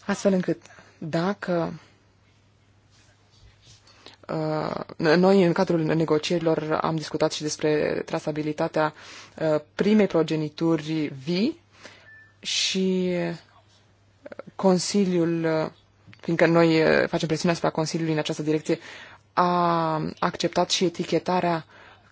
Astfel încât, dacă uh, noi, în cadrul negocierilor, am discutat și despre trasabilitatea uh, primei progenituri vii și Consiliul, uh, fiindcă noi uh, facem presiune asupra Consiliului în această direcție, a acceptat și etichetarea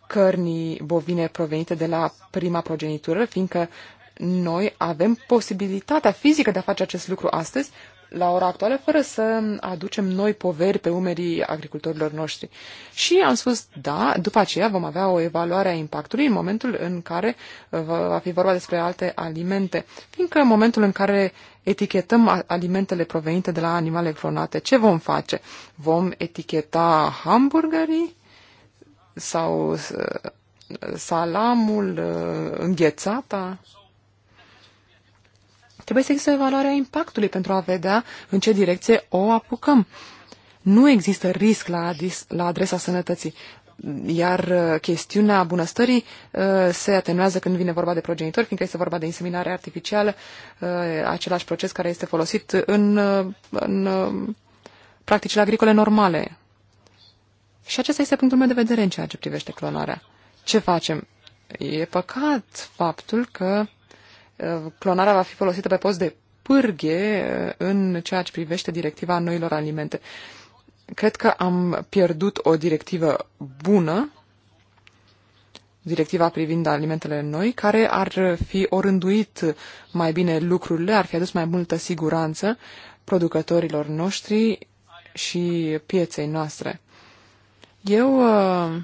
cărnii bovine provenite de la prima progenitură, fiindcă noi avem posibilitatea fizică de a face acest lucru astăzi la ora actuală, fără să aducem noi poveri pe umerii agricultorilor noștri. Și am spus, da, după aceea vom avea o evaluare a impactului în momentul în care uh, va fi vorba despre alte alimente, fiindcă în momentul în care etichetăm alimentele provenite de la animale clonate, ce vom face? Vom eticheta hamburgerii sau uh, salamul, uh, înghețata? Trebuie să există evaluarea impactului pentru a vedea în ce direcție o apucăm. Nu există risc la, adis, la adresa sănătății, iar uh, chestiunea bunăstării uh, se atenuează când vine vorba de progenitori, fiindcă este vorba de inseminare artificială, uh, același proces care este folosit în, în practicile agricole normale. Și acesta este punctul meu de vedere în ceea ce privește clonarea. Ce facem? E păcat faptul că clonarea va fi folosită pe post de pârghe uh, în ceea ce privește directiva noilor alimente. Cred că am pierdut o directivă bună, directiva privind alimentele noi, care ar fi orânduit mai bine lucrurile, ar fi adus mai multă siguranță producătorilor noștri și pieței noastre. Eu uh,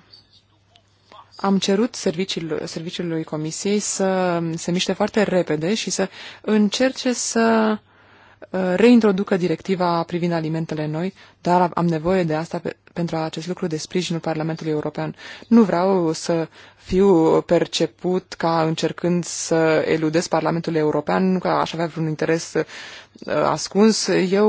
am cerut serviciul, serviciului comisiei să se miște foarte repede și să încerce să uh, reintroducă directiva privind alimentele noi, dar am nevoie de asta pentru acest lucru de sprijinul Parlamentului European. Nu vreau să fiu perceput ca încercând să eludez Parlamentul European, nu că aș avea vreun interes uh, ascuns. Eu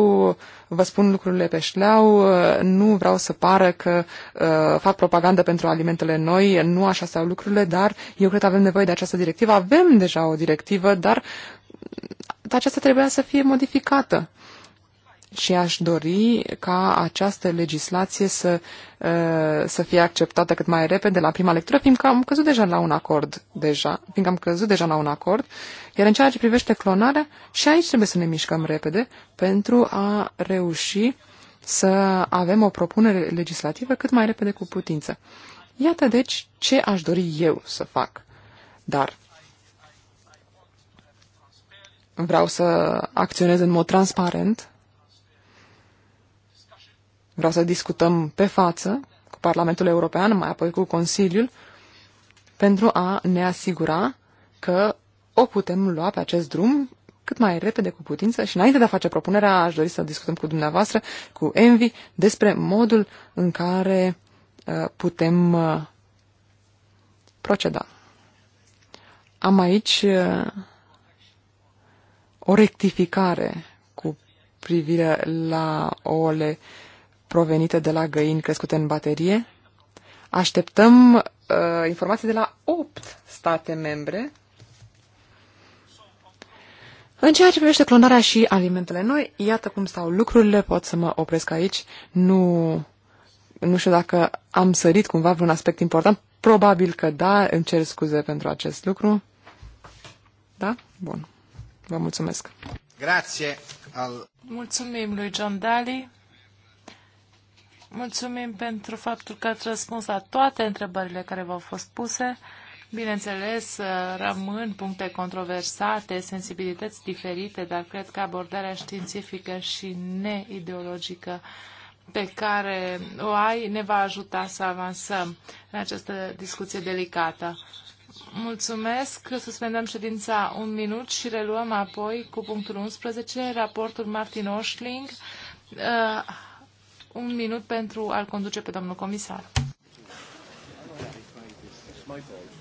vă spun lucrurile pe șleau, uh, nu vreau să pară că uh, fac propagandă pentru alimentele noi, nu așa stau lucrurile, dar eu cred că avem nevoie de această directivă. Avem deja o directivă, dar mm, aceasta trebuia să fie modificată și aș dori ca această legislație să, uh, să fie acceptată cât mai repede la prima lectură, fiindcă am căzut deja la un acord, deja, fiindcă am căzut deja la un acord, iar în ceea ce privește clonarea, și aici trebuie să ne mișcăm repede pentru a reuși să avem o propunere legislativă cât mai repede cu putință. Iată deci ce aș dori eu să fac. Dar vreau să acționez în mod transparent Vreau să discutăm pe față cu Parlamentul European, mai apoi cu Consiliul, pentru a ne asigura că o putem lua pe acest drum cât mai repede cu putință și înainte de a face propunerea, aș dori să discutăm cu dumneavoastră, cu Envi, despre modul în care uh, putem uh, proceda. Am aici uh, o rectificare cu privire la OLE. uh, provenite de la găini crescute în baterie. Așteptăm uh, informații de la 8 state membre. În ceea ce privește clonarea și alimentele noi, iată cum stau lucrurile, pot să mă opresc aici. Nu, nu știu dacă am sărit cumva vreun aspect important. Probabil că da, îmi cer scuze pentru acest lucru. Da? Bun. Vă mulțumesc. Grazie. Al... Mulțumim lui John Daly. Mulțumim pentru faptul că ați răspuns la toate întrebările care v-au fost puse. Bineînțeles, rămân puncte controversate, sensibilități diferite, dar cred că abordarea științifică și neideologică pe care o ai ne va ajuta să avansăm în această discuție delicată. Mulțumesc. Suspendăm ședința un minut și reluăm apoi cu punctul 11, raportul Martin Oșling. Uh, un minut pentru a-l conduce pe domnul comisar. It's my fault.